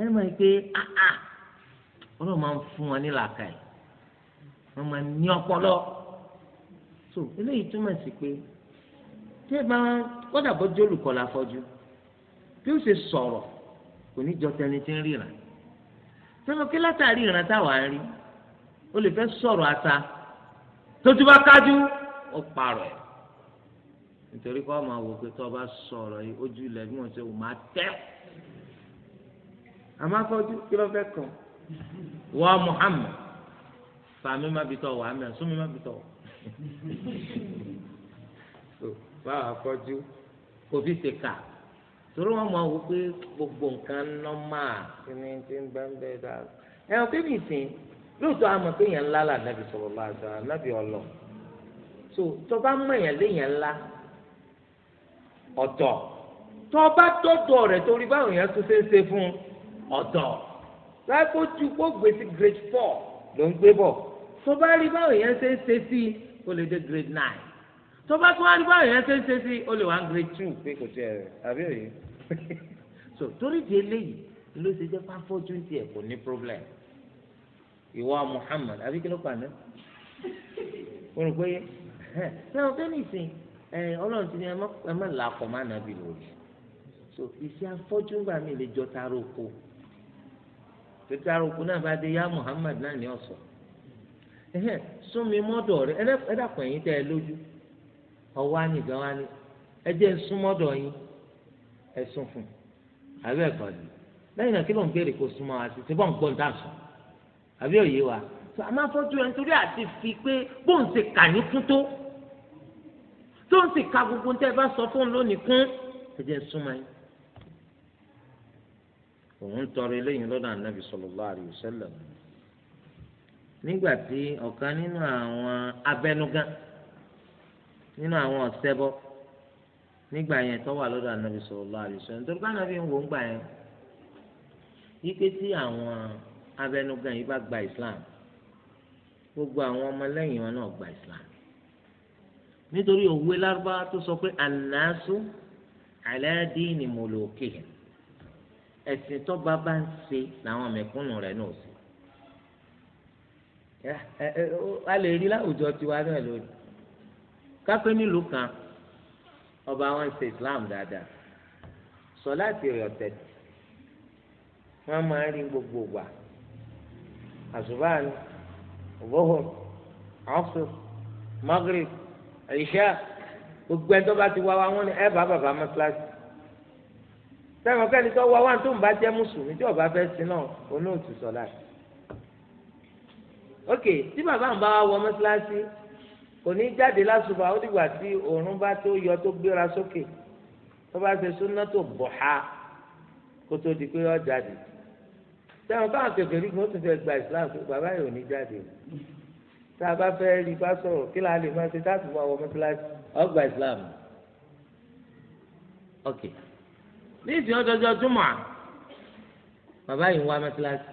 ẹni máa ń pé áá ah, ah, ọlọ́run máa ń fún wọn ní làákàyè wọ́n máa ń ní ọpọlọ so eléyìí túmọ̀ sí pé tí ẹ bá wọ́n dàbọ̀ jólùkọ́ la fọ́jú bí ó ṣe sọ̀rọ̀ kò ní jọ tẹni tí ń ríran tẹnu kí látàrí ìran táwa ń rí o lè fẹ́ sọ̀rọ̀ ata tó bá kájú ó parọ̀ ẹ̀ nítorí kọ́ máa wò pé tó bá sọ̀rọ̀ yìí ojú ilẹ̀ bí wọ́n ṣe wò máa tẹ́ àmọ́ afọ́jú kí ló fẹ́ kàn wá Muhammad fàmí má bi tọ̀ wá mẹ́ súnmi má bi tọ̀ wá. báwa afọ́jú òbí ti kà torí wọn mọ àwọn pé gbogbo nǹkan nọ́mà kíni ti ń bẹ́ẹ̀ bẹ́ẹ̀ dá. ẹ ọ kébì sìn lóòótọ́ àmọ̀ pé èèyàn ńlá là nàbì sọ̀rọ̀ bá a nàbì ọlọ́ so tọba mọ èèyàn léèyàn ńlá ọ̀tọ̀ tọba tọ́tọ̀ rẹ̀ torí báwọn èèyàn tún ṣe é ṣe fún un ọ̀tọ̀ lákòójú kó gbèsè grade four ló ń gbé bọ̀ tó bá rí báwọn èèyàn ṣe ń ṣe sí i ó lè dé grade nine tó bá tún wá rí báwọn èèyàn ṣe ń ṣe sí i ó lè wá grade two pé kò tiẹ̀ rẹ̀ àbí òye so torí di eléyìí ló ṣe jẹ́ fáfọ́jú tiẹ̀ kò ní problem ìwà Muhammad àbí kí ló pa ní. mo rò pé náà ọ̀gá nìsín ọlọ́run ti ní ẹ má là kọ̀ má nàbì lórí so ìṣe afọ́jú gbà mí lè jọ tara oko. tètè arógun náà bá dé yá Muhammad náà ní ọ̀sọ̀ ẹ̀hẹ́n súnmi mọ́dọ̀ rẹ ẹ̀dàpọ̀ ẹ̀yìn ẹ lójú ọwọ́ ànìgàn wa ni ẹ jẹ́ sún mọ́dọ̀ yín ẹ sún fún àbẹ́ ẹ̀kọ́ ni lẹ́yìn náà kí ló ń béèrè kó súnmọ́ wa ti bọ́ ń dà sùn àbí òye wa àmọ́ afọ́jú fi pé bóun kà ní ka gbogbo ń tẹ́ ẹ bá sọ lónìí kún òun tọrọ eléyìí lọ́dọ̀ ànábì sallallahu alaihi wasallam nígbà tí ọ̀kan nínú àwọn abẹnugan nínú àwọn ọ̀sẹ́bọ nígbà yẹn tó wà lọ́dọ̀ ànábì sallallahu alaihi wasallam nítorí káwọn ànábì ń wò ń gbà yẹn yíké tí àwọn abẹnugan yìí bá gba Islam gbogbo àwọn ọmọlẹ́yìn wọn náà gba Islam nítorí òwe lárúbáwá tó sọ pé ànáásù ala dini mulukihim ẹ̀sìn tọ́ba bá ń ṣe làwọn mẹ̀kúnnù rẹ̀ náà ṣe a lè rí láwùjọ tiwa náà lónìí kápẹ́ nílùú kan ọba wọn ṣe islam dáadáa sọ láti ọ̀yọ́ tẹ̀tì wọ́n máa ń rí gbogbo gbà àṣùbáàní ọ̀bọ̀hùn ọ̀ṣù magrib ẹ̀ṣá gbogbo ẹ̀ tó bá ti wá wa wọ́n ní ẹ̀ bá bàbá mọ́ṣáláṣí sẹ́wọ̀n kẹ́ni tó wá wá tó ń bá jẹ́ mùsùlùmí tí ọba fẹ́ sin náà olóòtú sọ̀lá. ok tí bàbá ń bá wọ mọ́sálásí kò ní jáde lásùbà ó dìgbà tí òórùn bá tó yọ tó gbéra sókè tó bá ṣe súnná tó bọ̀há kó tó di pé ó jáde. sẹ́wọ̀n káwọn kẹfẹ́ rí gbọ́n tó fẹ́ gba islam pé bàbá yìí ò ní jáde o. tá a bá fẹ́ rí bá sọ̀rọ̀ kí láà lè máa ṣe táàtì máa wọ mọ́sálásí ó gba islam. okay ní ìsìn ọjọ́jọ́ júmọ̀ bàbá yìí ń wá mọ́sálásí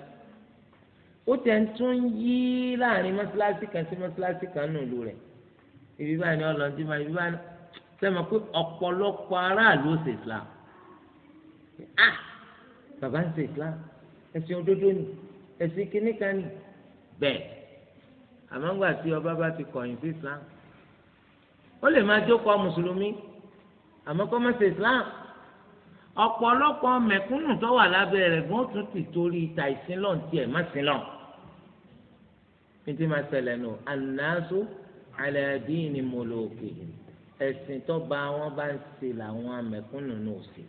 ó tẹ̀ ń tún yí láàrin mọ́sálásí kan sí mọ́sálásí kan nù lù rẹ̀ ibi báyìí ni ọlọ́ọ̀dì máa ibi báyìí sẹ́mi pé ọ̀pọ̀lọpọ̀ aráàlú ó ṣe Islam ah bàbá ń ṣe Islam ẹ̀sìn òdodo ni ẹ̀sìn kìíní kan ni bẹ́ẹ̀ àmọ́ ńgbà tí ọba bá ti kọ̀yìn sí Islam ó lè máa jókòó mùsùlùmí àmọ́ kọ́ mọ́ Islam ọ̀pọ̀lọpọ̀ mẹ̀kúnnù tó wà lábẹ́ rẹ̀ gbọ́n tún ti torí ta ìsínlọ̀ ní tiẹ̀ má sínlọ̀ títí máa ṣẹlẹ̀ nù ànáṣó alẹ́dínní mọ̀lọ́kì ẹ̀sìn tó bá wọn bá ń ṣe làwọn mẹ̀kúnnù náà ṣe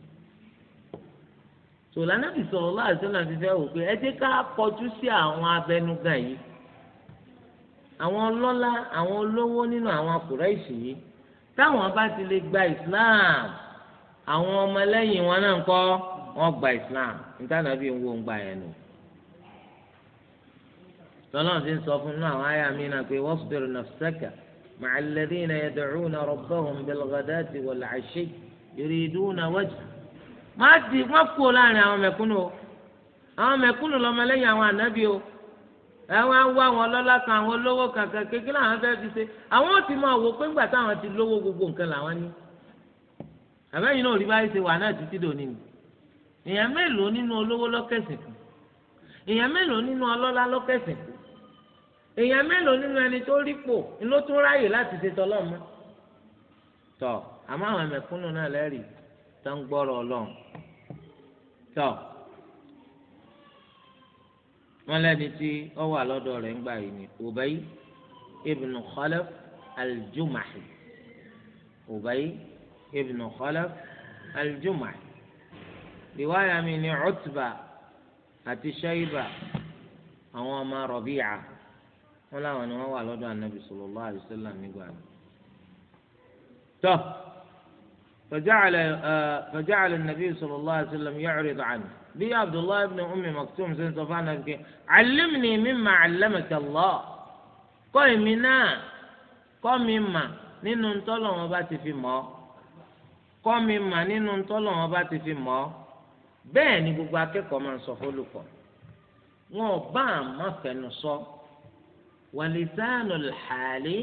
tòlá náà ti sọ̀rọ̀ láti sọ́nà ti fẹ́ wò pé ẹ jẹ́ ká kọjú sí àwọn abẹnugan yìí àwọn ọlọ́lá àwọn olówó nínú àwọn Kùráìṣì yìí táwọn bá ti lè gba Islam àwọn ọmọlẹ́yìn wọn náà kọ́ gba islam nke bí wo gba yẹn nù. tọ́lọ́n ti ń sọ fún àwọn àyà náà pé wasbir nafsaka ma'a alladhina yad'una rabbahum bilghadati wal 'ashi yuriduna wajha. má ti má kú láàrin àwọn mẹ̀kúnnù o àwọn mẹ̀kúnnù lọ́mọlẹ́yìn àwọn ànábì o kankan kékeré àwọn fẹ́ẹ́ fi ṣe àwọn àbẹ́yìn náà rí báyìí ṣe wà náà títí dòní ni èèyàn mélòó nínú olówó lọ́kẹ̀sìn kù èèyàn mélòó nínú ọlọ́lá lọ́kẹ̀sìn kù èèyàn mélòó nínú ẹni tó rí pò ló tún ráàyè láti ṣe tọlọ́mọ tọ àmọ́ àwọn ẹ̀mẹ̀kúnnù náà lẹ́rìí tó ń gbọ́rọ̀ ọlọ́run tọ wọn lẹ́ni tí ó wà lọ́dọ̀ rẹ̀ ńgbà yìí ni Ubay ibn Khalaf al-Jumahi ibn Khalaf al-Jumahi riwaya mi ni Utba àti Shayba àwọn ọmọ Rabi'a wọn làwọn ni wọn wà lọ́dọ̀ anabi sallallahu alaihi wasallam nígbà mi. tó faja'ala an-nabi sallallahu alaihi wasallam ya'ridu anhu bí abdullahi ibn ummi maktum ṣe ń sọ fún anabi allimni mimma allamaka Allah kọ́ èmi náà kọ́ mi mà nínú ntọ́lọ́wọ́n bá ti fi mọ́ ọ́ kọ́ mi mà nínú tọ́lọ̀ wọn bá ti fi mọ̀ ọ́ bẹ́ẹ̀ ni gbogbo akẹ́kọ̀ọ́ máa ń sọ fólùkọ́ wọn ò bá àmọ́ fẹnu sọ walisanul hali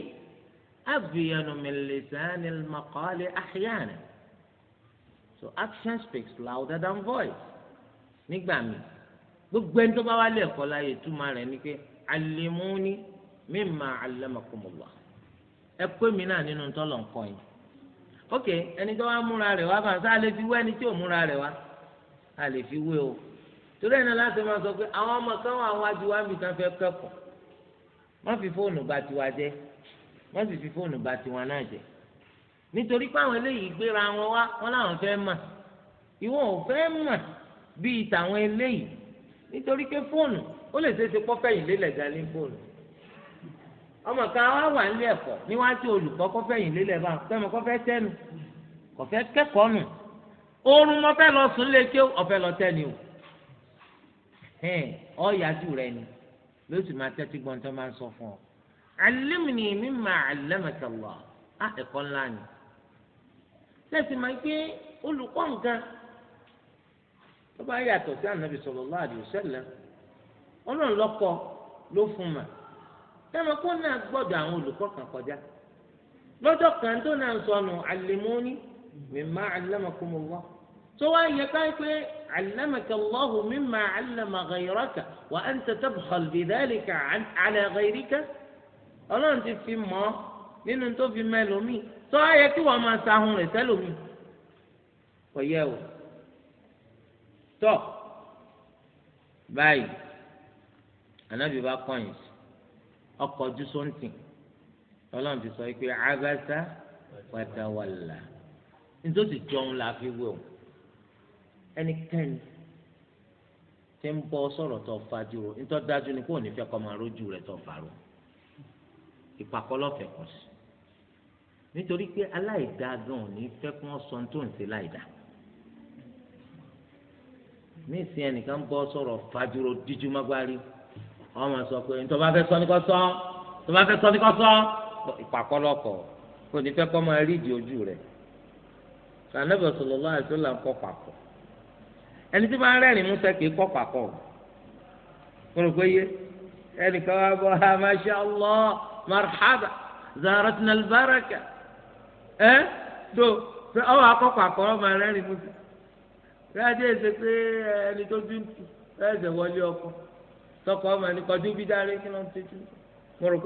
abyanu min lisanil maqali so action speaks louder than voice nígbà míì gbogbo ẹni tó bá wálé ẹ̀kọ́ láyè túmọ̀ rẹ̀ ni pé allimuni mimma allamakumullah ẹ pé mi náà nínú tọ́lọ̀ nǹkan yìí ok ẹni tó wá múra rẹ̀ wá báyìí sáà lè fi wé ẹni tí ò múra rẹ̀ wá a lè fi wé o torí ẹni láti máa sọ pé àwọn ọmọ kan wà wájú wá mi kan fẹ́ kẹ́kọ̀ọ́ wọ́n fi fóònù bà tiwa jẹ́ wọ́n sì fi fóònù bà tiwa náà jẹ́ nítorí pé àwọn eléyìí gbéra wọn wá wọn làwọn fẹ́ mà ìwọ ò fẹ́ mà bíi tàwọn eléyìí nítorí pé fóònù ó lè ṣeéṣe pọ́fẹ́yìn lélẹ̀ gan fóònù ọmọ kan wá wà nílé ẹ̀kọ́ níwájú olùkọ́ kọ́fẹ́ yìí lélẹ̀ bá fẹ́mi kọ́fẹ́ tẹ́nu kẹ́kọ̀ọ́ nù oorun lọ sùn lé kí lọ tẹ́ni o ọ̀yájú rẹ ni ló máa tẹ́tí gbọ́n tó máa ń sọ fún ọ. allimni á ẹ̀kọ́ ńlá ni lẹ́sì máa gbé olùkọ́ nǹkan tó bá yàtọ̀ sí ànábì táwọn kó náà gbọ́dọ̀ àwọn olùkọ́ kan kọjá lọ́jọ́ kan tó náà ń sọnù allimuni mimma allamakumullah tó wá yẹ ká pé allamaka Allahu mimma allama ghayraka wa anta tabkhal bidhalika ala ghayrika ọlọ́run ti fi mọ́ nínú tó fi mẹ́lòmí tó wá yẹ kí wọ́n máa sahun rẹ̀ sẹ́lòmí kò yẹ o tọ́ báyìí anábì bá sí ọkọ̀ ojú sóńtì ọlọ́run ti sọ pé abasa wàtàwàlà nítòsí jọun la fi wé o ẹnikẹ́ni tí ń bọ́ sọ̀rọ̀ tó fajúro nítorí dájú ni kò ní fẹ́ kọ́ máa rójú rẹ̀ tó farò ìpàkọ́lọ́fẹ̀ kọ̀ sí nítorí pé aláìdá gan ò ní fẹ́ kí wọ́n sọ tó ń ṣe láìdá ní ìsìn ẹnìkan ń bọ́ sọ̀rọ̀ fajúro díjú mágbárí wọn máa sọ pé ntọ́ba fẹ́ sọ ní kọ́ sọ ntọ́ba fẹ́ sọ ní kọ́ sọ ìpàkọ́lọ́kọ̀ kò ní fẹ́ kọ́ máa rí ìdí ojú rẹ̀ sànẹ́bẹ̀ sọ̀rọ̀ lọ́wọ́ àti ọ̀là ń kọ́ pàkọ́ ẹni tí máa ń rẹ́rìn músẹ́ kì í kọ́ pàkọ́ mo rò pé yé ẹnìkan wá bọ́ ha ah, masha allah marhaba zaratna albaraka ẹ do ọwọ́ akọ́kọ́ àkọ́rọ́ máa rẹ́rìn músẹ́ bí a jẹ́ ẹsẹ̀ pé ẹni tó bí ẹsẹ̀ wọlé ọkọ̀ tọkọ ọmọ ẹni kọjú bí dáre kí ló ń mo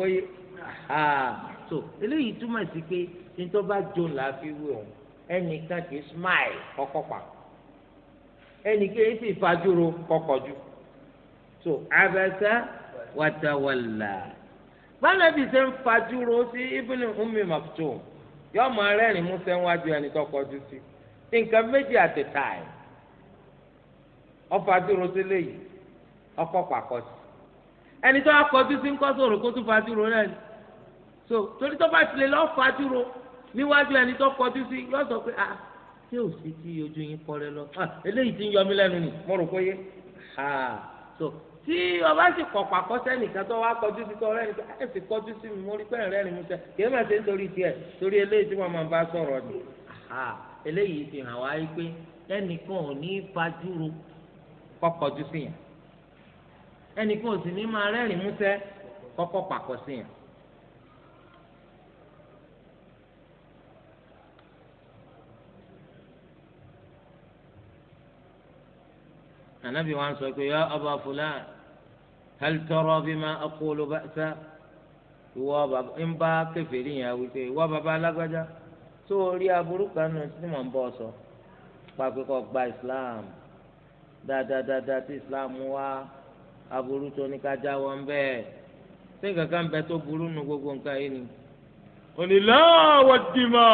so eléyìí túmọ̀ sí pé ní tó bá la fi we òun ẹnìkan kì í smile kọ́kọ́ pa ẹnìkan kì í sì fajúro kọ́kọ́jú so abẹ́sẹ́ wàtàwàlà gbanabi ṣe ń fajúro sí ibùdó umi Maktum yọ ọmọ rẹ́rìn músẹ́ wájú ẹni tó kọjú sí nǹkan méjì àti táì ọfajúro sí léyìí. ọkọ̀ pàkọ́sí ẹni tó wá kọjú sí ńkọ́ sọ̀rọ̀ kó tún fatiro náà ni so torí tó bá tilẹ̀ lọ́ fatiro níwájú ẹni tó kọjú sí yọ sọ pé ah tí ò sí tí ojú yín kọ́ rẹ lọ ah eléyìí ti ń yọ mí lẹ́nu nì mo rò pé yé ah so tí ọba sì kọ̀ pàkọ́sẹ́ nìkan tó wá kọjú sí tọ́rẹ́ nìkan ah, ẹ̀ sì kọjú sí mi mo rí pẹ́ẹ́n rẹ́rìn mi sẹ́ kì í mà ṣe nítorí tiẹ̀ torí eléyìí tí wọ́n máa bá sọ̀rọ̀ ni ah eléyìí fi hàn wáyé pé ẹnìkan ò ní fajúro kọ́ kọjú sí yẹn ẹnìkan ò sì ní máa rẹ́rìn músẹ́ kọ́kọ́ pàkọ́ sí yàn. anabi wa sọ pé ya ọba fúlàn hal tọrọ bí ma akólo bá sá ìwọ bàbá ń bá kẹfìrí yẹn wípé ìwọ bàbá alágbájá tó rí aburú kan nù tí mò ń bọ̀ sọ pàpẹ gba islam dáadáa dáadáa tí islam wá aburú tó ní ká jáwọ́ ń bẹ́ẹ̀ ṣé nǹkan kan bẹ tó burú nu gbogbo nǹkan yìí ni. onílà wà dìmọ̀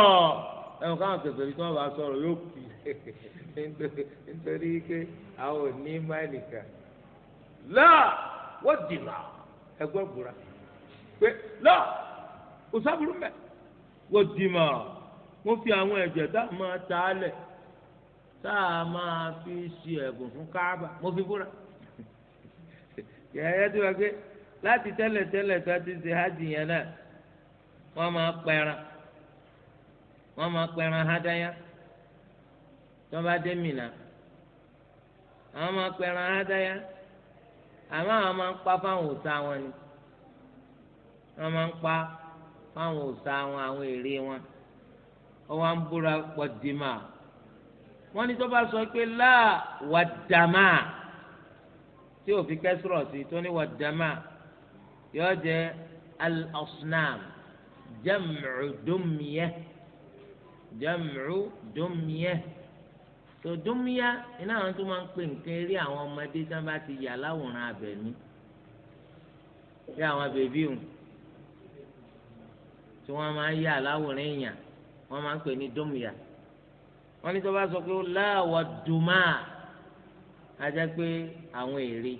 ẹ̀wọ̀n káwọn kẹfẹ́ bí wọ́n bá sọ̀rọ̀ yóò kú nítorí pé àwọn ò ní má nìkan. láà wà dìmọ̀ ẹgbẹ́ òbúra pé láà kò mẹ́ wà dìmọ̀ mo fi àwọn ẹ̀jẹ̀ tá máa ta á lẹ̀ tá a máa fi ṣe ẹ̀bùn fún káábà mo fi búra. yẹ́yẹ́ tó pé láti tẹ́lẹ̀ tẹ́lẹ̀ tó a ti ṣe hajj yẹn náà wọ́n máa pẹran wọ́n máa pẹran hádáyà tó bá dé Mínà àwọn máa hádáyà àmọ́ àwọn máa ń pa fáwọn òòṣà wọn ni wọ́n máa ń pa fáwọn òòṣà wọn àwọn wọn wọ́n wá ń búra pọ̀ dìímà wọ́n ní tó bá sọ tí ó fi kẹsùrọ̀ sí tó ní wàdàmà yóò jẹ́ al-asnam jam'u dumyah jam'u dumyah tó dumyah iná àwọn tó máa ń pè nǹkan eré àwọn ọmọdé tí wọ́n bá ti yà láwòrán abẹ̀mí bí àwọn bèbí òun tí wọ́n máa ń yà láwòrán èèyàn wọ́n máa ń pè ní dumyah wọ́n ní tó bá sọ pé láwọ̀ dùmá a àwọn èrè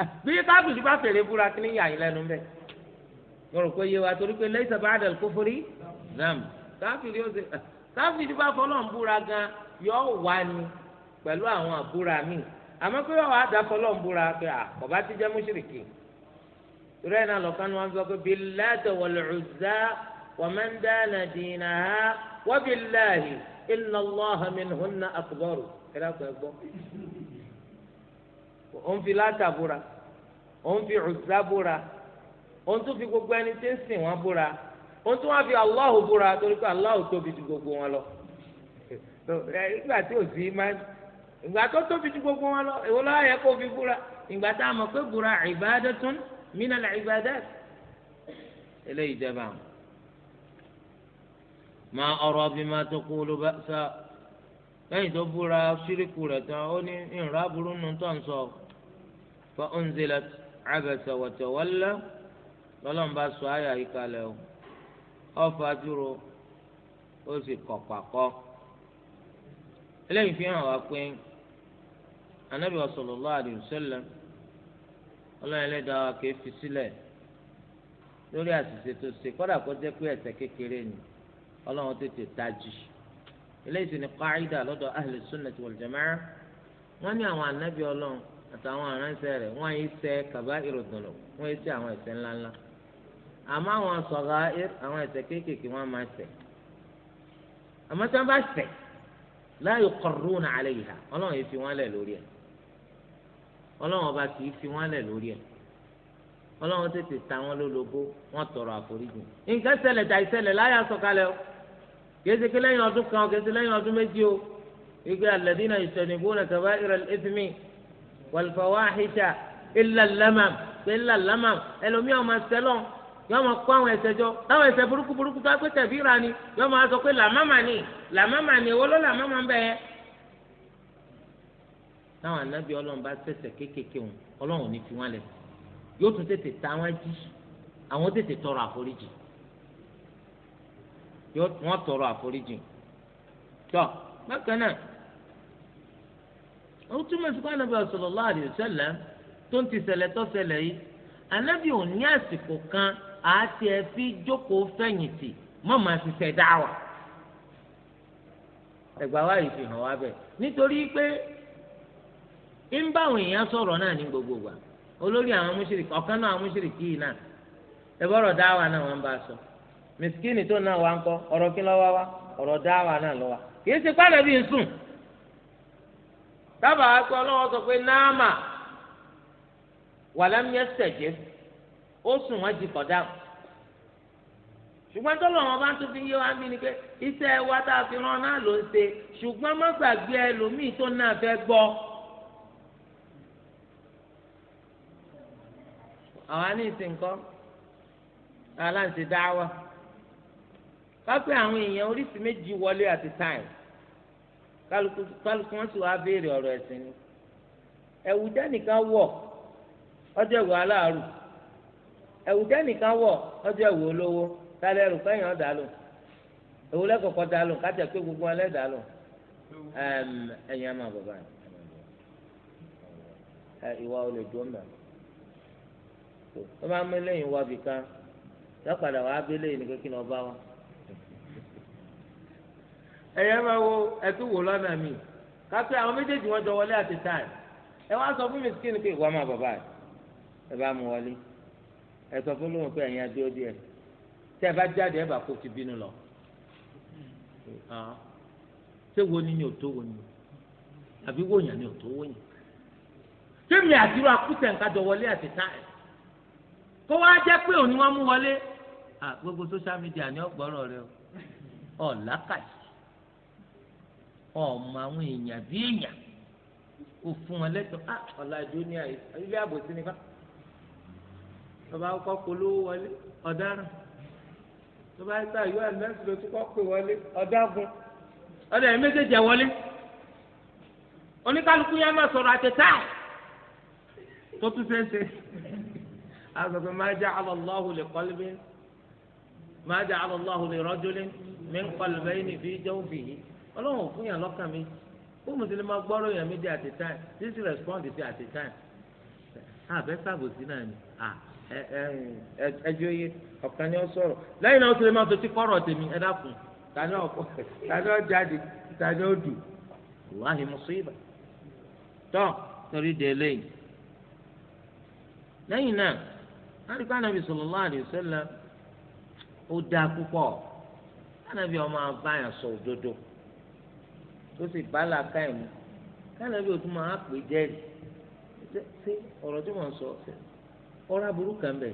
ah, bí káfíìsì bá fèrè búra kí ni yà yín lẹ́nu bẹ́ẹ̀ mo rò pé yé wa torí pé lẹ́yìn sábà àdàlù kó forí nàm káfíìsì búra gan yọ pẹ̀lú àwọn àbúra mi. àmọ́ pé wàá dà fọlọ́n búra pé àkọ́bá ah, ti jẹ mùṣírìkì torí náà wa òun fi láta búra òun fi Uzza búra òun tún fi gbogbo ẹni tí ń sìn wọn búra òun tún wá fi Allahu búra torí pé Allahu tóbi ju gbogbo wọn lọ ìgbà tí ò sí máa ìgbà tó tóbi ju gbogbo wọn lọ èwo lọ́wọ́ yẹ kó fi búra ìgbà tá a mọ̀ pé búra ibadatun minal ibadat eléyìí jẹba àwọn. ma ọrọ bima taqulu ba'sa lẹ́yìn tó búra ṣíríkù rẹ̀ tán ó ní ìrọ̀ aburú nù tó ń sọ. fa unzilat abasa wa tawalla lọ́lọ́run bá sọ àyà yìí kalẹ̀ o ó fajúro ó sì kọ̀ anabi sallallahu alaihi wasallam ọlọ́run ẹlẹ́dàá wa kì í lori sílẹ̀ lórí àṣìṣe tó ṣe kọ́dà kó jẹ́ pé ni ọlọ́run tètè qaida jamaa anabi àtàwọn aránṣẹ́ rẹ̀ wọ́n yìí ṣẹ̀ kàbá ìròdùnlò wọ́n yìí ṣẹ̀ àwọn ẹ̀ṣẹ̀ ńláńlá àmọ́ àwọn sọgá àwọn ẹ̀ṣẹ̀ kéékèèké wọ́n máa ṣẹ̀ àmọ́ tí wọ́n bá ṣẹ̀ láàyò kọrùnà àlẹ yìí hà Ọlọ́run yìí fi wọ́n lẹ̀ lórí ẹ̀ Ọlọ́run ọba kì í fi wọ́n lẹ̀ lórí ẹ̀ Ọlọ́run tètè ta wọ́n lólobó wọ́n tọrọ àforíjì nǹkan ṣẹlẹ̀ tàì ṣẹlẹ̀ láyà sọ̀kalẹ̀ o kèsì kí lẹ́yìn ọdún kan kèsì lẹ́yìn ọdún méjì o ìgbé alẹ́dínà ìṣẹ̀nìbó nà kàbá ìrẹ̀lẹ́ wàlùfọwáhìṣà ìlàlámà ìlàlámà ẹlòmíà ọmọ sẹlọ yọọ ma kó àwọn ẹsẹ jọ táwọn ẹsẹ burúkú burúkú tó agbé tẹbí ra ni yọọ ma sọ pé làmàmà ni làmàmà ni owó ló làmàmà ń bẹ yẹn. táwọn anábì ọlọ́run bá ṣẹ̀ṣẹ̀ kéékèèké wọn ọlọ́run ò ní fi wọn lẹ̀ yóò tún tètè ta wọn jí àwọn tètè tọrọ àforíjì wọn tọrọ àforíjì tọ bákan náà. ó túmọ̀ sí pé ànábì sallallahu tó ń ti ṣẹlẹ̀ tó yìí ò ní àsìkò kan àti ẹ jókòó fẹ̀yìntì mọ́ máa ṣiṣẹ́ wa yìí fi hàn wá bẹ́ẹ̀ nítorí pé ń bá èèyàn sọ̀rọ̀ náà ní gbogbo wa náà náà ẹ bọ́rọ̀ wọ́n bá sọ tó náà wà ń kọ́ ọ̀rọ̀ kí ọ̀rọ̀ náà lọ́wọ́ kì í ṣe dábàá pé ọlọ́wọ́ sọ pé náàmà wàlámì ẹsẹ̀jẹ̀ ó sùn wọ́n jí kọjá ṣùgbọ́n tọ́lọ̀ wọn bá fi yé wa mí ni pé iṣẹ́ wa tá a fi rán náà ló ń ṣe ṣùgbọ́n má gbàgbé ẹlòmíì tó náà fẹ́ gbọ́. dáwà àwọn èèyàn oríṣi méjì wọlé àti kálukú kálukú wọn sì wá béèrè ọ̀rọ̀ ẹ̀sìn ni ẹ̀wù dánìkan wọ̀ ọjọ́ ìwà aláàrù ìwà olówó tálẹ̀ ẹ̀rù kẹ́yìn ọ̀dà lò èwo lẹ́kọ̀ọ́kọ́ dà lò kájà pé gbogbo alẹ́ dà lò ẹ̀yìn àmà bàbá ìwà olè dùn bá wá bìkan kékeré ọba ẹ̀yẹ́ máa wo ẹ̀tún wò lọ́nà mi kápẹ́ àwọn méjèèjì wọn jọ wọlé àti táì ẹ wá sọ fún mi skin pé ìwà máa bàbá ẹ bá mu wọlé ẹ sọ fún lóun pé ẹ̀yin adúró díẹ̀ tẹ́ ẹ bá jáde ẹ bá kó ti bínú lọ ṣé wo ni ni ò tó wo ni àbí wo yàn ni ò tó wo yàn ṣé mi àdúrà kúṣẹ̀ nǹkan jọ wọlé àti táì kó wá jẹ́ pé òun ni wọ́n mú wọlé gbogbo social media ni ọgbọ́rọ̀ rẹ ọ̀ làkàtì ọmọ àwọn èèyàn bí èèyàn kò fún wọn lẹ́tọ̀ọ́ á ah, ọ̀làjú ní àyè ilé àbòsí nípa bàbá kọ́ polówó wọlé ọ̀daràn bàbá ìta ìlú àlùmẹ́sì ló tún kọ́ pé wọlé ọ̀dágun ọ̀dà ẹ̀ méjèèjì wọlé oníkálukú yẹn máa sọ̀rọ̀ àtẹ̀tà tó tún ṣe é ṣe azọ̀gbẹ́ máa jẹ́ alọ́láhu lè kọ́lébé máa jẹ́ alọ́láhu lè rọ́júlé mí ń kọ́lébé yìí ní fi jẹ́ òfin ọlọ́run fún yàn lọ́kàn mi ó mùsùlùmí máa gbọ́rọ̀ yàn at a time this respond to at a time àbẹ́ sàbòsí náà ni ẹjọ́ yé ọ̀kan ni ó sọ̀rọ̀ náà ó máa fetí kọ́rọ̀ tèmi ẹ dákun tani ọkọ tani ọjáde tani ọdù wàhí mùsùlùmí tọ́ torí de eléyìí lẹ́yìn náà láti ká nàbì púpọ̀ ká tó sì bá làákà ẹ̀ mu káàlẹ́ bí o tún máa pè jẹ́rìí ṣé ọ̀rọ̀ tí wọ́n sọ ọ̀rọ̀ aburú kan bẹ̀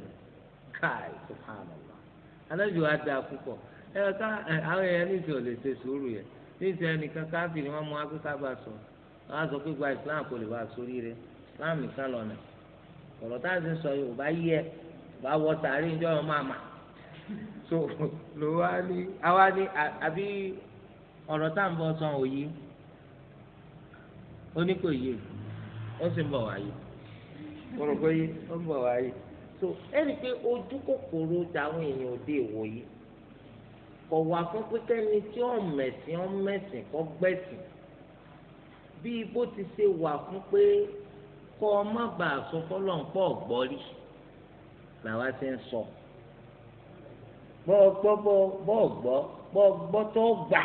káì subhanallah anájú wa dáa púpọ̀ ẹ ká àwọn èèyàn ò lè ṣe sùúrù ẹnìkan mú bá sọ á sọ pé gba islam kò lè wá sórí rẹ islam nìkan lọ́nà ọ̀rọ̀ tá a ti sọ yẹ bá wọ so ní àwa ní ọ̀rọ̀ tá à ń bọ̀ sọ òye oníkò yé ó sì ń bọ̀ wáyé mo rò pé ó ń bọ̀ wáyé so ẹni pé ojú kòkòrò táwọn èèyàn òde ìwò yìí kò wá fún pé kẹ́ni tí ó mẹ̀sìn ó mẹ̀sìn kó gbẹ̀sìn bí bó ti ṣe wà fún pé kọ́ ọ má bàa sọ fọlọ́ǹpọ̀ gbọ́rí làwa ti ń sọ bọ́ọ̀ gbọ́ bọ́ọ̀ gbọ́ bọ́ọ̀ gbọ́ tó gbà.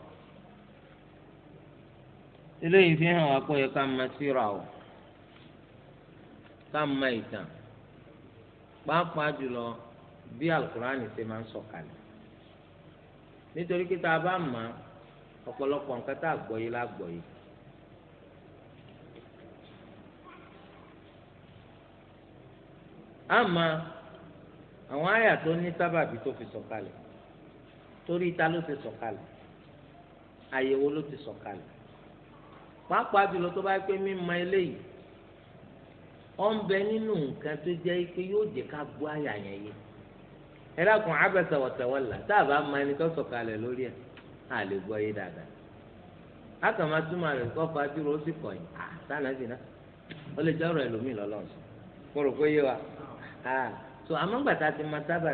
eléyìí fi hàn wá pé yẹ ká máa síra o ká máa ìtàn pàápàá jùlọ bí alukurani ṣe máa ń sọ̀kalẹ̀ nítorí pé tá a bá mọ̀ ọ̀pọ̀lọpọ̀ nǹkan tá a gbọ́ yìí la gbọ́ yìí. àmọ́ àwọn àyà tó ní sábàbí tó fi sọ̀kalẹ̀ torí ta ló ti sọ̀kalẹ̀ àyẹ̀wò ló ti sọ̀kalẹ̀ pàápàá jùlọ tó bá pé mímọ̀ eléyìí ó ń bẹ nínú nǹkan tó jẹ́ pé yóò jẹ́ ká gbọ́ àyà yẹn yé ẹ dákun abẹ́sẹ̀ wọ̀tẹ̀wọ̀là tá a bá mọ ẹni tó sọ̀kalẹ̀ lórí ẹ̀ á lè gbọ́ yé dáadáa akàmá túmọ̀ rẹ̀ kọ́ fàájúrò ó náà ó lè jẹ́ ọ̀rọ̀ ẹlòmíì lọ́lọ́sọ mo rò pé yé wa ti ma sábà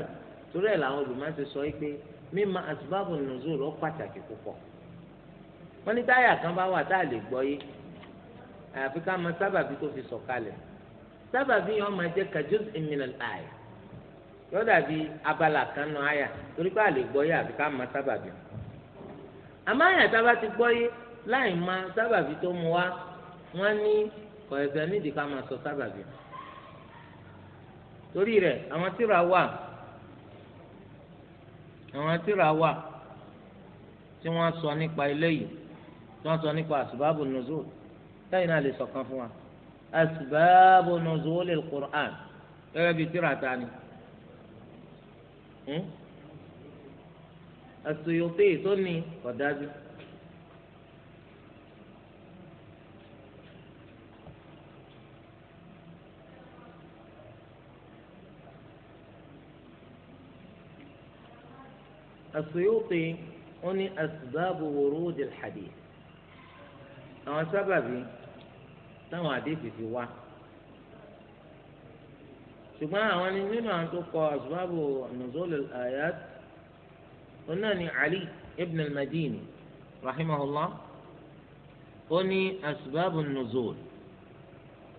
torí ẹ̀ làwọn olùmọ̀ ti sọ pé àtúbàbò nùzúrò pàtàkì púpọ̀ wọ́n ní táyà kan bá wà tá a lè gbọ́ yé àyàfi ká mọ sábàbí tó fi sọ̀kalẹ̀ sábàbí yẹn wọ́n máa jẹ́ kajus eminal eye yọ dàbí abala kan nù àyà torí pé a lè gbọ́ yé àfi ká mọ sábàbí àmọ́ àyà tá a bá ti gbọ́ yé láì mọ sábàbí tó mu wá wọ́n ní kọ̀ẹ̀sẹ̀ nídìí ká máa sọ sábàbí torí rẹ̀ àwọn tíra wà àwọn tíra wà tí wọ́n sọ nípa eléyìí tí wọ́n sọ nípa àsìbáàbò nùzúl táyìn náà lè sọ̀kan fún wa àsìbáàbò nùzúl al-Qur'an gẹ́gẹ́ bíi tíra ta ni àsòyòtè hmm? tó ní ọ̀dájú. السيوطي أني أسباب ورود الحديث àwọn sábàbí táwọn àdéhùn fi wá ṣùgbọ́n àwọn ni nínú àwọn tó kọ asbabu nuzul al-ayat wọn náà ni ali ibn al-madini rahimahullah ó ní asbabu nuzul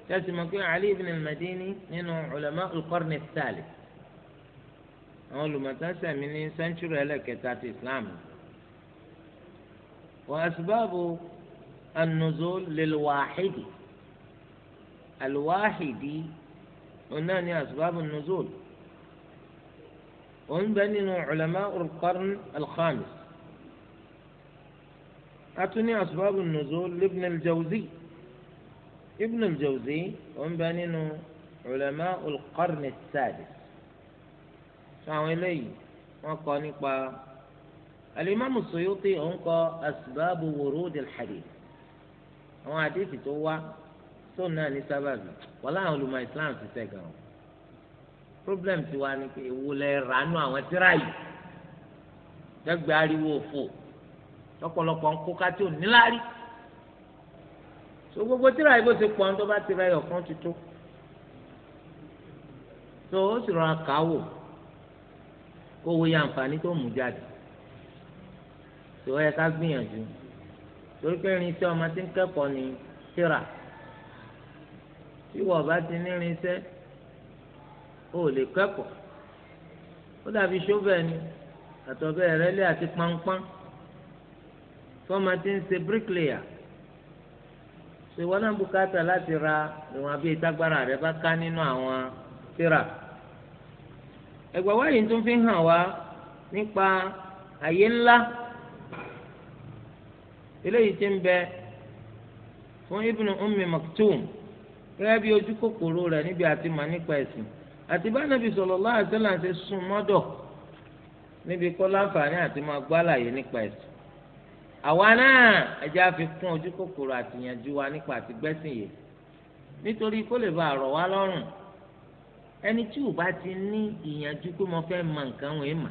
tẹ́sí mọ̀ pé ali ibn al-madini nínú ulama al-qarni àwọn olùmọ̀tánṣẹ́ mi ní sẹ́ńtúrì ẹlẹ́kẹta ti islam wọ́n asbabu. النزول للواحد الواحد قلنا ni يعني أسباب النزول ونبني علماء القرن الخامس أتني أسباب النزول لابن الجوزي ابن الجوزي ونبني علماء القرن السادس فهو إليه الإمام السيوطي أنقى أسباب ورود الحديث àwọn àdéhìí tó wá tóun náà ní sábàbí wọn láwọn olùmọ̀ islam ti tẹ̀ gan o problem ti wá ni pé èwo lẹ ránú àwọn tíra yìí dẹgbẹ ariwo òfò lọ́pọ̀lọpọ̀ nkóka tí ò níláárí so gbogbo tíra yìí bó ti pọ̀ tó bá ti ra ẹyọ kan ti tó so ó sì rọra kà kó wo ya àǹfààní tó mú jáde so ẹ ká gbìyànjú torí pé irinṣẹ́ ọmọ tí ń kẹ́kọ̀ọ́ ní tíra tí wọ́n bá ti ní irinṣẹ́ ó lè kẹ́kọ̀ọ́ ó dàbí ṣọ́bẹ̀ ni àtọ̀bẹ̀ ẹ̀rẹ́lẹ̀ àti pánpán fọ́ọ̀mà tí ń ṣe bíríkìlìyà ṣèwọ́ náà bùkátà láti ra ìwọ̀n abẹ́ ìtagbára rẹ̀ bá ká nínú àwọn tíra ẹgbẹ́ wáyé tó fi hàn wá nípa àyè ńlá. eléyìí ti ń bẹ fún ibnu ummi maktum gẹ́gẹ́ bí ojú kòkòrò rẹ̀ níbi àti mà nípa ẹ̀sìn àti bá nàbì sallallahu alaihi wasallam ṣe sún mọ́dọ̀ níbi kọ́ láǹfààní àti máa gbọ́ àlàyé nípa ẹ̀sìn àwa náà ẹjẹ́ àfi kún ojú kòkòrò àtìyànjú wa nípa àti gbẹ́sìn yìí nítorí kó lè bá àrọ̀ wá lọ́rùn ẹni tí ò bá ti ní ìyànjú pé mo fẹ́ mọ nǹkan wọ̀nyí mà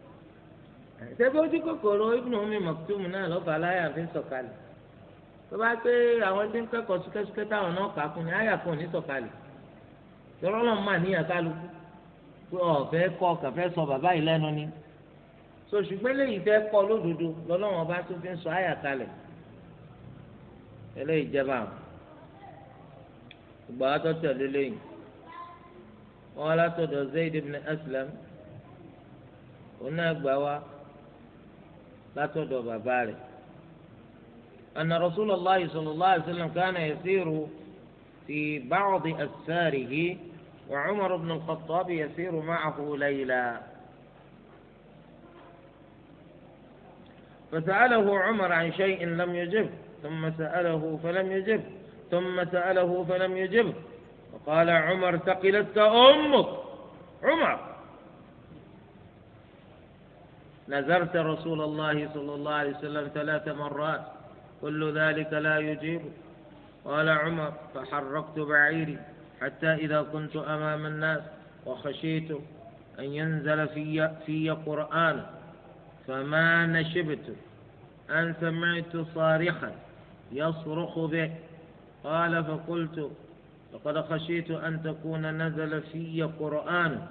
ṣebí ojú kòkòrò Ibn Ummi Maktum náà lọ́ba aláyà fi ń sọ̀kalẹ̀ tó bá pé àwọn tí ń kẹ́kọ̀ọ́ súkẹ́súkẹ́ táwọn náà kà kún ní àyà kan ní sọ̀kalẹ̀ tọ́rọ́ náà mà níyà kálukú pé ọ̀fẹ́ kọ́ kàfẹ́ sọ bàbá yìí lẹ́nu ni so ṣùgbọ́n eléyìí fẹ́ kọ́ lódodo lọ́lọ́wọ́n bá tún fi ń sọ àyà kalẹ̀ eléyìí jẹba ìgbà wa tó wọn ibn Aslam òun náà gbà wá. látọ̀dọ̀ bàbá rẹ̀ أن رسول الله صلى الله عليه وسلم كان يسير في بعض أسفاره وعمر بن الخطاب يسير معه ليلا فسأله عمر عن شيء لم يجب ثم سأله فلم يجب ثم سأله فلم يجب فقال عمر ثقلتك أمك عمر نذرت رسول الله صلى الله عليه وسلم ثلاث مرات كل ذلك لا يجيب قال عمر فحركت بعيري حتى إذا كنت أمام الناس وخشيت أن ينزل في, في قرآن فما نشبت أن سمعت صارخا يصرخ به قال فقلت لقد خشيت أن تكون نزل في قرآن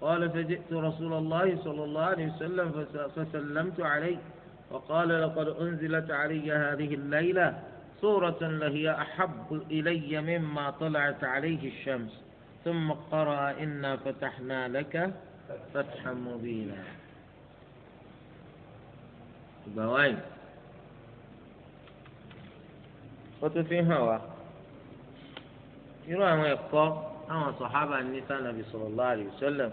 قال فجئت رسول الله صلى الله عليه وسلم فسلمت عليه وقال لقد أنزلت علي هذه الليلة سورة لهي أحب إلي مما طلعت عليه الشمس ثم قرأ إنا فتحنا لك فتحا مبينا بوين في هوا يروى ما يقول أما صحابة النساء النبي صلى الله عليه وسلم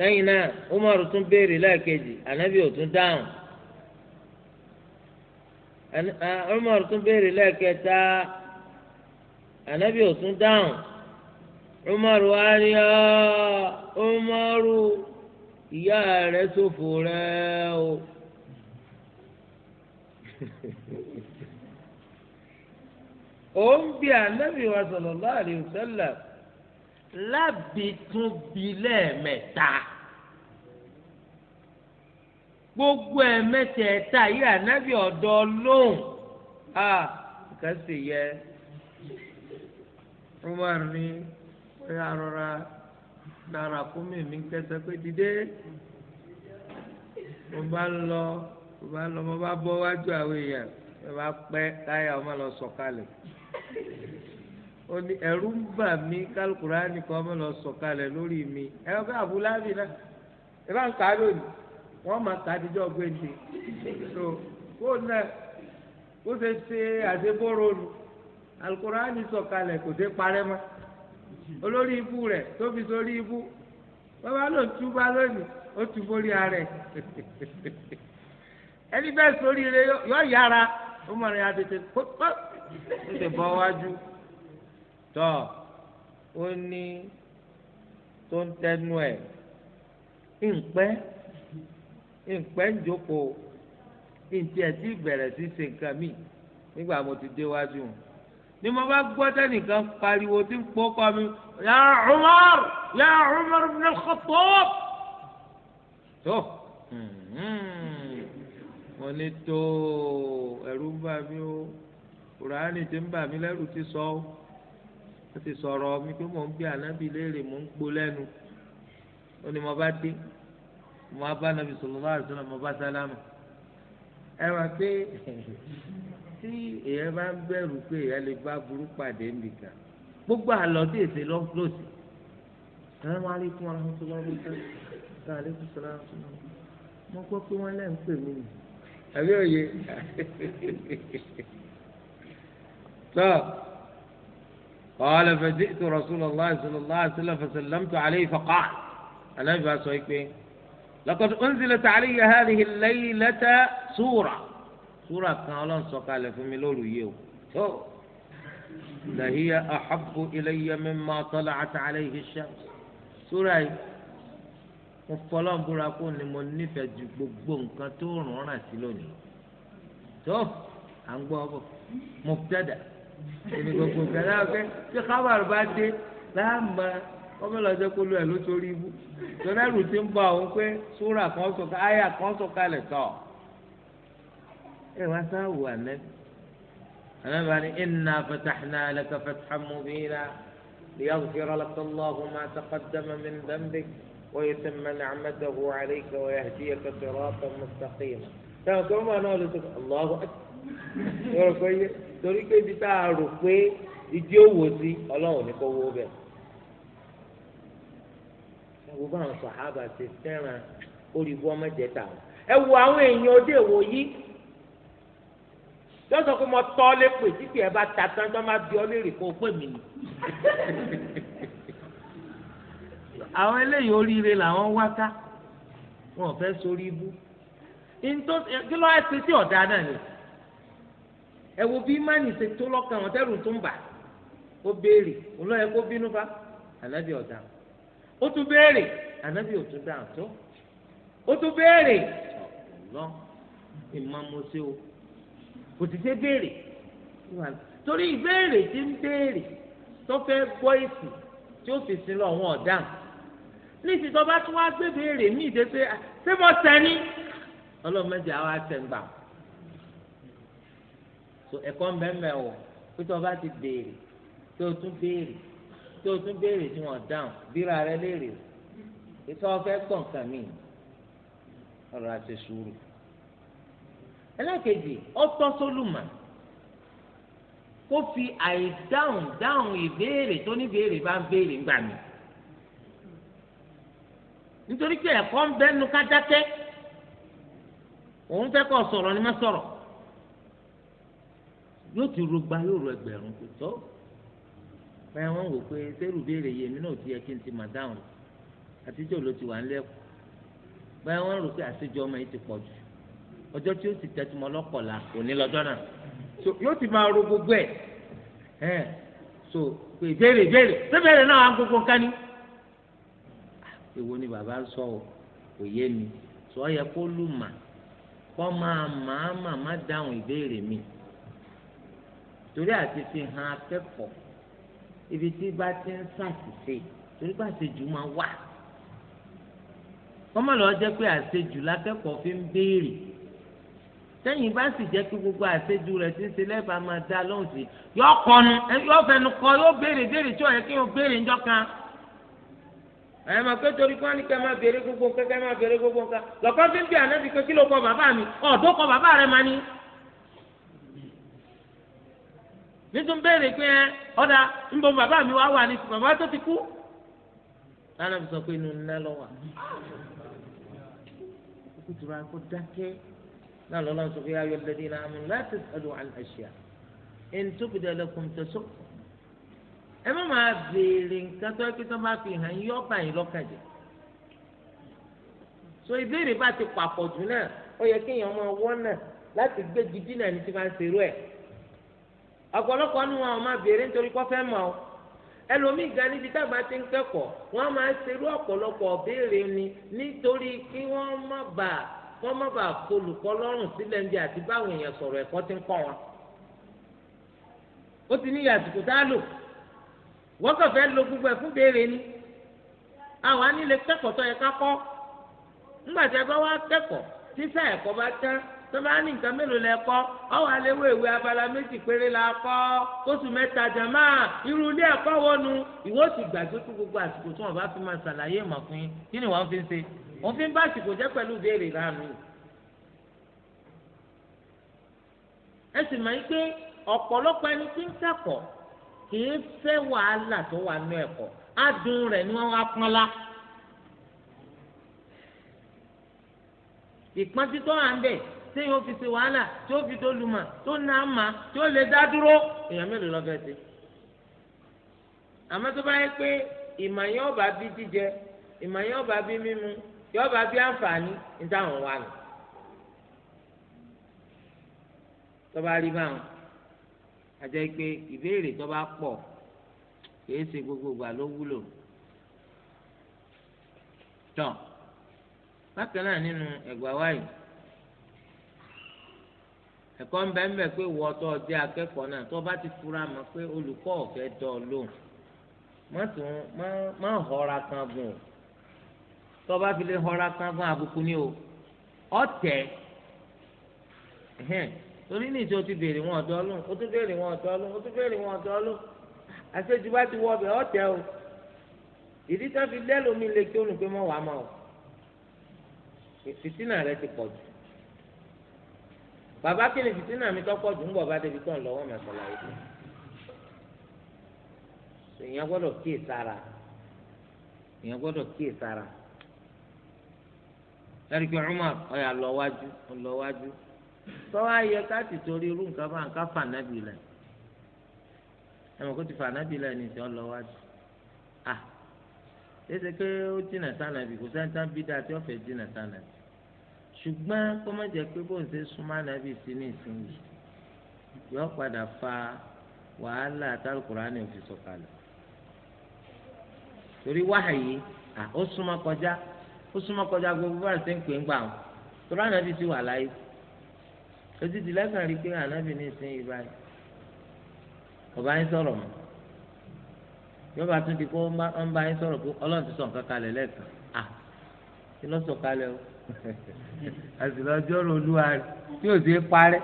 lẹ́yìn náà umaru tún béèrè lẹ́ẹ̀kejì anabi ò tún dáhùn umaru tún béèrè lẹ́ẹ̀kẹta anabi ò tún dáhùn umaru wá ní umaru ìyá anabi wa lábìtúnbi lẹ́ẹ̀mẹ́ta gbogbo ẹ̀mẹ́tẹ̀ẹ̀ta yìí ànábì ọ̀dọ́ lóhùn a nǹkan sì yẹ Umar ní ọ̀yà rọra nara kún mi mi kẹsẹ̀ pé dìde mo bá ń lọ mo bá ń lọ mo bá bọ́ wájú àwọn èèyàn mo bá pẹ́ táyà ọmọ lọ sọ̀kalẹ̀. onu ní ń bà mí kálukùránì kan lọ lórí mi ẹ̀rọ bá àbúláàbì náà ìbá ń kà á lónìí wọ́n máa kà á gbèǹde so kó náà kó ṣe ṣe àṣebóró nu alukùránì sọ̀kalẹ̀ kò dé parẹ́ mọ́ olórí ibú rẹ̀ sórí lónìí ó ẹni bẹ́ẹ̀ sórí yọ yára ó mọ̀ rẹ̀ tó bọ́ wájú. tọ́ ó ní tó ń tẹnu ẹ̀ ǹpẹ́ ǹpẹ́ ń jókòó ǹtí ẹ̀ tí bẹ̀rẹ̀ sí ṣe nǹkan mi nígbà mo ti déwájú ni mo bá gbọ́ tẹ́nìkan pariwo tí ń pọ́ kọ́ mi ya Umar ya Umar ibn al-Khattab tó hmm, mo ní tó ẹ̀rù ń bà mí o Kùránì tí ń bà mí lẹ́rù ti sọ ọ́ wọ́n sì sọ̀rọ̀ mi pé mò ń bí ànábì léèrè mò ń gbó lẹ́nu ó ní mo bá dé mo bá nàbì sallallahu alaihi wasallam mo bá sálámà ẹ wá pé tí èèyàn bá ń bẹ̀rù pé èèyàn lè bá burú pàdé nìkan gbogbo àlọ́ tí èsè lọ́sì salamu aleykum wa rahmatullahi wa barakatuh wa aleykum salaam mo gbọ́ pé wọ́n lẹ́yìn pè mí nì àbí òye قال فجئت رسول الله صلى الله عليه وسلم فسلمت عليه فقال أنا بأسويك به لقد أنزلت علي هذه الليلة سورة سورة كان الله سقال في ملول يو لهي أحب إلي مما طلعت عليه الشمس سورة mọ̀fọ́lọ́n búra kó ni mo nífẹ̀ẹ́ ju gbogbo nǹkan tó ẹni gbogbo kan náà pé tí kábàárù bá dé láàmà ọmọ ìlọjọ kó lu ẹ lótórí ibú torí ẹrù ti ń bọ àwọn pé awon pe sora kan sọ àyà kan sọ le tọ̀ ẹ wá sáà wò ànẹ́bí ànẹ́bí ni inna fatahna laka fathan mubina liyaghfir laka Allahu ma taqaddama min dhanbik ويتم نعمته عليك ويهديك صراطا مستقيما. الله أكبر lọ́rọ̀ pé yé torí pé ibi tá a rò pé ìdí òwò sí ọlọ́run ní kó wó bẹ́ẹ̀. ẹ wo báwọn sàhábà ṣe fẹ́ràn oríbu ọmọjẹta wọn. ẹ wo àwọn èèyàn òde èwo yìí yóò sọ pé mo tọ́ lépè títí ẹ bá ta tán tó má bí ọ léèrè kó o pè mí ni. àwọn eléyìí oríire làwọn wá ká wọn fẹ́ sórí ibú. kí ló wá ṣe tí ọ̀dà náà ni. ẹ wo bí mánì ṣe tó lọ́kàn wọn tẹ́rù tó ń bà ó béèrè olóyè kó bínú bá ànábì ọ̀dà ó tún béèrè ànábì ò tún dáhùn tó ó tún béèrè ọ̀lọ́ ìmọ̀mọ́sẹ́ o kò sì ṣe béèrè torí ìbéèrè ti ń béèrè tó fẹ́ gbọ́ èsì tí ó fi sin lọ wọn ọ̀dáhùn ní ìsìn tó bá tún wá gbé béèrè mí ìdẹ́sẹ̀ ṣé mo sẹ́ni ọlọ́mọdé àwa sẹ́ngbà o so ẹ̀kọ́ mẹ́mẹ́ o pété ọba ti béèrè tó o tún béèrè tó o tún béèrè tí wọ́n dáhùn bíra rẹ léèrè o ètò ọ̀fẹ́ gbọ̀ǹkan mi ọ̀rọ̀ àti sùúrù ẹlẹ́kejì ọtọ́ sólùmọ̀ kó fi àìdáhùn dáhùn ìbéèrè tó ní béèrè bá ń béèrè ńgbà mi nítorí pé ẹ̀kọ́ ń bẹ́nu kájákẹ́ òun fẹ́ kọ́ sọ̀rọ̀ ni má sọ̀rọ̀ yóò ti rogba yóò ro ẹgbẹ̀rún kò tọ́ báyìí wọ́n wò pé sẹ́rù béèrè yèmí náà ti yẹ kí n ti mà dáhùn àtijọ́ ló ti wà ń lẹ́kọ̀ọ́ báyìí wọ́n rò pé àṣejọ ọmọ yìí ti pọ̀ jù ọjọ́ tí ó ti tẹ̀tùmọ́ lọ́kọ̀ọ́la kò ní lọ́jọ́ náà yóò ti máa ro gbogbo ẹ̀ ẹ̀ so pé ìbéèrè ìbéèrè sẹ́bẹ̀rẹ̀ náà wà gbogbo nǹkan ni. èwo ni bàbá sọ ọ kò yé mi sọ yẹ kó lù mà kọ́ máa màá mà má dáhùn ìbéèrè mi torí àti fi hàn akẹ́kọ̀ọ́ ibi tí bá ti ń ṣàṣìṣe torí bá àṣejù máa wà kọ́mọ̀ lọ́ọ́ jẹ́ pé àṣejù lákẹ́kọ̀ọ́ fi ń béèrè tẹ́yìn bá sì jẹ́ kí gbogbo àṣejù rẹ̀ ti ń ṣe lẹ́bàá máa dá lóhùn sí yọ kọnu yọ fẹnu kọ yóò béèrè béèrè tí ọ̀yẹ́ kí yóò béèrè ńjọ́ kan ẹ máa pé torí kí wọ́n ní kẹ́ máa béèrè gbogbo nǹkan kẹ́ máa béèrè gbogbo nǹkan lọ́kọ́ fi ń bí àná nítorí béèrè pé ẹ ọ̀dà ń bọ bàbá mi wá wà ní bàbá tó ti kú lánàá fi sọ pé inú ńlá lọ wà kùtùrà kó dákẹ́ náà lọ́la sọ pé ayọ̀ lẹ́dí náà àmì láti ẹ̀dùn àṣà ẹni tó fìdí ẹlẹ́kùn tó sọ. ẹ má máa béèrè nǹkan tó ẹgbẹ́ tó bá fi hàn yí ọ̀bà yìí lọ́kàn jẹ́. ìbéèrè bá ti pàpọ̀ jù náà ó yẹ kéèyàn máa wọ́n náà láti gbé gidi náà ní ọ̀pọ̀lọpọ̀ nu wọn máa béèrè nítorí kọ́ fẹ́ mọ̀ ọ́ ẹlòmíì gan níbi tágbà ti ń kẹ́kọ̀ọ́ wọ́n máa ń serú ọ̀pọ̀lọpọ̀ béèrè ni nítorí kí wọ́n má bàa wọ́n má bàa kolùkọ́ lọ́rùn sílẹ̀ ń bí àti báwọn èèyàn sọ̀rọ̀ ẹ̀kọ́ ti ń kọ́ wọn. ó ti ní àsìkò tá a lò wọ́n kàn fẹ́ lo gbogbo ẹ̀ fún béèrè ni àwa nílé kẹ́kọ̀ọ́ tó yẹ ká kọ́ ńgbà tí a bá wá kẹ́kọ̀ọ́ tíṣà ẹ̀kọ́ bá tán tọ́ba ní nǹkan mélòó lẹ kọ́ ọ̀hún aléwò ìwé abala méjì péré la kọ́ oṣù mẹ́ta jàmá irú ilé ẹ̀kọ́ wo nu ìwọ sì gbàgbé kú gbogbo àsìkò tí wọn bá fi máa ṣàlàyé ìmọ̀ fún yín kí ni wọ́n fi ń ṣe wọ́n fi ń bá àsìkò jẹ́ pẹ̀lú ìbéèrè ránu. ẹ sì máa ń pé ọ̀pọ̀lọpọ̀ ẹni tí ń kẹ́kọ̀ọ́ kì í fẹ́ wàhálà tó wà nú ẹ̀kọ́ adùn rẹ̀ ni wọ́n wá pọ́nlá. ìpọ́njú tó wà ń bẹ̀ tí ó fi ṣe wàhálà tí ó fi tó luma tó ná mà tí ó lè dá dúró èèyàn mélòó lọ́fẹ́ ṣe. àmọ́ tó bá yẹ pé ìmọ̀ yẹn ọba bí jíjẹ ìmọ̀ yẹn ọba bí mímu yẹn ọba bí àǹfààní ní táwọn wà nù. tó rí báwọn àjẹ́ pé ẹ̀kọ́ ń bẹ ń bẹ pé wọ ọtọ ọdẹ akẹ́kọ̀ọ́ náà tó bá ti fura mọ̀ pé olùkọ́ ọ̀fẹ́ dọ̀ lóhùn má tún má họra kan o tó bá fi lè họra kan gùn àbùkù ni o ọ̀tẹ̀ torí ní ìjọ ti béèrè wọn ọ̀dọ́ lóhùn ó tún béèrè wọn ọ̀dọ́ lóhùn ó tún béèrè wọn ọ̀dọ́ lóhùn àṣejù bá ti wọ ọbẹ̀ ọ̀tẹ̀ o ìdí tó fi lẹ́lòmí lè kí olùgbé mọ́ wàá mọ́ o ìfìtínà rẹ ti pọ̀ jù bàbá kìlì fìtínà mi tọ́pọ̀ dùn bọ̀ bá débi tán lọ́wọ́ mi sọ̀rọ̀ ayé tó èèyàn gbọ́dọ̀ kíyè sára èèyàn gbọ́dọ̀ kíyè sára lẹ́yìn pé Umar ọ̀yà lọ wájú lọ wájú sọ́wọ́ ayé káàtì torí irú nǹkan bá nǹkan fà nábì lẹ̀ kó ti fà nábì lẹ̀ ní ìṣọ́ lọ wájú à ah, ṣé pé ó jìnà sànàbì kò sẹ́ńtà bídà tí ó fẹ́ jìnà sànàbì. ṣùgbọ́n kó pé bóun ṣe súnmọ́ ànábì sí ní ìsinyìí yóò padà fa wàhálà tálùkùránì òfin sọ̀kalẹ̀ torí wáhàyè ó súnmọ́ kọjá ó súnmọ́ kọjá gbogbo bá ṣe ń pè ń gbà wọn torí ànábì ti wà láyé òtítì lẹ́sàn-án rí i pé ànábì ní ọba yín sọ̀rọ̀ mọ́ yọba tún di kó ń bá yín sọ̀rọ̀ pé ọlọ́run ti sọ nǹkan kalẹ̀ lẹ́ẹ̀kan àtìlọ́jọ́ olúwa tí ò sí parẹ́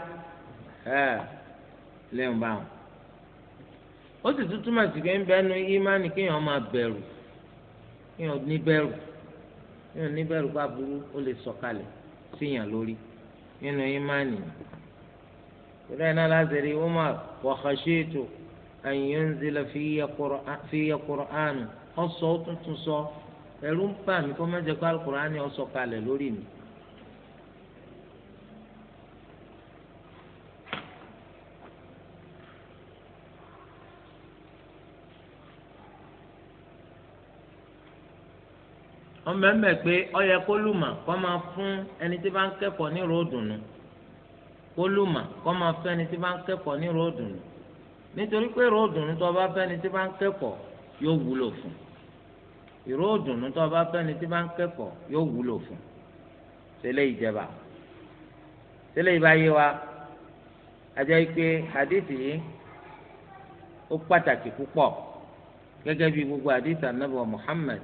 lẹ́yìn bá wọn. ó sì tún túmọ̀ sí pé ń bẹ́nu ímánì kéèyàn máa bẹ̀rù kéèyàn ní bẹ̀rù kéèyàn ní bẹ̀rù bá burú ó lè sọ̀kalẹ̀ síyàn lórí nínú ímánì. ìrẹ́ náà láti rí Umar wa khashitu an yunzila fiyya Qur'an ọ̀sọ̀ ó tuntun sọ. So ẹ̀rù ń bà mí kó má jẹ́ pé alukurani ó sọ̀kalẹ̀ lórí mi. ọmọ ẹmẹ pé ọyẹ kólùmà kó máa fún ẹni tí bá ń kẹ́kọ̀ọ́ ní ròdùnú kólùmà kó máa fún ẹni tí bá ń kẹ́kọ̀ọ́ ní ròdùnú nítorí pé ròdùnú tó bá fẹ́ ẹni tí bá ń kẹ́kọ̀ọ́ yóò wúlò fún un. ìró òdùnnú tó o bá fẹ́ ni tí bá ń kẹ́kọ̀ọ́ yóò wúlò fún tẹ́lẹ̀ ìjẹba tẹ́lẹ̀ ìbáyé wa ajá yìí pé hadith yìí ó pàtàkì púpọ̀ gẹ́gẹ́ bí gbogbo hadith anabi muhammad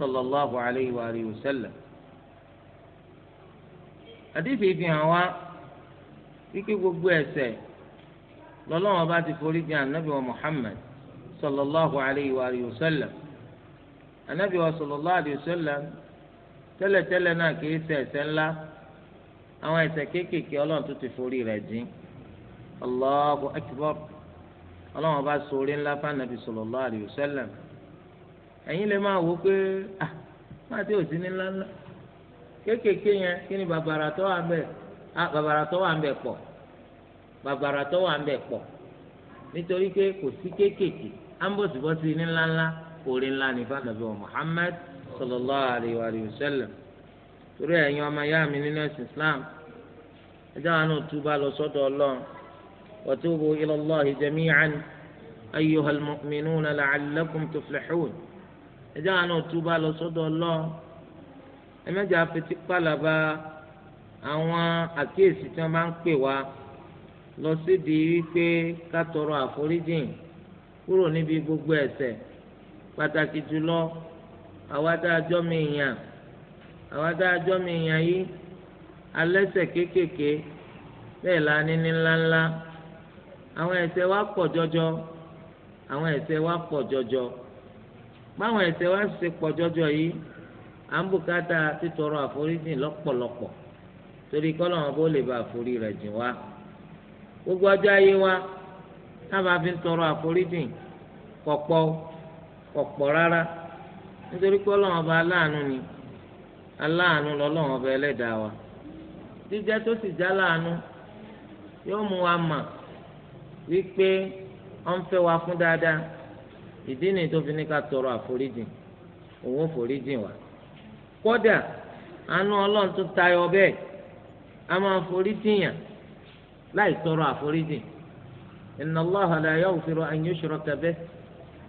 sallallahu alayhi wa alihi sallam hadithi yìí fi hàn wá wípé gbogbo ẹ̀ṣẹ̀ lọ́lọ́wọ́n bá ti forí jìn anabi muhammad sallallahu alayhi wa alihi wa sallam. anabi wa sallallahu alayhi wa sallam tẹ́lẹ̀tẹ́lẹ̀ náà kì í ṣe ẹ̀ṣẹ̀ ńlá àwọn ẹ̀ṣẹ̀ kéékèèké tó ti forí rẹ̀ dín Allahu akbar ọlọ́run ọba sori ńlá fún anabi sallallahu alayhi wa sallam ẹ̀yin lè máa wò pé ah máa ti òsín ní kéékèèké yẹn ni bàbàrà tó wà ń bẹ̀ ah pọ̀ bàbàrà tó wà ń bẹ̀ pọ̀ nítorí pé orí ńlá ní fànàbí wa Muhammad sallallahu alayhi wa sallam torí ẹ̀yin ọmọ ìyá mi nínú ẹ̀sìn Islam ẹjọ́ àwọn náà túbà lọ sọ́dọ̀ Ọlọ́run wa tubu ila Allahi jami'an ayyuhal mu'minuna la'allakum tuflihun ẹjọ́ àwọn náà túbà lọ sọ́dọ̀ Ọlọ́run ẹ̀mẹ́jọ afetí pàlàbà àwọn àkíyèsí tí wọ́n bá ń pè wá lọ sídìí wípé ká tọrọ àforíjìn kúrò níbi gbogbo ẹ̀ṣẹ̀ pàtàkì jùlọ àwa tá a jọ mi yàn àwa tá a jọ mi yàn yìí alẹ́ṣẹ̀ kéékèèké bẹ́ẹ̀ la níní ńláńlá àwọn ẹ̀ṣẹ̀ wa pọ̀ jọjọ àwọn ẹ̀ṣẹ̀ wa pọ̀ jọjọ báwọn ẹ̀ṣẹ̀ wa ṣe pọ̀ jọjọ yìí à ń bùkátà títọrọ àforíjì lọ́pọ̀lọpọ̀ torí kọ́lọ́run bó lè bá àforí rẹ̀ jìn wá gbogbo ọjọ́ ayé wa táwọn afi ń tọrọ àforíjì kọ̀pọ̀ ọ̀pọ̀ rárá nítorí pé ọlọ́run ọba aláàánú ni aláàánú lọ́lọ́run ọba ẹlẹ́dàá wa jíjẹ́ tó sì já láàánú yóò mú wa mà wípé ọ̀n fẹ́ wa fún dáadáa ìdí ni tó fi ní ká tọrọ àforíjìn òun foríjìn wa kódà àánú ọlọ́run tó tayọ bẹ́ẹ̀ a máa láì tọrọ àforíjìn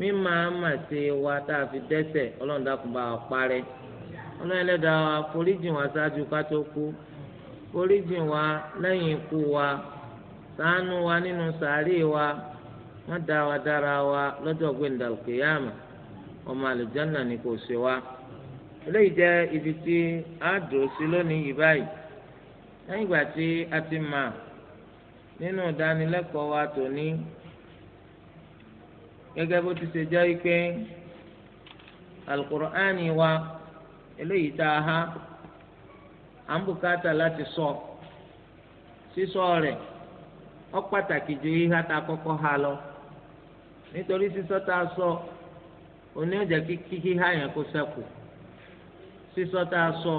mímọ̀ àmà ṣe wa tá a fi dẹ́ṣẹ̀ ọlọ́run dákun bá wa parẹ́ ọlọ́run ẹlẹ́dàá wa foríjìn wa ṣáájú ká tó kú foríjìn wa lẹ́yìn ikú wa ṣàánú wa nínú sàárè wa wọ́n dá wa dára wa lọ́jọ́ gbẹ̀ndà ọmọ ni kò ṣe wa eléyìí jẹ́ ibi tí a dùn sí ti mà nínú ìdánilẹ́kọ̀ọ́ wa gẹgẹ bó ti ṣe jẹ́ pé alukur'ani wa eléyìí tá a há à láti sọ sísọ rẹ̀ ó pàtàkì ju ihá tá a kọ́kọ́ lọ nítorí sísọ tá a sọ oní ọjà kíkí há yẹn kó ṣẹ́kù sísọ tá a sọ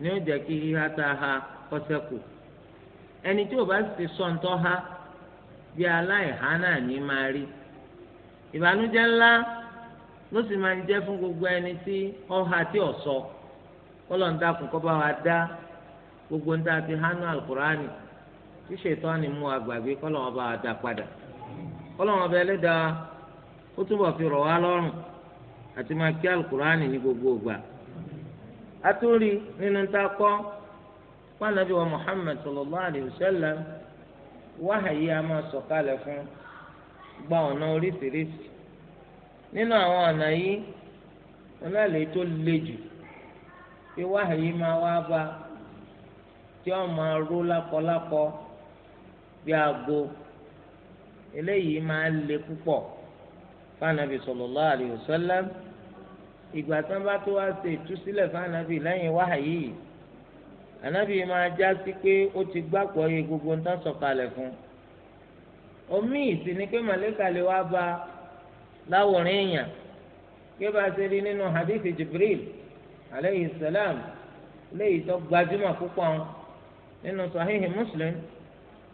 ní ọjà kíkí há tá a há kó ṣẹ́kù ẹni tí o bá ti sọ ń tọ́ há bí aláìhá náà ní máa rí. ìbànújẹ́ ńlá ló sì máa ń jẹ́ fún gbogbo ẹni tí ọha tí ò sọ kọlọ́ńdà kọba kọ́ wa dá gbogbo ń dáa fi hánú alukurani tí ṣètọ́ni mú agbàgbé kọ́lọ́wọ́n bá wa dá padà kọ́lọ́wọ́n bá ẹlẹ́dàá ó túbọ̀ fi rọ̀ wá lọ́rùn àti máa kí alukurani ní gbogbo ìgbà atúrí nínú ta kọ́ wọn wa Muhammad sallallahu alayhi wa sallam a máa sọ̀kalẹ̀ fún un. gba ọ̀nà oríṣiríṣi nínú àwọn ọ̀nà yìí wọn náà lè tó le jù pé wáhàyí máa wá bá tí wọn máa ró lákọlákọ bí aago eléyìí máa le púpọ̀ fáànàbì sallallahu alayhi wa sallam ìgbà tí wọn bá tó wá ṣe ìtúsílẹ̀ fáànàbì lẹ́yìn wáhàyí yìí ànábì máa já sí pé ó ti gbàgbọ́ iye gbogbo ń tán sọ̀kalẹ̀ fún un omi ìsìn ni pé màlẹ́kà lè wá bá láwòrán èèyàn kí ó bá ṣe rí nínú hadithi jibril aleyhi salam léyìí tó gbajúmọ̀ púpọ̀ nínú sahihi muslim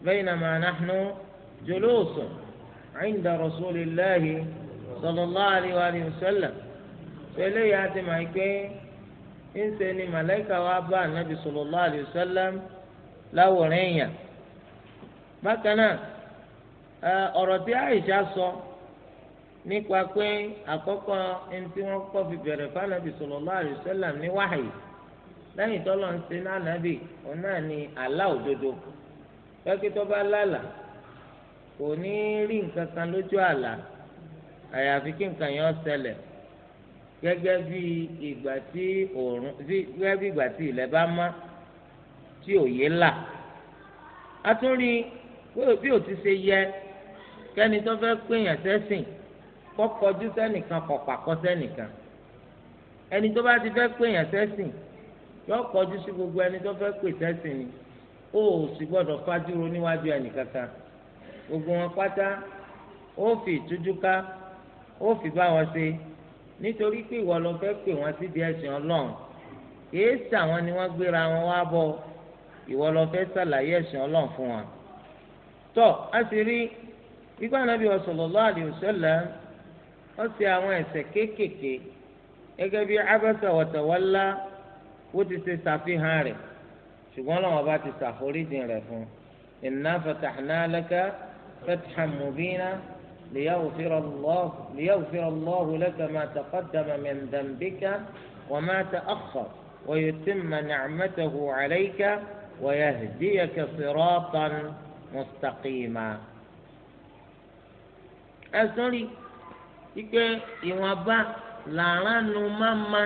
baynama nahnu julusun inda rasulillahi sallallahu alayhi wa sallam pẹ̀lú ìyá àti màá pé ńṣe ni màlẹ́kà wá bá anabi sallallahu alayhi wa sallam láwòrán èèyàn bákan náà. ọ̀rọ̀ tí Aisha sọ nípa pé àkọ́kọ́ ẹni tí wọ́n kọ́ fi bẹ̀rẹ̀ fánábì sallallahu alaihi wasallam ní wáhàyè lẹ́yìn tọ́lọ́ ń sin ánàbì òun náà ni àlá òdodo bá lálà kò ní rí nǹkan kan lójú àyàfi kí nǹkan yẹn ṣẹlẹ̀ gẹ́gẹ́ bí ìgbà bá mọ́ kẹ́ni tó fẹ́ pèèyàn sẹ́sìn kọ́kọ́jú sẹ́nìkan kọ̀pàkọ́ sẹ́nìkan ẹni tó bá ti fẹ́ pèèyàn sẹ́sìn yọ kọjú sí gbogbo ẹni tó fẹ́ pè sẹ́sìn ni ó sì gbọ́dọ̀ fájúro níwájú ẹnìkankan gbogbo wọn pátá ó fi ìtújú ká ó fi bá wọn ṣe nítorí pé ìwọ ló fẹ́ pè wọ́n sídìí ẹ̀sìn ọlọ́run kìí sàwọn ni wọ́n gbéra wọn wá bọ̀ ìwọ ló fẹ́ sàlàyé ẹ̀sìn ọlọ́run fún wọn. tọ́ a sì rí ìgbà nàbí wa sallallahu alaihi wasallam wọ́n ṣe àwọn ẹ̀ṣẹ̀ kéékèèké gẹ́gẹ́ bí abasa wa tawalla ó ti ṣe ṣàfihàn rẹ̀ ṣùgbọ́n lọ́wọ́ bá ti sa ṣàforíjìn rẹ̀ fún inna fatahna laka fathan mubina liyaghfira Allahu lẹka ma taqaddama min dhanbika wa ma ta ta'akhkhar wa yutimma ni'matahu alayka wa yahdiyaka siratan mustaqima. ẹ̀sùn rí wípé ìwọ̀nba làránu máa ma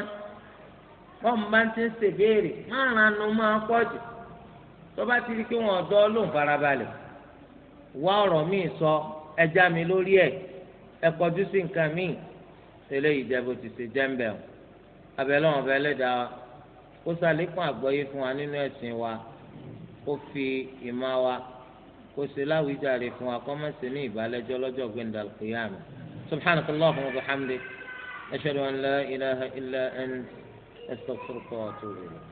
bọ́ọ̀mù bá ń ti ń ṣèbéèrè máa ránu máa pọ̀ jù tó bá ti rí pé wọn ọ̀dọ́ ló ń farabalẹ̀ wá ọ̀rọ̀ míì sọ ẹja mi lórí ẹ̀ ẹ kọjú sí nǹkan míì tẹ́lẹ̀ ìjẹ́bù ti ṣe jẹ́ńbẹ̀ o abẹ́lẹ́ wọn bẹ́ẹ̀ lẹ́dàá kó ṣàlékún àgbọ́yé fún wa nínú ẹ̀sìn wa kó fi ìmọ̀ wa kó ṣe láwùjáre fún wa kọ́ mọ̀sẹ̀ ní ìbálẹ́jọ́ lọ́jọ́ gbẹ̀ndà kìyàmù subhanak allahumma wa bihamdik ashhadu an la ilaha illa ant astaghfiruka wa atubu ilayk.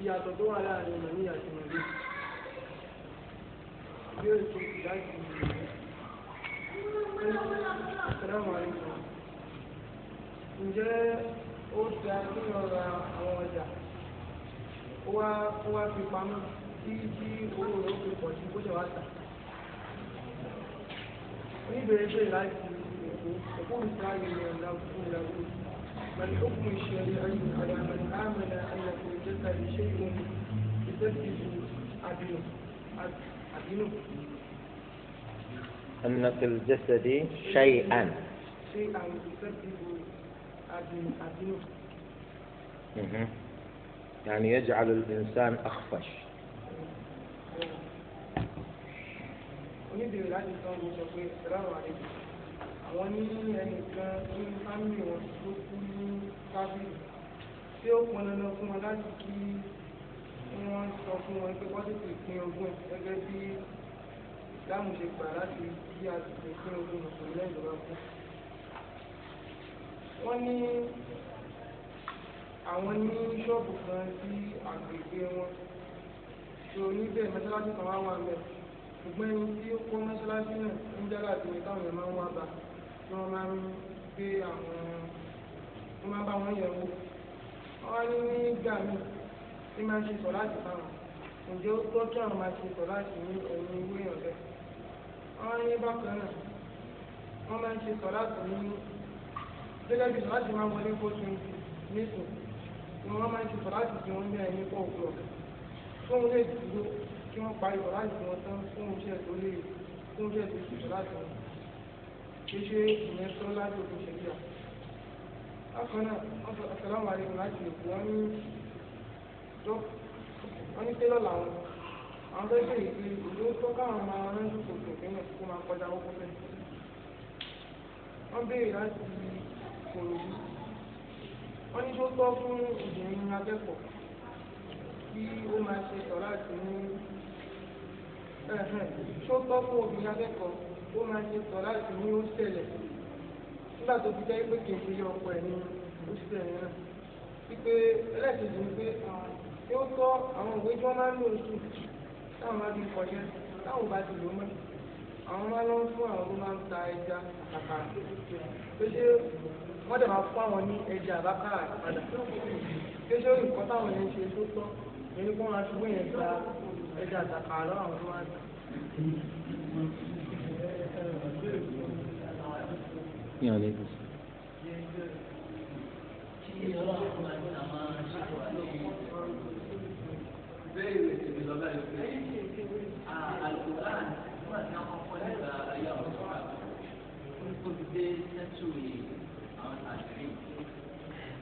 kí tó wà láàrin màmí àti màmí bí ó ṣe ìdájì ìlú. Assalamu alaikum ǹjẹ́ ó ṣe àfihàn ra àwọn ọjà ó wá ó wá fi pamọ́ tí tí owó rẹ̀ ó fi pọ̀ sí kó ṣe wá tà. oníbèrè bèrè láti èkó èkó mi ta ìrìn ọ̀la fún ìlàwó pẹ̀lú ó fún iṣẹ́ ayé àyàmọ̀lẹ́ àmọ̀lẹ́ àyàkó ìjẹta iṣẹ́ ìwọ̀n ìtẹ́sí ìlú àbínú àbínú. أن الجسد شيئا يعني يجعل الإنسان أخفش oníbèrè láti sọ mo sọ pé ìsìláàmù àlejò àwọn ní ẹnìkan tó ní fámìlì wọn tó kú ní tábìlì tí ó pọn dandan fún wọn láti kí wọn sọ fún wọn pé wọ́n tètè pín ogún gẹ́gẹ́ bí ìsìláàmù ṣe gbà láti bí a tètè pín ogún mùsùlùmí lẹ́yìn ìjọba fún wọ́n ní àwọn ní ṣọ́ọ̀bù kan sí àgbègbè wọn tó níbẹ̀ mọ́ṣáláṣí kan wá wà mẹ́ ṣùgbọ́n ẹni tí ó kó mọ́ṣáláṣí náà ń jára àti ní táwọn èèyàn máa ń wá bá tí wọ́n máa ń gbé àwọn wọ́n máa bá wọn yẹ̀ wò wọ́n ní nígbà míì tí máa ń ṣe sọ láti bá wọn ǹjẹ́ ó tọ́ kí àwọn máa ṣe sọ láti ní ẹ̀yìn ìwé ìrànlẹ́ wọ́n ní bákan náà wọ́n máa ń ṣe sọ láti ní gẹ́gẹ́ bí láti máa wọlé kó tún nísìn ni wọ́n máa ń ti sọ̀rọ̀ àti tiwọn ní ẹ̀yìn kó òkúrọ̀ fún un lè dúró kí wọ́n parí ọ̀rọ̀ àti tiwọn tán fún un díẹ̀ tó lè fún un díẹ̀ tó sì sọ̀rọ̀ àti wọn kì í ṣe ìyẹn tó láti òkú ṣe bí i à. bákan náà wọ́n sọ àsàlámù aláìkùm láti èkó wọ́n ní wọ́n ní tẹ́lọ̀ làwọn àwọn tó ṣe ìpè ìlú tó káwọn máa rán ju kòtò ìpínlẹ̀ kó máa kọjá owó fẹ́. wọ́n béèrè láti sinmi bí wọ́n ní tó tọ́ fún obìnrin akẹ́kọ̀ọ́ kí ó máa ṣe sọ̀rọ̀ àti ní tó tọ́ fún obìnrin akẹ́kọ̀ọ́ ó máa ṣe sọ̀rọ̀ àti ní ó ṣẹlẹ̀ nígbà tó fi jẹ́ pé kìí ṣe yọ ọkọ ẹ̀ ní ó ṣẹlẹ̀ náà wípé ẹlẹ́kejì ni pé tí ó tọ́ àwọn òwe tí wọ́n máa ń lò sùn táwọn bá ti kọjá táwọn bá ti lò mọ́ àwọn máa lọ fún àwọn tó máa ń ta ẹja àkàkà pé ṣé wọ́n dẹ̀ máa fún àwọn ní ẹja àbákàrà padà kéṣe ó nǹkan táwọn yẹn ṣe tó tọ́ ẹni kó máa fi wéyẹn gba ẹja àtàkà lọ́wọ́ àwọn tó máa ń Thank you.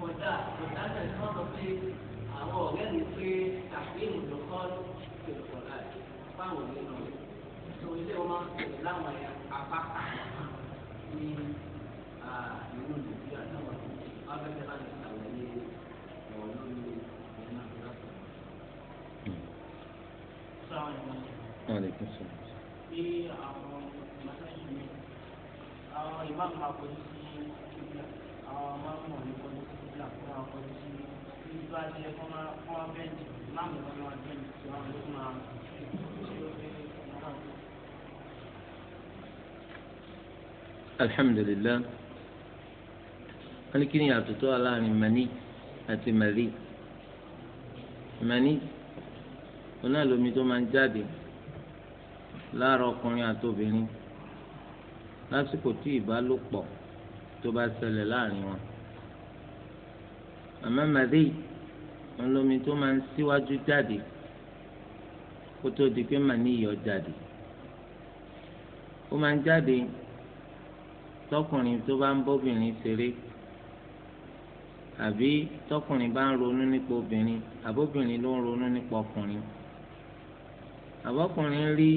kọjá kọjá náà kọ́ sọ pé àwọn ọ̀rẹ́ mi pé tàbílù ló kọ́ ìlú kọ̀ọ̀lá yìí fáwọn òní lọ tó ilé wọn máa ń pè láwọn ẹ̀yà apá àwọn ní ìlú nàìjíríà náà wọn fẹ́ fẹ́ láti ṣàwọn ní ọ̀rọ̀ lórí ìlú nàìjíríà. sáwọn ìmọ̀ ṣe bí àwọn ìmọ̀ ṣe ń ṣe àwọn ìmọ̀ àpò sí ìgbà àwọn ọmọ ọmọ ìkọ́ni alhamdulilayi wọ́n kí ni àtútù aláàrin mani àti mali mani oná lomi tó máa ń jáde láàárọ̀ ọkùnrin àti obìnrin lásìkò tí ìbálòpọ̀ tó bá ṣẹlẹ̀ láàrin wọn àmọ́ màdé wọn lómi tó máa ń síwájú jáde kó tó di pé màá níyọ jáde ó máa ń jáde tọkùnrin tó bá ń bóbìnrin ṣeré àbí tọkùnrin bá ń ronú nípa obìnrin àbóbìnrin ló ń ronú nípa ọkùnrin àbọkùnrin rí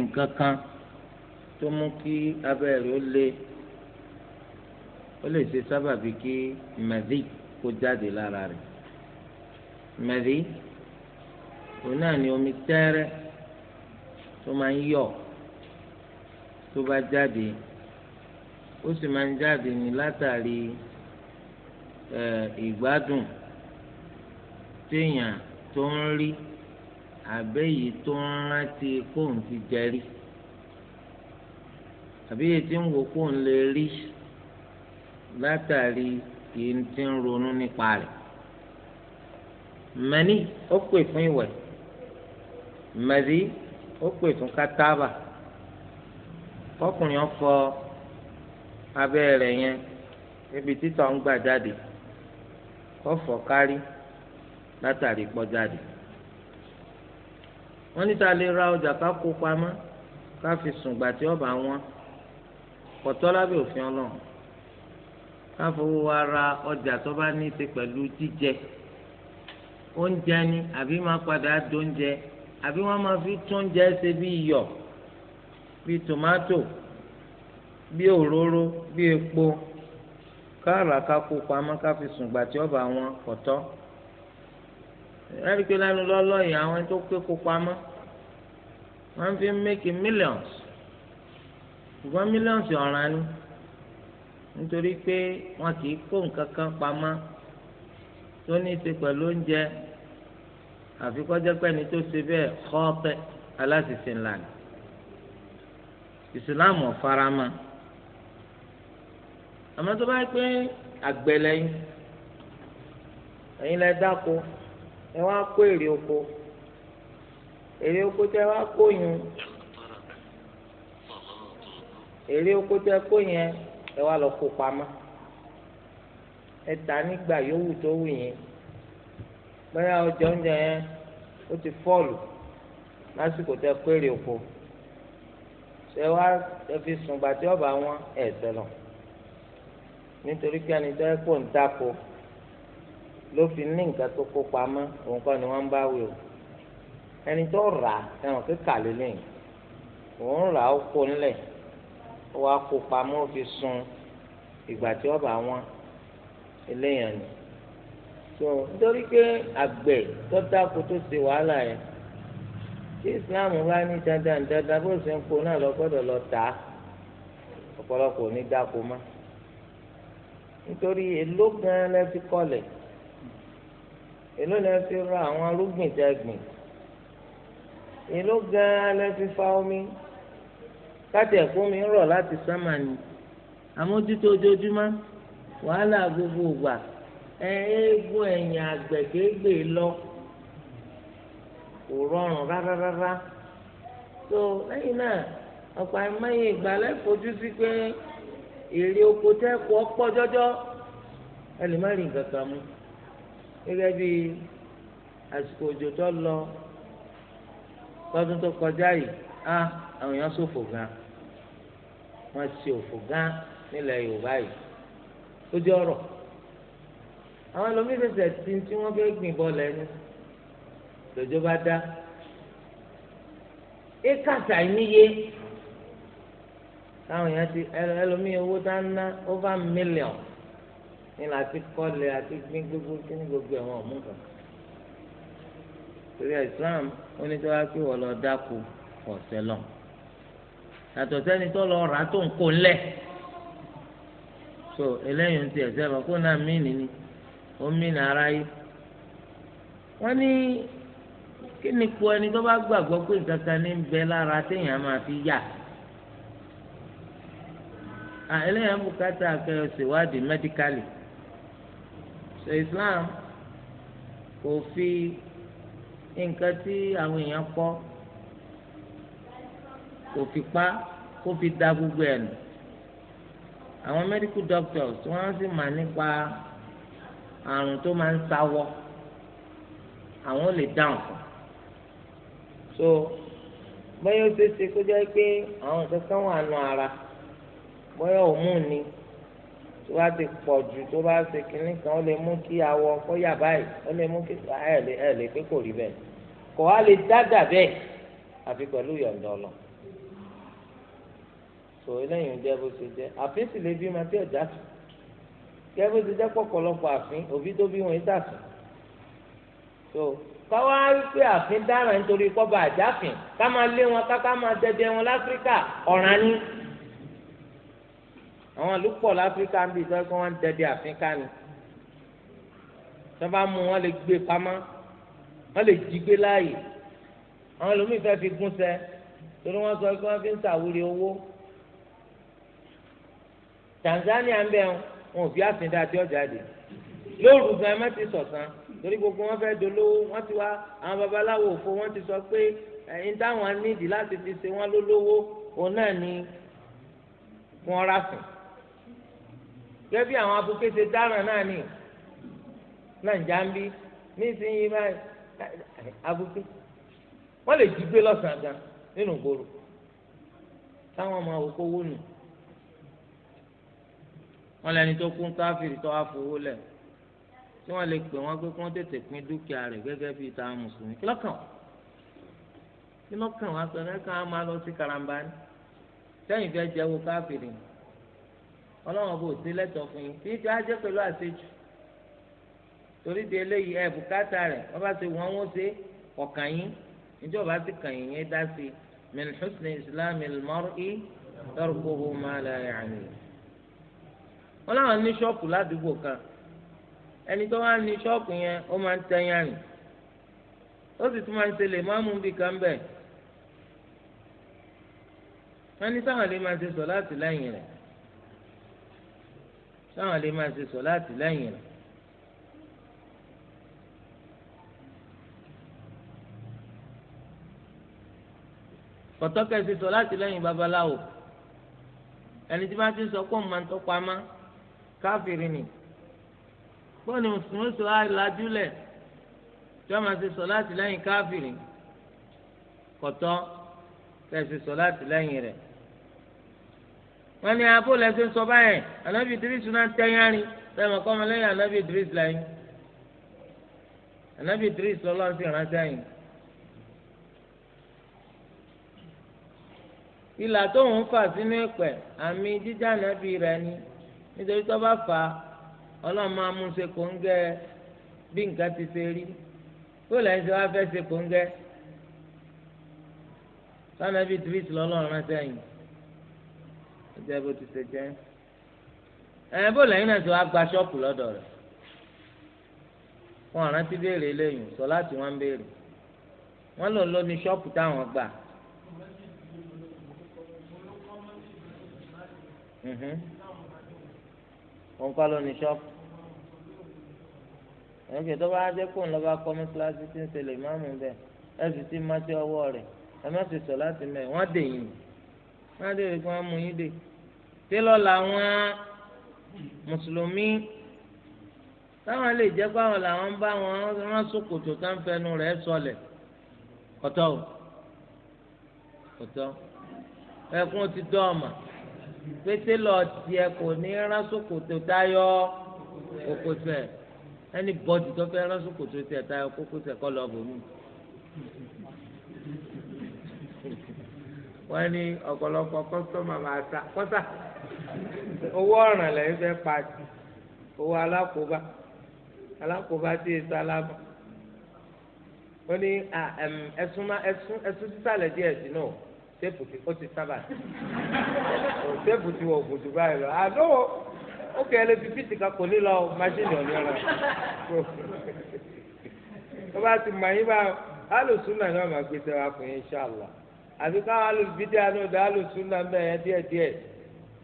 nǹkan kan tó mú kí abẹ́ rẹ̀ ó le ó lè ṣe sábàbí kí màdé kó jáde lára rẹ̀ mẹ́rin òun náà ni omi tẹ́rẹ́ tó máa ń yọ tó bá jáde ó sì máa ń jáde ní látàrí ìgbádùn téèyàn tó ń rí àbẹ́yìí tó ń rántí kóun ti jẹ àbí èyí tí ń wò kóun lè rí látàrí. kìí ti ń ronú nípa rẹ̀ mẹni ó pè fún ìwẹ̀ mẹ́sì ó pè fún kátábà kọkùnrin ọfọ abẹ́ rẹ̀ yẹn ibi títà ń gbà jáde kọfọ̀ kárí látàrí pọ́ jáde wọ́n níta lè ra ọjà ká kó pamọ́ ká fi sùn gbà ọba wọn kọ̀tọ́ lábẹ́ òfin wọn fowó wa ra ọjà tó bá ní í ṣe pẹ̀lú jíjẹ oúnjẹ ni àbí máa padà dóúnjẹ àbí wọn máa fi tóúnjẹ ṣe bí iyọ̀ bí tòmátò bí òróró bí epo káàrà ká kó pamọ́ ká fi sùn gbà tí ọba wọn kọ̀tọ́ ẹ̀ríkì lẹ́nu lọ́lọ́yìn àwọn tó pé kó pamọ́ wọ́n fi ń make millions ṣùgbọ́n millions ọ̀ràn ni nítorí pé wọn kì í kó nǹkan kan pamọ́ tó ní í ṣe pẹ̀lú oúnjẹ àfi kọjá pẹ́ni tó ṣe bẹ́ẹ̀ kọ́ọ̀pẹ́ aláṣìṣe ńlá ni ìsìláàmù ọ̀farama àmọ́ tó bá pé àgbẹ̀ lẹ́yìn ẹ̀yin lẹ dáko ẹ wá kó èrè oko èrè oko tẹ wá kó yun èrè oko tẹ kó yẹn ẹ wá lọ kó pamọ́ ẹ ta nígbà yòówù tó wù yín bóyá ọjọ́ oúnjẹ yẹn ó ti fọ́ọ̀lù lásìkò tẹ péré oko ṣé wá ẹ fi sùn gbàtí ọba wọn ẹ sẹlọ nítorí pé ẹni tó ẹ pò ń dáko ló fi ní nǹkan tó kó pamọ́ òun kọ́ ni wọ́n bá wí o ẹni tó rà ẹ̀wọ̀n kíkà lélẹ́yìn òun rà ó kó nílẹ̀ ó wá kó pamọ́ ó fi sun ìgbà tí ọba wọn eléyàn ni so nítorí pé àgbẹ̀ tó dáko tó ṣe wàhálà yẹn tí islam bá ní dandan dandan bó ṣe ń kó náà lọ gbọ́dọ̀ lọ tà á ọ̀pọ̀lọpọ̀ ò ní dáko mọ́ nítorí èló gan lẹ fi kọlẹ̀ èló lẹ fi ra àwọn arúgbìn tẹ gbìn èló gan lẹ fi fa omi. káti ẹ̀kọ́ mi rọ̀ láti sánmà ni àmójútó ojoojúmọ́ wàhálà gbogbo ògbà eégún ẹ̀yìn àgbẹ̀gbẹ̀gbè lọ kò rọrùn rárá rárá tó lẹ́yìn náà ọ̀pọ̀ àìmọye ìgbà lẹ́fojú sí pé èrè oko tẹ́kọ̀ lọ lọ́dún kọjá yìí á àwọn èèyàn wọ́n ṣe òfò gán nílẹ̀ yorùbá yìí ó jẹ́ ọ̀rọ̀ àwọn ẹlòmíín ṣẹ̀ṣẹ̀ ti tí wọ́n fẹ́ gbìn bọ́ọ̀lù ẹni lọ́jọ́ bá dá ékàtà níye táwọn èèyàn ti ẹlòmíín owó tá ń ná over million ní láti kọ́lé àti gbín gbogbo kí ní gbogbo ẹ̀wọ̀n ọ̀mú kan torí Islam ó ní tí wọ́n á kí wọ́n lọ dákú ọ̀sẹ̀ lọ́wọ́ yàtọ̀ sẹ́ni tó lọ rà tó ń kó ńlẹ̀ so eléyìí ń tiẹ̀ sẹ́wọ̀n kó náà mí nìyí ó mí nà ara yìí wọ́n ní kí ni po ẹni tó bá gbàgbọ́ pé nǹkan kan ní bẹ lára téèyàn máa fi yà à eléyàn bùkátà akẹ́yọ̀ ṣèwádìí mẹ́díkálì so Islam kò fi nǹkan tí àwọn èèyàn kọ́ kò fi pa kó fi da gbogbo ẹ̀ nù àwọn medical doctors wọ́n sì mà nípa àrùn tó máa ń sáwọ́ àwọn lè dáhùn fún so bóyá ó ṣeé ṣe kó jẹ́ pé àwọn nǹkan kan wà nù ara bóyá òmùn ni tó bá ti pọ̀ jù tó bá ṣe kínní kan ó lè mú kí awọ kó yà báyìí ó lè mú kí ẹ̀ lè pé kò rí bẹ́ẹ̀ kò wá lè dá dà bẹ́ẹ̀ àfi pẹ̀lú ìyọ̀ǹda ọlọ́run tó eléyìí ń jẹ́ bó ṣe jẹ́ àfin sì lè bí ma tí ọ̀já tù kẹ́ bó ṣe jẹ́ pọ̀pọ̀lọpọ̀ àfin òbí tó bí wọn yìí dàtún tó káwá rí pé àfin dára nítorí kọ́ba àjáfin ká máa lé wọn ká ká máa dẹdẹ wọn láfíríkà ọ̀ràn ni àwọn àlùpọ̀ láfíríkà ń bí ìtọ́ kí wọ́n ń dẹdẹ àfin ká ni tó bá mú wọn lè gbé pamọ́ wọn lè jí gbé láàyè àwọn ẹlòmíì fẹ́ fi gúnṣẹ́ torí wọ́n sọ pé wọ́n fi ń ṣàwúre owó Tanzania ń bẹ wọn ò fi àfin dáadé ọjà dé lóòrù gan ẹ má ti sọ̀sán torí gbogbo wọn fẹ́ dolówó wọn ti wá àwọn babaláwo òfo wọn ti sọ pé ẹyin táwọn nídìí láti fi ṣe wọn lólówó òun náà ni wọn rà fún gẹ́gẹ́ bí àwọn abukése dáràn náà ni nàìjà ń bí nísìnyí báyìí abuké wọ́n lè jí gbé lọ́sàn-án gan nínú ìgboro táwọn ọmọ àwòkọ́ nù wọn lẹni tó kún káfíìrì tó wá fowó lẹ̀ tí wọn lè pè wọn pé kí wọn tètè pín dúkìá rẹ̀ gẹ́gẹ́ bíi ta mùsùlùmí kí lọ́kàn kí lọ́kàn wọn sọ náà kàn án máa lọ sí karamba ni sẹ́yìn fẹ́ jẹ́ wo káfíìrì ọlọ́run kò sí lẹ́tọ̀ọ́ fún yín títí á jẹ́ pẹ̀lú àṣejù torí di eléyìí ẹ̀ bùkátà rẹ̀ wọ́n bá ti wọ́n wọ́n ṣe ọ̀kàn yín níjọba ti kàn yín yẹn dá sí min husni islamil mar'i tarkuhu ma la ya'ni wọn láwọn ní ṣọ́ọ̀pù ládùúgbò kan ẹni tó wá ní ṣọ́ọ̀pù yẹn ó máa ń tẹ́yàn rìn ó sì tún máa ń ṣe lè má mú bí kan bẹ́ẹ̀ wọ́n ní sáwọn lè máa ṣe sọ láti lẹ́yìn rẹ̀ sáwọn lè máa ṣe sọ láti lẹ́yìn rẹ̀. kọ̀tọ́kẹ́ ṣe sọ láti lẹ́yìn babaláwo ẹni tí bá ti sọ pé òun máa ń tọ́pamọ́. káfíìrì ni bọ́ọ̀ mùsùlùmí sọ máa ṣe sọ láti lẹ́yìn kọ̀tọ́ sọ láti lẹ́yìn rẹ̀ wọ́n ní abó sọ báyẹn náà tẹ́yárin sẹ́wọ̀n kọ́ lẹ́yìn ìlà tó ń fà sínú ìpẹ́ àmì jíjà ni. nítorí tó bá fà á ọlọ́run máa mú ṣe kò ń gẹ bí nǹkan ti ṣe rí bó lẹ́yìn tí wọ́n fẹ́ ṣe kò ń gẹ sanabi idris lọ́lọ́run ránṣẹ́ yìí ìjẹ́ bó ti ṣe jẹ́ ẹ̀ bó lẹ́yìn náà tí wọ́n á gba ṣọ́ọ̀pù lọ́dọ̀ rẹ̀ wọn rántí béèrè lẹ́yìn sọ láti wọn béèrè wọn lò ló ní táwọn gbà. Mm-hmm òun kọ́ ló ní ṣọ́ọ̀pù ẹnìkè tó bá jẹ́ kó ń lọ́ba kọ́ mọ́sálásí tí ń ṣẹlẹ̀ ìmáàmù bẹ́ẹ̀ ẹ fi sí mọ́tí ọwọ́ rẹ̀ ẹ má ti sọ láti mẹ́ wọ́n dè yín wọ́n dè yín kí wọ́n mú yín dè tí lọ́la wọn mùsùlùmí táwọn lè jẹ́ pé àwọn làwọn bá wọn rán sòkòtò tó ń fẹnu rẹ̀ sọlẹ̀ kọ́tọ́ o kọ́tọ́ ẹkún ti dọ́ ọ̀mà pété lọ tiẹ̀ kò ní rán ṣòkòtò tayọ kókósẹ̀ ẹni bọ́dì tó fẹ́ rán ṣòkòtò tiẹ̀ tayọ kókósẹ̀ kọ́ lọ bòmí. wọ́n ní ọ̀pọ̀lọpọ̀ kọ́sọ́mà máa sa kọ́sà owó ọ̀ràn lẹ́yìn fẹ́ pàṣẹ owó alákòóbá alákòóbá tí ì sálábà wọ́n ní ẹ̀sùn sísàlẹ̀ díẹ̀ sí náà téèpù tí ó ti sábà téèpù tí wọ́n gbòdú báyìí lọ àdó ó kẹ́ ẹ lè fi fíìsì kan kò ní lọ máṣíìnì ọ̀ní ọ̀rọ̀ tó bá ti mọ̀ yín bá alùsùn náà ni wọ́n máa gbé sẹ́wà fún yín ṣáàlà àbí káwọn alùbídé ànúdà alùsùn náà bẹ̀ yẹn díẹ̀díẹ̀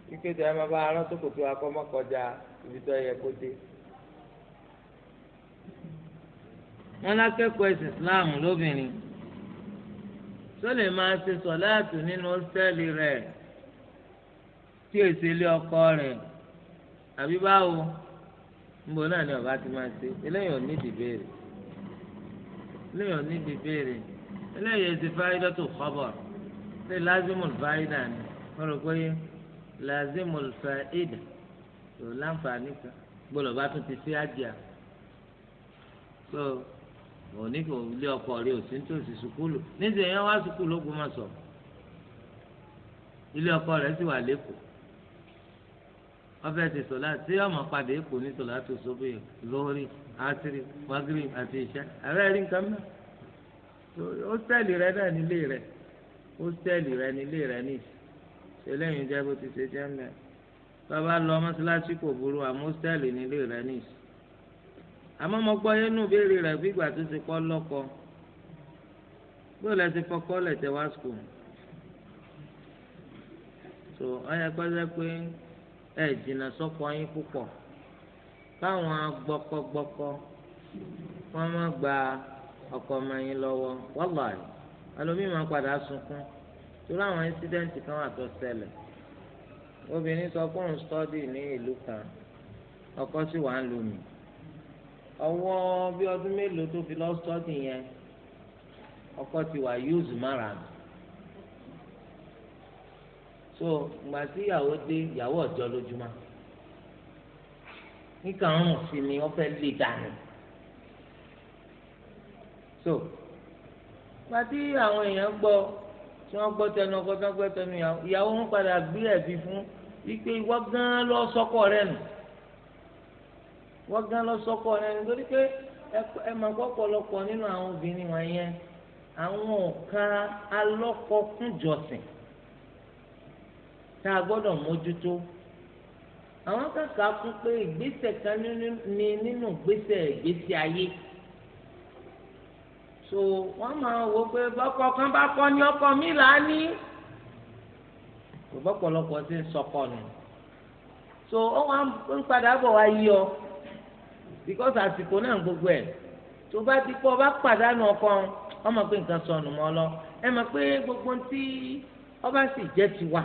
kíkẹ́ tẹ̀ a máa bá arán tó kò tó akọ́mọ́kọjá ibi tó yẹ kó dé. wọ́n lákẹ́kọ̀ọ́ ẹ̀sìn Islam lóbìnrin tó lè máa ṣe sọ̀láàtù nínú sẹ́ẹ̀lì rẹ̀ tí èsì ilé ọkọ rẹ̀ àbí báwo níbo náà ni ọba ti máa ṣe eléyìí ò ní ìdìbéèrè eléyìí ò ní ìdìbéèrè eléyìí èsì fáyidọ́ tó kọ́bọ̀ ṣe lázìmù fáyidà ni wọ́n rò pé lázìmù fáyidà kò láǹfààní kan gbọ́dọ̀ bá tún ti ṣe àjẹ́ so òní kò lé ọkọ rẹ òsì ń tòsí sùkúlù níṣẹ́ yẹn wá sùkúlù ogun máa sọ ilé ọkọ rẹ sì wà lẹ́kọ̀ọ́ ọfẹ ti sọlá tí ọmọ padà èkó ní sọlá tó sọgbẹ lórí àtìrí wagiri àti iṣẹ ààrẹ rí nǹkan mọ hósítẹ́ẹ̀lì rẹ náà nílé rẹ hósítẹ́ẹ̀lì rẹ nílé rẹ ní ìṣẹ̀lẹ̀ yìí bó ti ṣe jẹ́ mẹ́rin bàbá lọ mọ́ṣáláṣí kò burú àmọ́ hósítẹ́ẹ̀lì nílé rẹ ní ìṣẹ̀lẹ̀ àmọ́ mo gbọ́ yẹnu béèrè rẹ̀ bí ìgbà tó ti kọ́ lọ́kọ bó lẹ ti fọkọ́ lẹ̀ tẹ wá skul tó ọyẹ pẹ́sẹ́ pé ẹ jìnnà sọ́kọ yín púpọ̀ káwọn gbọ́kọ́gbọ́kọ́ wọ́n má gba ọkọ ọmọ yín lọ́wọ́ wọ́lọ̀ àlè alómi máa padà sunkún torí àwọn incident kan wà tó ṣẹlẹ̀ obìnrin sọ fóun stọ́dì ní ìlú kan ọkọ sì wà ń lù mí ọwọ́ bí ọdún mélòó tó fi lọ yẹn ọkọ ti wà yóòzù márùn so ìgbà tí ìyàwó dé ìyàwó ọjọ́ lójúmọ́ níkà ń rùn sí ni wọ́n fẹ́ lè dànù so ìgbà tí àwọn èèyàn gbọ́ tí wọ́n gbọ́ tẹnu ọkọ tí wọ́n gbọ́ tẹnu ìyàwó ń padà gbé ẹ̀bí fún wípé ìwọ gan lọ sọ́kọ rẹ̀ nù wọ́n gán lọ sọ́kọ rẹ̀ nítorí pé ẹ máa gbọ́ pọ̀lọpọ̀ nínú àwọn obìnrin wọ̀nyẹn àwọn ọ̀kan alọ́kọ̀kúnjọsìn tá a gbọ́dọ̀ mójútó àwọn kàkà kún pé ìgbésẹ̀ kan ní nínú ìgbésẹ̀ ìgbésí ayé so wọ́n máa wò pé bọ́kọ kan bá kọ́ ní ọkọ mi là á ní kò sọkọ nù so ó wà ń padà bọ̀ wá yí ọ because àsìkò náà gbogbo ẹ̀ tó bá ti pọ̀ bá pàdánù ọkọ ọmọ pé nǹkan sọnù mọ́ lọ ẹ mọ̀ pé gbogbo tí ọba sì jẹ́ tiwa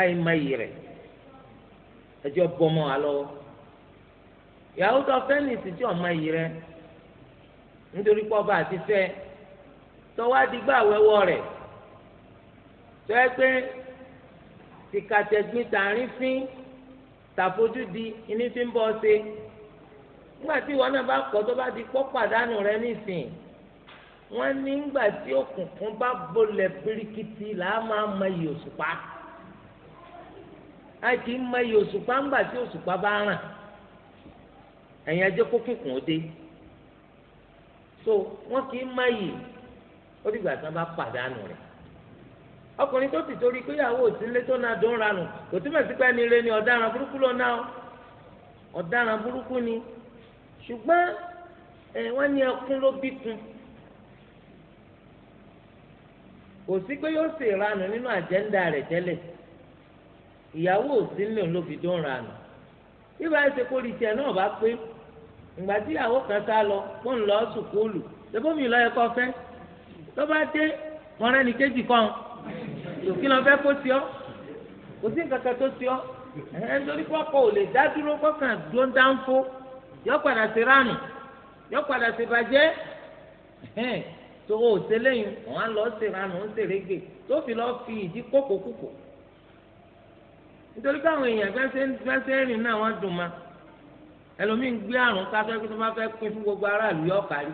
àìmọye rẹ̀ ẹjọ́ bọ́mọ wa lọ́wọ́ ìyàwó tó fẹ́ nìsí tí ọmọ yìí rẹ̀ nítorí pé ọba àti fẹ́ tọwọ́ adigbá wẹ́wọ́ rẹ̀ tọ́ ẹ pé tìkàtẹ̀gbin tààrín fín tàfojú di iní fi ń bọ́ ṣe. nígbà tí ìwọ náà bá kọ́ tó bá di pọ́ pàdánù rẹ nísìn wọ́n ní nígbà tí òkùnkùn bá bolẹ̀ birikiti là máa mọ iye òṣùpá a kì í mọ iye òṣùpá ńgbà tí òṣùpá bá ràn ẹ̀yìn so wọ́n kì í mọ iye ó dìgbà tí wọ́n bá pàdánù rẹ̀ ọkùnrin tó ti torí pé ìyàwó òsínlé tó náà dùn ranù kò túbọ̀ sí pé ẹni ni ọ̀daràn burúkú lọ ni ṣùgbọ́n ẹ wọ́n ní ẹkún ló bí kun kò sí pé yóò ṣe ìranù nínú àjẹ́ńdà rẹ̀ tẹ́lẹ̀ ìyàwó òsì ńlẹ̀ ló fi dún ranù bí báyìí ṣe kó lìtìẹ̀ náà bá pé ìgbà tí ìyàwó kan sá lọ kó ń lọ sùkúlù lẹ́bọ̀mí lọ́yẹ kọ́ fẹ́ tó bá dé mọ́rẹ́ ní kéjì kan òkè lọ́ọ́ fẹ́ kó sí ọ kò sí nǹkan kan tó sí ọ ẹ̀ ẹ́ nítorí pọ́pọ́ ò lè dá dúró kọ́kàn dúró dáńfó yọ padà sí ránù yọ padà sí bàjẹ́ tó o ṣe lẹ́yìn wọn á lọ sí ránù ń ṣèrégbè tó fi lọ fi ìdí kókòkòkò nítorí káwọn èèyàn gbẹ́sẹ̀ rìn náà wọ́n dùn ma ẹlòmíín gbé àrùn káfẹ́ kí tó bá fẹ́ pín fún gbogbo aráàlú yọ kárí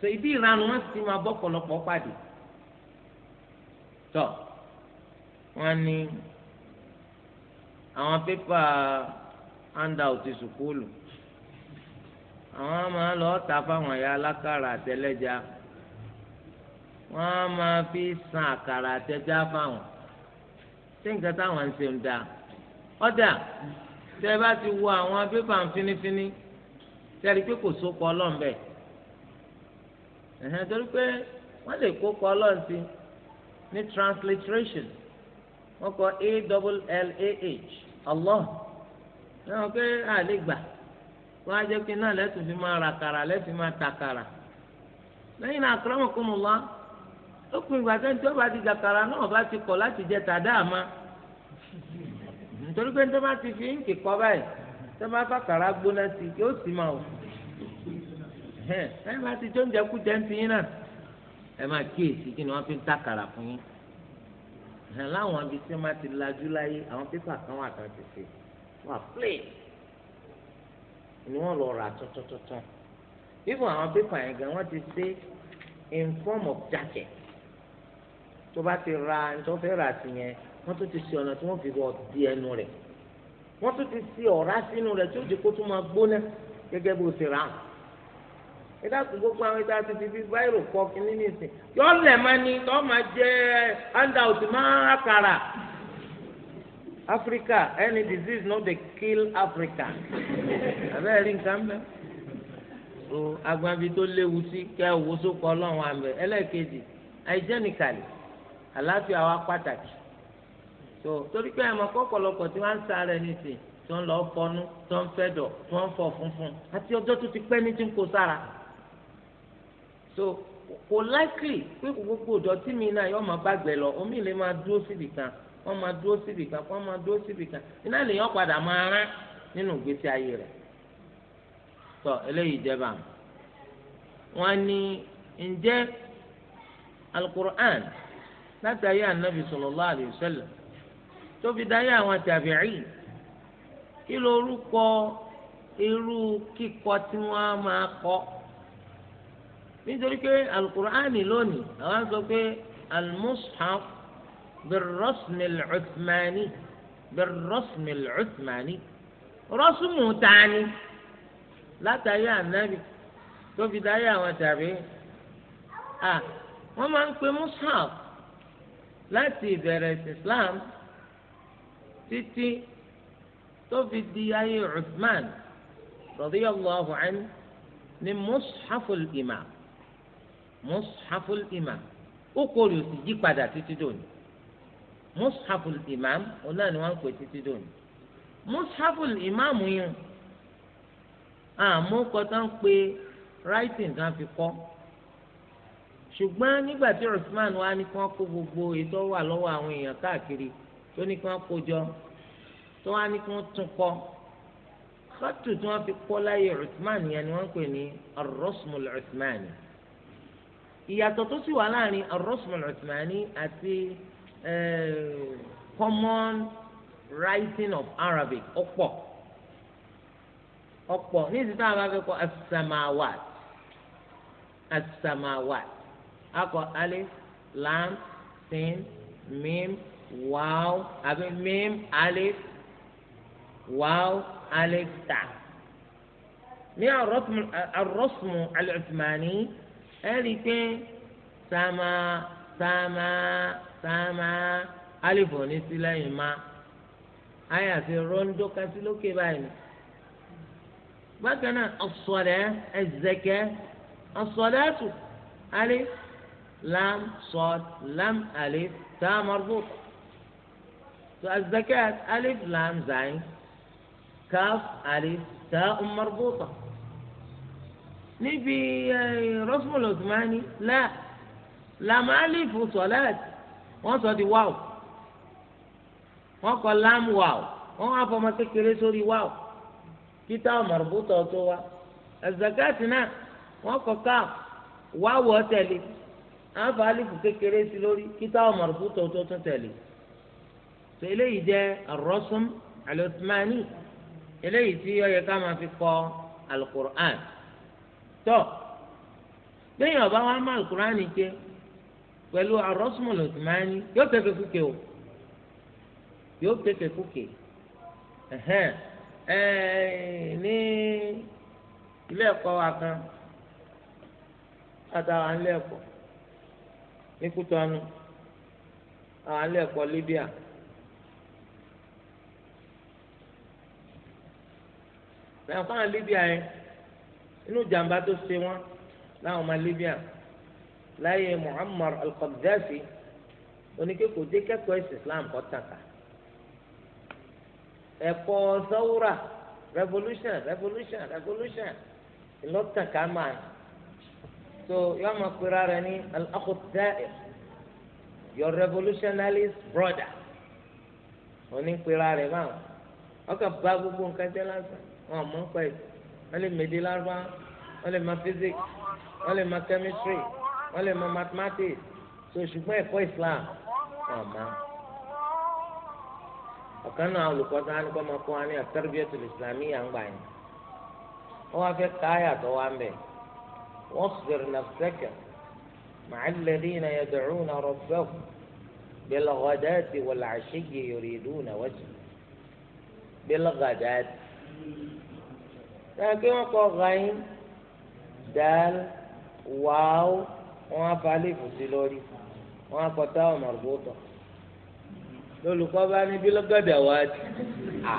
so ibi ìranu wọn sì máa bọ́ pọ̀lọpọ̀ pàdé tọ́ wọn ní àwọn pépà handout ti sùkúlù àwọn máa lọ ta fáwọn ẹ̀yà alákàrà àtẹlẹ́já wọ́n á máa fi san àkàrà àtẹjá fáwọn ṣé nǹkan táwọn ń ṣe ń da ọ̀dà tẹ́ bá ti wo àwọn pépà ń finifini tẹ́lẹ̀ pé kò sóko ọlọ́run bẹ́ẹ̀ ẹ̀hẹ́n torí pé wọ́n lè kókọ ọlọ́run sí ní transliteration wọ́n kọ a double l a h Allah náà pé àlè gbà wọn á jẹ́ pé náà lẹ́sìn fi máa ra kàrà lẹ́sìn máa ta kàrà lẹ́yìn náà akramakumullah ó pin ìgbà tẹ́ni tí ó bá ti jàkàrà náà bá ti kọ̀ láti jẹ tàdá àmọ́ nítorí pé tó bá ti fi ń kíkọ́ báyìí tó bá fàkàrà gbóná sí i yóò sì máa wò ẹ bá ti tó ń jẹkú jẹ ń fi yín náà ẹ máa kíyèsí kí ni wọ́n fi ń tàkàrà fún yín láwọn ibi tí wọ́n ti lajú láyé àwọn pépà kan wà kan ti fi. wọn plane ni wọn lọ rà tuntun tuntun even àwọn pépà yẹn gan wọn ti ṣe in form of jacket tó bá ti ra nítorí fẹ́ rà sí yẹn wọn tún ti ṣe ọ̀nà tí fi bọ̀ di ẹnu rẹ̀ wọ́n tún ti ṣe ọ̀rá sínú rẹ̀ tí ó kó máa gbóná gẹ́gẹ́ bó gbogbo àwọn ti fi fi báyìí kọ́ kínní nìsín yọ Africa any disease no dey kill Africa abẹ́rẹ́ rí nǹkan mẹ́ so agbanbi tó léwu sí kẹ́ owó sókò ọlọ́run àmì ẹlẹ́ẹ̀kejì hygienically àlàáfíà wa pàtàkì so torí pé ẹ̀mọ́ kọ́kọ́lọ́kọ́ tí wọ́n ń sáré nìsín tí wọ́n lọ fọnú tí wọ́n fẹ́ tí wọ́n fọ̀ funfun àti ọjọ́ tó ti pẹ́ ní tí ń kó sára so kò likely pé gbogbo ìdọ̀tí mi náà yọ̀ọ́ máa bàgbẹ́ lọ omi lè máa dúró síbi kan wọ́n máa dúró síbì kan wọ́n máa dúró síbì kan iná lèyàn padà máa rán nínú ìgbésí ayé rẹ̀ tọ́ eléyìí jẹba wọ́n ní ǹjẹ́ alukur'an láti ayé anabi sallallahu alayhi wa sallam tó fi dáyé àwọn tàbíìn kí lorúkọ irú kíkọ tí wọ́n máa kọ́ nítorí pé alukur'an lónìí àwọn sọ pé almushaf. بالرسم العثماني بالرسم العثماني رسم تاني لا تايا النبي تو في دايا وتابي اه wọ́n máa ń pe mushaf láti ìbẹ̀rẹ̀ islam títí tó fi di ayé Uthman radiyallahu anhu ni mushaful imam mushaful imam ó kórè òsì yípadà títí dòní mushaful imam òun náà ni wọ́n ń pè títí dòní mushaful imam yìí àmọ́ kọ́ tán pé writing kan fi kọ́ ṣùgbọ́n nígbà tí Usman wá ní kí wọ́n kó gbogbo ètò wà lọ́wọ́ àwọn èèyàn káàkiri tó ní kí wọ́n kó jọ tó wá ní kí wọ́n tún kọ́ kọ́tù tí wọ́n fi kọ́ láyé Usman yẹn ni wọ́n pè ní arosmul Usmani ìyàtọ̀ tó sì wà láàrin arosmul Usmani àti Eh, common writing of Arabic ọ̀pọ̀ ọ̀pọ̀ ní ìsìn táwọn bá fi kọ asamawat asamawat akọ alif lam sin mim waw àbí mim alif waw alif ta ní arọ́sùmù alẹ́tùmánì ẹ̀rí pé sama sama sáàmà alifò ní sí lẹ́yìn má ayé àti rọ́ńdó kásí lókè báyìí bákan náà ọ̀sọ̀rẹ́ ẹ̀zẹ̀kẹ́ ọ̀sọ̀rẹ́ tù alif lam sọd lam alif tá marbuut tó ẹ̀zẹ̀kẹ́ alif lam zayin káf alif tá um, níbi eh, rọ́fúnmọ̀lọ́sùmáni lá lam alif sọ̀láàtì wọ́n sọ di wáwù wọ́n kọ láàmù wáwù wọ́n wá fọmọ kékeré sórí wáwù títà mọ̀rùbútọ̀ tó wá ẹ̀zẹ̀gáàtì náà wọ́n kọ káà wáwù ọ̀tẹ̀lẹ̀ àǹfà alífù kékeré sí lórí títà mọ̀rùbútọ̀ tó tún tẹ̀lẹ̀ tó eléyìí jẹ́ rọ́sùm alùsùmánì eléyìí tí ó yẹ ká máa fi kọ alukur'an tó gbẹ̀yìn ọ̀bá wa má alukur'an jẹ́ pẹ̀lú arọ́sùmọ̀lù ìsìmáàní yóò tẹ̀sẹ̀ kúkẹ́ o yóò tẹ̀sẹ̀ kúkẹ́ ẹ̀hẹ́n ẹ̀ẹ́n ní ilé ẹ̀kọ́ wa kan látara ilé ẹ̀kọ́ ní Kútọ́nù àwọn ilé ẹ̀kọ́ Libya. làwọn fáwọn Libya yẹn inú jàǹbá tó ṣe wọn láwọn ọmọ Libya láyé muammar al-Qaddafi oníkékòó dé kẹ́kọ̀ọ́ ẹ̀sìn islam kọ́ tàkà ẹ̀kọ́ sawura revolution revolution revolution ìlọ́tàkà máa so yọọ ma pera rẹ ní al your revolutionalist brother oní pera rẹ báwọn ọkà bá gbogbo nǹkan jẹ lásán wọn mọ̀ nípa ẹ̀ wọ́n lè mèdè lárúbá wọ́n lè ma physics wọ́n lè ma chemistry. wọ́n lè mọ mathematics so ṣùgbọ́n ẹ̀kọ́ Islam wọ́n mọ. ọ̀kan náà olùkọ́ sáà ní kọ́ máa kó wa ní àtẹ́rẹ́bíyẹ́tì ìsìlámì yà ń gbà yẹn wọ́n wá fẹ́ káyà tó wá ń bẹ̀ wọ́n sèrè nàfẹ́kẹ̀ màálẹ́dín náà yẹ̀dọ̀rún náà rọ̀bẹ́wò بالغداة والعشي يريدون وجهه بالغداة لكن وقع غين دال واو wọn á fa alẹ́ ìfòsí lórí wọn á kọta ọ̀nà àrùbọ̀tọ̀ lólùkọ́ bá ní bí lọ́gọ́dẹ̀ wá di à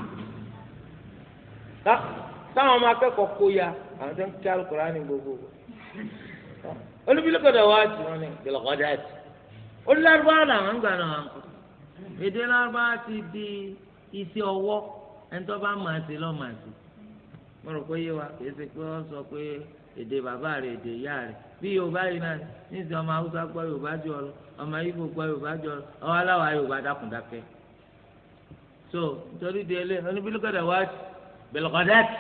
táwọn ọmọ akẹ́kọ̀ọ́ kó ya àwọn tó ń kí alukurani gbogbo olùbí lọ́gọ́dẹ̀ wá di wọn ni bí lọ́gọ́dẹ̀ di olùlárúbá làwọn ń gbà náà wọn kọ èdè lárúbá ti di iṣẹ́ ọwọ́ ẹni tó bá máa ṣe lọ́ọ́ máa ṣe mo rò pé yé wa kì í ṣe pé wọ́n sọ pé èdè bàbá rẹ̀ èdè ìyá rẹ̀ bí yorùbá yìí náà níṣẹ́ ọmọ haúsá gbọ́ yorùbá jọ lọ ọmọ ibo gbọ́ yorùbá jọ lọ aláwa yorùbá dákun dákẹ́ so nítorí di ẹlẹ́ ọ ní bílúkọ̀dà wá sí bílúkọ̀dà tì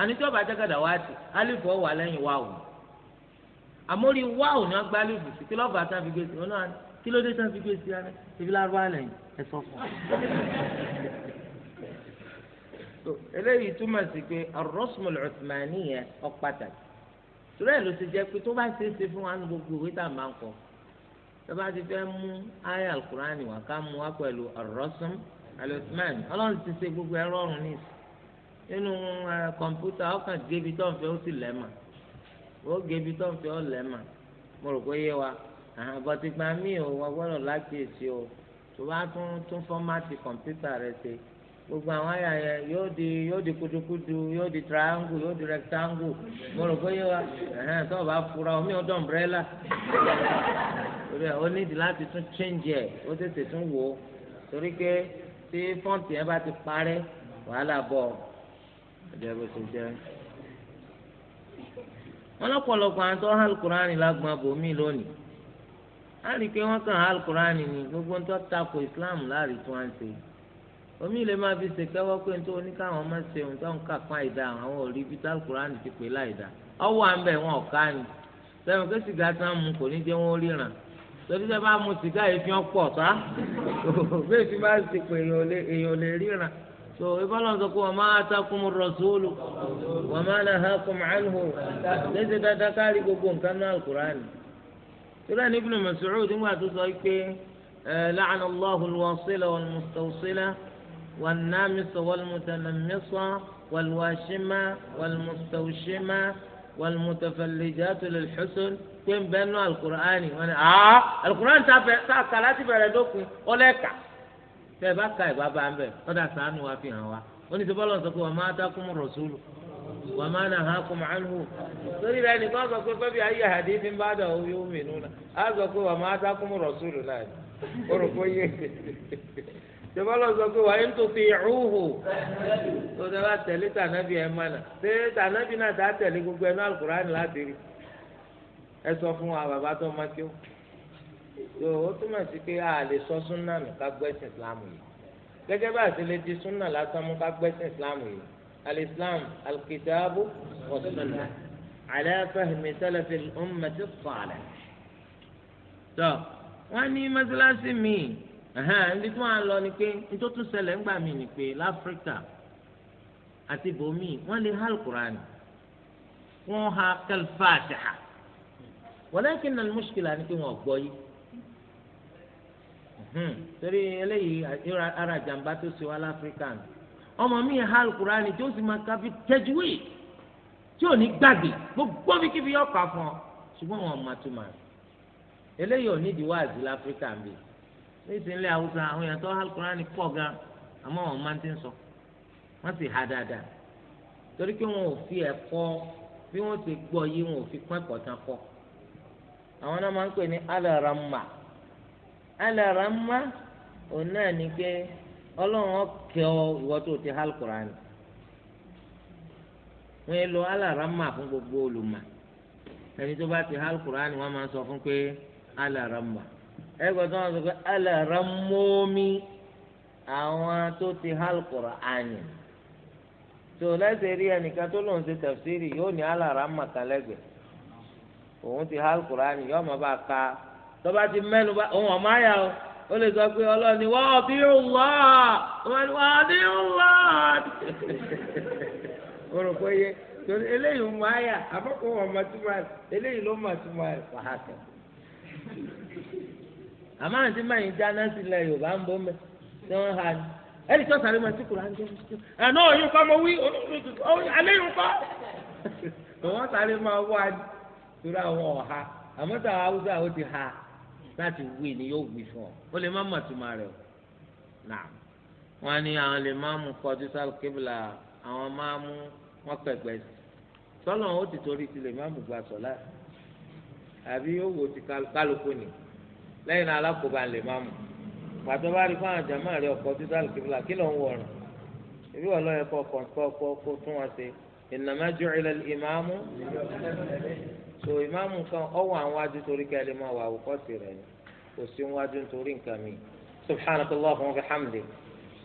àní tí ọba àjẹkọ̀dà wá sí alif ọwọ́ alẹ́yìn wá òun àmórí wá òun ni wọ́n gbá alif sí kí lọ́ọ̀bù àtàn fi gbé sí ọlọ́run kí ló dé tán fi gbé sí ara ibi lárúbá alẹ́yìn ẹ sọ fún un. eléyìí túmọ̀ sí pé arọ́sùmùlù ọ̀tùmánì yẹn ọ torí ló ti jẹ́ pé tó bá ṣe é ṣe fún wa ní gbogbo ìwé tá a máa ń kọ tó bá ti fẹ́ mú ayé alukurani wá ká mú wa pẹ̀lú arọ́sùn alẹ́sìmẹ́n ọlọ́run ti ṣe gbogbo ẹ̀rọ ọ̀run ní nínú kọ̀ǹpútà ọkàn gébi tó ń fẹ́ ó sì lẹ́ẹ̀mà ó gébi tó ń fẹ́ ó lẹ́ẹ̀mà mo rò pé yé wa àwọn àgbọ̀tìgbà míì ò wọ́n gbọ́dọ̀ láti èsì o tó bá tún tún fọ́mátì kọ̀ǹpútà rẹ ṣe gbogbo àwọn àyà yẹn yóò di yóò kudukudu yóò di triangle yóò di rectangle mo rò pé yóò wá o bá fura omi ọdọ umbrella torí o nídìí láti tún change ẹ̀ o tètè tún wò ó torí pé tí fọ́ǹtì yẹn ti parẹ́ wàhálà bọ̀ ọjọ́ bó ṣe jẹ́ wọn lọ́pọ̀lọpọ̀ àwọn tó hàn alukurani lágbọn abòmí lónìí á rí i pé ni gbogbo ń tako Islam láàrin tí omi ma máa fi ṣèkẹ́wọ́ pé nítorí oníkàwọn ọmọ ṣeun tó ń kà fún àìdá àwọn òrí bíi tálkùránì ti pè láìdá ọwọ́ à ń bẹ̀ wọn ọ̀ká ni sẹ́wọ̀n pé sìgá tí wọ́n mu kò ní jẹ́ wọ́n ríran torí sẹ́ bá mu sìgá yìí fi tá fi máa ṣe pé èèyàn lè ríran sọ pé máa mu máa ha dáadáa kárí gbogbo nǹkan náà والنامص والمتنمص والواشمة والمستوشمة والمتفلجات للحسن كم بينه القرآن وانا آه القرآن تاع كلاتي بردوكي أولئك تبا كاي بابا أمبي هذا سامي وافي هوا وني الله سكوا ما أتاكم الرسول وما نهاكم عنه torí rẹ nìkan sọ pé bẹ́ẹ̀ حديث بعده àdéhìí ń bá dà ó yóò mìíràn á sèbọ́lọ́ sọ pé wàá ń tó fi ìhùhù tó ní wàá tẹ̀lé tànàbí ẹ̀ mánà ṣé tànàbí náà dá tẹ̀lé gbogbo ẹnu alukurani láti rí ẹ sọ fún wa bàbá tó máa kí ó tó o túmọ̀ sí pé a lè sọ súnà nù ká gbẹ́sìn ìsìlámù yìí gẹ́gẹ́ bá a ti lè di súnà lásán mú ká gbẹ́sìn ìsìlámù yìí alìsílám alìkìtàbù wọ̀sùnà àlẹ́fẹ̀hìmí sẹ́lẹ̀fẹ̀ ọmọ ti sọ̀rọ̀ tó wọ́n ní mọ́sálásí ibi tí wọ́n á lọ ni pé nítorí tún ṣẹlẹ̀ ńgbà mí ni pé láfíríkà àti bòmí wọ́n lè ha alukur'an wọ́n ha kalfatiha walakin al-mushkila ni pé wọ́n gbọ́ yìí torí eléyìí ara jàǹbá tó ṣe wá láfíríkà ọmọ mi ha alukur'an tí ó sì máa kábi tẹ́júwì tí ò ní gbàgbé gbogbo bí kíbi ọkọ̀ àfọ̀n ṣùgbọ́n wọn máa tún máa eléyìí ò ní ìdíwọ́ àti láfíríkà mi. léèdì ńlẹ̀ haúsá àwọn èèyàn tó alukurani pọ̀ gan àmọ́ wọn máa ti ń sọ wọ́n sì ha dáadáa torí pé wọn ò fi ẹ̀kọ́ bí wọ́n ti gbọ́ yìí wọn ò fi pọ́n ẹ̀kọ́ tán kọ́ àwọn náà máa ń pè ní òun náà ni pé ọlọ́run ọ̀kẹ́ ọ ìwọ tó ti alukurani wọ́n yẹ lọ gbogbo olùmọ̀ ẹni tó bá ti wọ́n máa ń sọ fún pé ẹgbẹ́ tó wọn sọ pé alára mọ́mí àwọn tó ti hàlùkùrọ̀ àyè tó lẹ́sẹ̀ rí ẹnìkan tó lòun ṣe tafsiri yóò ní alára màkà lẹ́gbẹ̀ẹ́ òun ti hàlùkùrọ̀ àyè yóò máa bá ka tọ́ba ti mẹ́nu bá òun ọ̀ma yà ó ó lè sọ pé ọlọ́ni torí eléyìí ń àmọ́ àǹtí máa ń dáná sílẹ̀ yorùbá ń bọ́ mẹ́ tí wọ́n ha ni ẹni tó sàrẹ́ máa ti kùrà ń jẹ́ àná òyìn kọ́ mo wí alẹ́ yìí kọ́ wọ́n sàrẹ́ máa wá torí àwọn ọ̀ha àmọ́ tó àwọn haúsá ó ti ha láti wí ni yóò wí fún ọ ó lè má mọ̀ tó máa rẹ̀ o nà wọ́n ní àwọn lè má mú kọjú sálù kébìlà àwọn máa mú wọ́n pẹ̀pẹ̀ sí sọ́nà ó ti torí ti lè má mú gbà sọ̀ láti àbí yóò wò ti kálukú nìkan lẹ́yìn náà alákòóbá lè má mú pàtó bá rí fáwọn jàmá rẹ ọkọ títí àlùkìbìlà kí ló ń wọrùn ìbí wọn lọ́yẹ kọ́ kọ́ kọ́ kó tún wọn ṣe innama ju'ila al-imamu so ìmáàmù kan ọwọ́ àwọn wájú torí ká lè máa wà àwòkọ́sì rẹ̀ ni kò sí wájú torí nǹkan mi subhanakallah wa bihamdik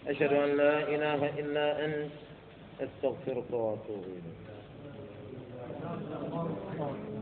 ashhadu an la ilaha illa anta astaghfiruka wa atubu ilayk.